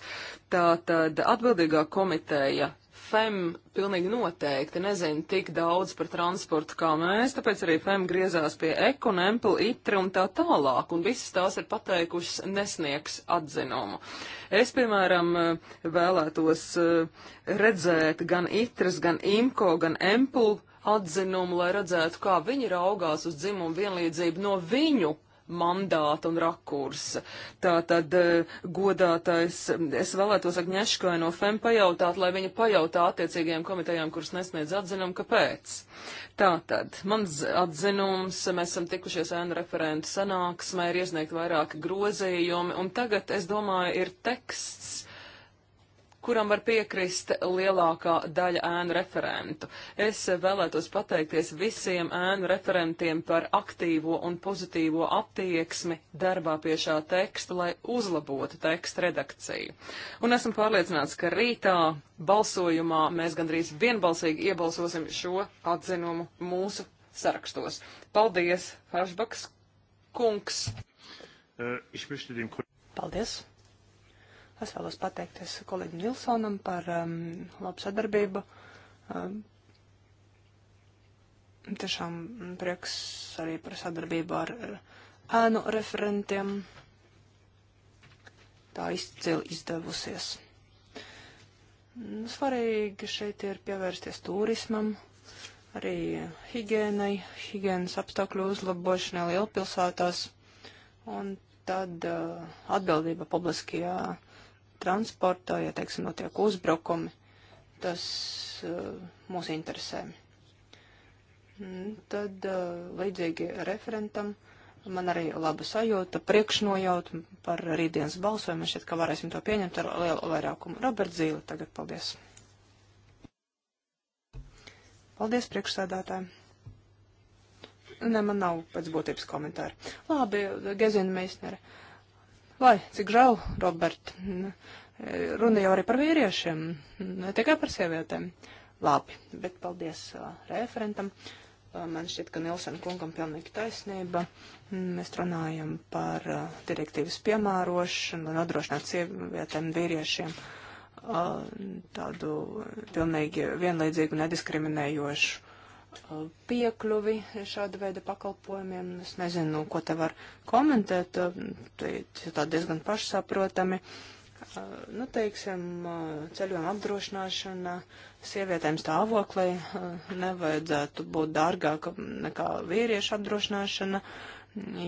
Tātad atbildīgā komiteja FEM pilnīgi noteikti nezina tik daudz par transportu kā mēs, tāpēc arī FEM griezās pie Ekon, Empel, Itri un tā tālāk, un visas tās ir pateikušas nesniegs atzinumu. Es, piemēram, vēlētos eh, redzēt gan Itras, gan Imko, gan Empel atzinumu, lai redzētu, kā viņi raugās uz dzimumu vienlīdzību no viņu mandāta un rakursa. Tātad, eh, godātais, es vēlētos Agņeškai no FEM pajautāt, lai viņa pajautā attiecīgajām komitejām, kuras nesniedz atzinumu, kāpēc. Tātad, mans atzinums, mēs esam tikušies ēnu referentu sanāksmē, ir iesniegt vairāki grozījumi, un tagad, es domāju, ir teksts kuram var piekrist lielākā daļa ēnu referentu. Es vēlētos pateikties visiem ēnu referentiem par aktīvo un pozitīvo attieksmi darbā pie šā teksta, lai uzlabotu teksta redakciju. Un esam pārliecināts, ka rītā balsojumā mēs gandrīz vienbalsīgi iebalsosim šo atzinumu mūsu sarakstos. Paldies, Hašbaks kungs! Paldies! Es vēlos pateikties kolēģim Nilsonam par um, labu sadarbību. Um, tiešām prieks arī par sadarbību ar ēnu referentiem. Tā izcili izdevusies. Svarīgi šeit ir pievērsties turismam, arī higienai, higienas apstākļu uzlabošanai lielpilsētās, un tad uh, atbildība publiskajā transportā, ja, teiksim, notiek uzbrukumi, tas uh, mūs interesē. Mm, tad uh, līdzīgi referentam man arī laba sajūta, priekšnojaut par rītdienas balsojumu. Šķiet, ka varēsim to pieņemt ar lielu vairākumu. Robert Zīle, tagad paldies. Paldies, priekšsēdētāji. Nē, man nav pēc būtības komentāru. Labi, Gezina Meisnere. Uh, Vai, cik žēl, Robert, runa jau arī par vīriešiem, ne tikai par sievietēm. Labi, bet paldies uh, referentam. Uh, man šķiet, ka Nilsen kungam pilnīgi taisnība. Mēs runājam par uh, direktīvas piemērošanu, nodrošināt sievietēm, vīriešiem tādu pilnīgi vienlīdzīgu, nediskriminējošu piekļuvi šāda veida pakalpojumiem. Es nezinu, ko te var komentēt, tie tā diezgan pašsaprotami. Nu, teiksim, ceļojuma apdrošināšana sievietēm stāvoklī nevajadzētu būt dārgāka nekā vīriešu apdrošināšana,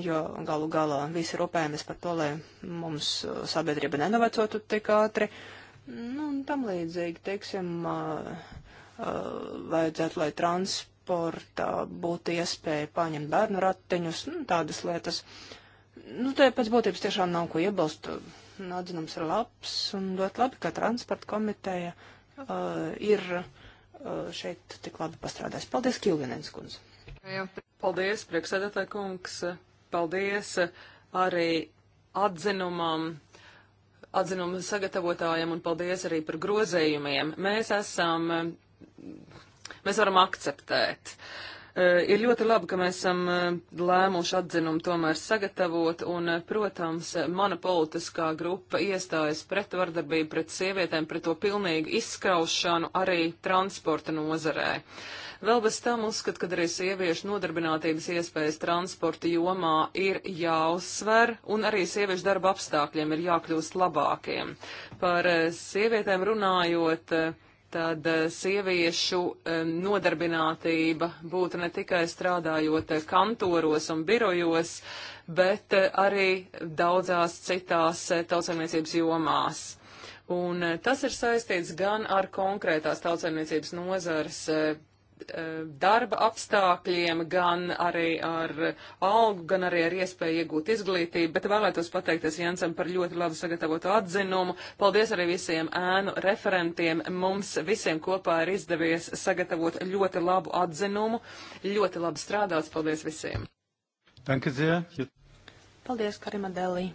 jo galu galā visi rūpējamies par to, lai mums sabiedrība nenovecotu tik ātri. Nu, un tam līdzīgi, teiksim, vajadzētu, lai transports transporta, būtu iespēja paņemt bērnu ratiņus, nu, tādas lietas. Nu, te pēc būtības tiešām nav ko iebilst. Atzinums ir labs un ļoti labi, ka transporta komiteja uh, ir uh, šeit tik labi pastrādājis. Paldies, Kilvinens kundz. Paldies, prieksēdētāji kungs. Paldies arī atzinumam atzinumu sagatavotājiem un paldies arī par grozējumiem. Mēs esam mēs varam akceptēt. Eh, ir ļoti labi, ka mēs esam eh, lēmuši atzinumu tomēr sagatavot, un, eh, protams, mana politiskā grupa iestājas pret vardarbību pret sievietēm, pret to pilnīgu izskaušanu arī transporta nozarē. Vēl bez tam uzskat, ka arī sieviešu nodarbinātības iespējas transporta jomā ir jāuzsver, un arī sieviešu darba apstākļiem ir jākļūst labākiem. Par sievietēm runājot, tad eh, sieviešu nodarbinātība būtu ne tikai strādājot eh, kantoros un birojos, bet eh, arī daudzās citās tautsaimniecības jomās. Un tas ir saistīts gan ar konkrētās tautsaimniecības nozares Eh, darba apstākļiem, gan arī ar algu, gan arī ar iespēju iegūt izglītību, bet vēlētos pateikties Jensam par ļoti labu sagatavotu atzinumu. Paldies arī visiem ēnu referentiem. Mums visiem kopā ir izdevies sagatavot ļoti labu atzinumu. Ļoti labi strādāts. Paldies visiem. Danke sehr. Paldies, Karima Delī.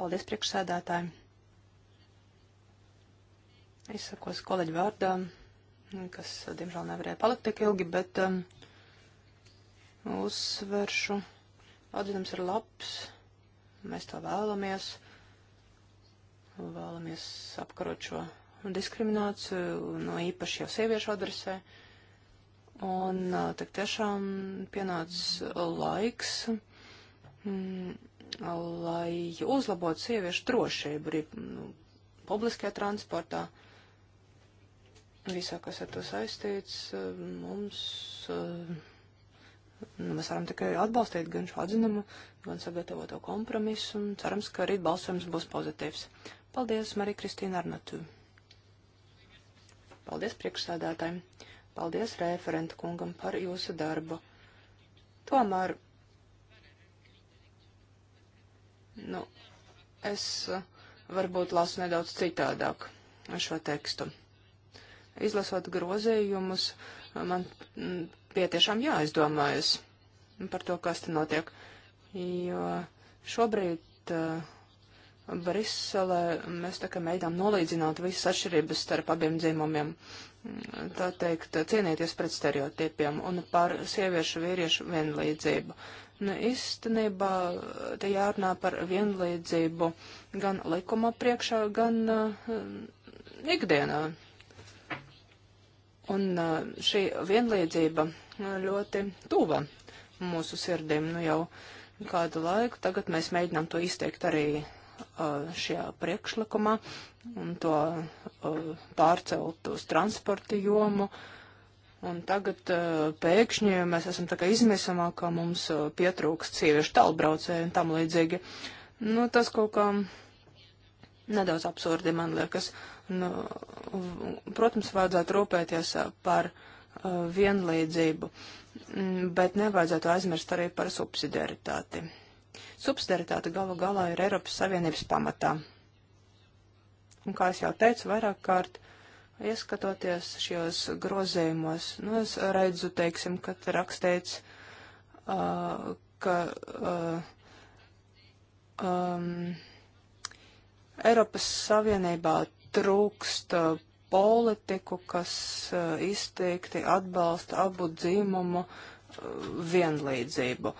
Paldies, priekšsēdētāji. Es sakos kolēģi vārdām kas, diemžēl, nevarēja palikt tik ilgi, bet um, uzsveršu. Atzinums ir labs, mēs to vēlamies. Vēlamies apkarot šo diskrimināciju no īpaši jau sieviešu adresē. Un uh, tik tiešām pienāca laiks, mm, lai uzlabotu sieviešu drošību arī nu, publiskajā transportā. Uh, visā, kas ar to saistīts, eh, mums. Eh, nu, mēs varam tikai atbalstīt gan šo atzinumu, gan sagatavoto kompromisu, un cerams, ka rīt balsojums būs pozitīvs. Paldies, Marija Kristīna Arnatu. Paldies priekšsādātājiem. Paldies referenta kungam par jūsu darbu. Tomēr, nu, es eh, varbūt lasu nedaudz citādāk šo tekstu izlasot grozījumus, man mm, pietiešām jāizdomājas par to, kas te notiek. Jo šobrīd uh, eh, Briselē mēs tā kā mēģinām nolīdzināt visas atšķirības starp abiem dzimumiem, mm, tā teikt, cienīties pret stereotipiem un par sieviešu vīriešu vienlīdzību. Nu, īstenībā te jārunā par vienlīdzību gan likuma priekšā, gan uh, ikdienā Un šī vienlīdzība ļoti tuva mūsu sirdīm nu jau kādu laiku. Tagad mēs mēģinām to izteikt arī šajā priekšlikumā un to pārcelt uz transporta jomu. Un tagad pēkšņi mēs esam tā kā izmisumā, ka mums pietrūkst sieviešu tālbraucēju un tam līdzīgi. Nu, tas kaut kā nedaudz absurdi, man liekas. Uh, Nu, protams, vajadzētu rūpēties uh, par uh, vienlīdzību, mm, bet nevajadzētu aizmirst arī par subsidiaritāti. Subsidiaritāte galu galā ir Eiropas Savienības pamatā. Un, kā es jau teicu, vairāk kārt ieskatoties šajos grozījumos, nu, es redzu, teiksim, kad rakstīts, uh, ka uh, um, Eiropas Savienībā trūkst uh, politiku, kas uh, izteikti atbalsta abu dzīmumu uh, vienlīdzību.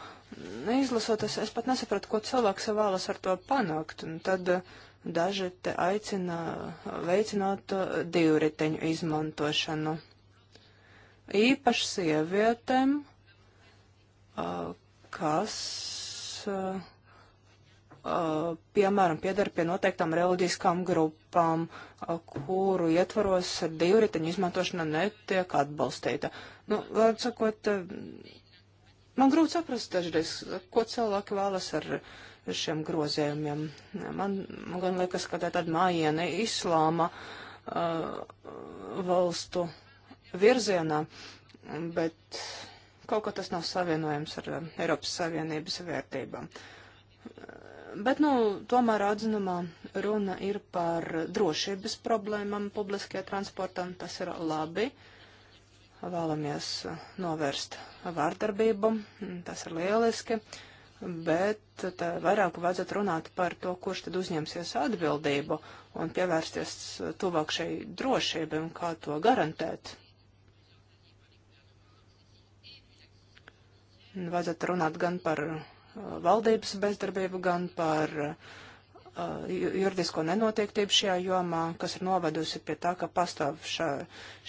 Izlasot, es, es pat nesapratu, ko cilvēks vēlas ar to panākt. Un tad daži te aicina veicināt divriteņu izmantošanu. Īpaši sievietēm, kas Uh, piemēram, piedara pie noteiktām reliģiskām grupām, uh, kuru ietvaros divriteņu izmantošana netiek atbalstīta. Nu, vārdu sakot, uh, man grūti saprast dažreiz, ko cilvēki vēlas ar šiem grozējumiem. Man gan liekas, ka tā tāda mājiena islāma uh, valstu virzienā, bet kaut kā tas nav savienojams ar Eiropas Savienības vērtībām. Bet, nu, tomēr atzinumā runa ir par drošības problēmām publiskajā transportā, un tas ir labi. Vēlamies novērst vārdarbību, tas ir lieliski, bet vairāk vajadzētu runāt par to, kurš tad uzņemsies atbildību un pievērsties tuvāk šai drošībai un kā to garantēt. Vajadzētu runāt gan par valdības bezdarbību, gan par uh, juridisko nenoteiktību šajā jomā, kas ir novedusi pie tā, ka pastāv šā,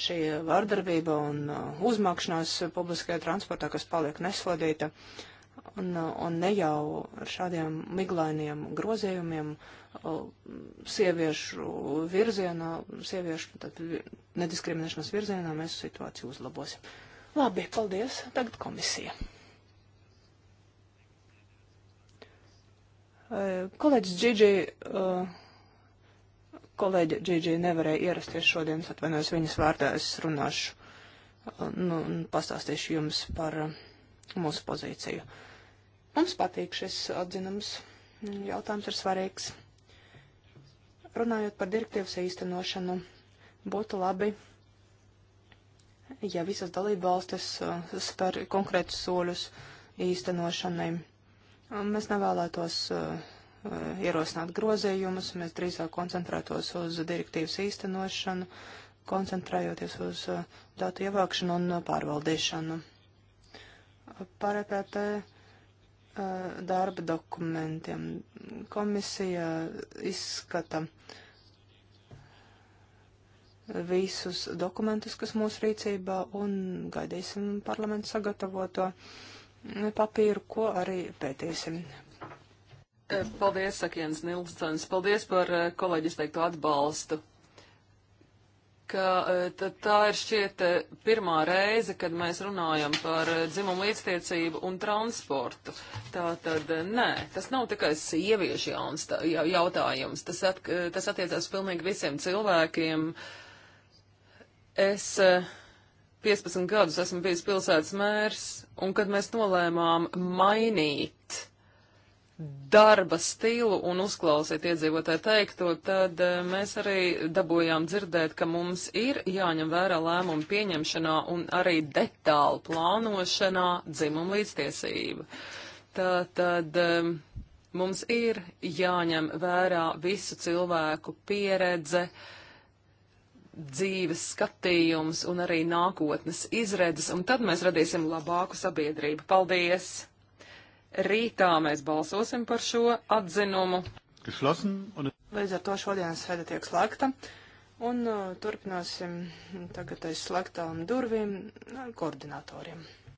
šī vardarbība un uh, uzmākšanās publiskajā transportā, kas paliek nesodīta. Un, uh, un ne jau ar šādiem miglainiem grozījumiem sieviešu virzienā, sieviešu tad, nediskriminēšanas virzienā mēs situāciju uzlabosim. Labi, paldies. Tagad komisija. Kolēģis Džidži, uh, kolēģi Džidži nevarēja ierasties šodien, atvainojos viņas vārdā, es runāšu uh, nu, un pastāstīšu jums par uh, mūsu pozīciju. Mums patīk šis atzinums, jautājums ir svarīgs. Runājot par direktīvas īstenošanu, būtu labi, ja visas dalība valstis spēr konkrētus soļus īstenošanai Mēs um, nevēlētos uh, uh, ierosināt grozījumus, mēs drīzāk koncentrētos uz direktīvas īstenošanu, koncentrējoties uz uh, datu ievākšanu un uh, pārvaldīšanu. Uh, par EPP uh, darba dokumentiem komisija izskata visus dokumentus, kas mūsu rīcībā, un gaidīsim parlamentu sagatavoto. to Nu, papīru, ko arī pētīsim. E, paldies, Sakiens Nilsons. Paldies par e, kolēģis teikto atbalstu. Ka, e, tā ir šķiet pirmā reize, kad mēs runājam par dzimumu līdztiecību un transportu. Tā tad, nē, tas nav tikai sieviešu jauns, tā, jautājums. Tas, at, tas attiecās pilnīgi visiem cilvēkiem. Es uh, 15 gadus esmu bijis pilsētas mērs, un kad mēs nolēmām mainīt darba stilu un uzklausīt iedzīvotāju teikto, tad eh, mēs arī dabūjām dzirdēt, ka mums ir jāņem vērā lēmumu pieņemšanā un arī detālu plānošanā dzimumu līdztiesība. Tā tad eh, mums ir jāņem vērā visu cilvēku pieredze, uh, dzīves skatījums un arī nākotnes izredzes, un tad mēs radīsim labāku sabiedrību. Paldies! Rītā mēs balsosim par šo atzinumu. Un... Līdz ar to šodienas sēde tiek slēgta, un uh, turpināsim tagad aiz slēgtām durvīm ar koordinatoriem.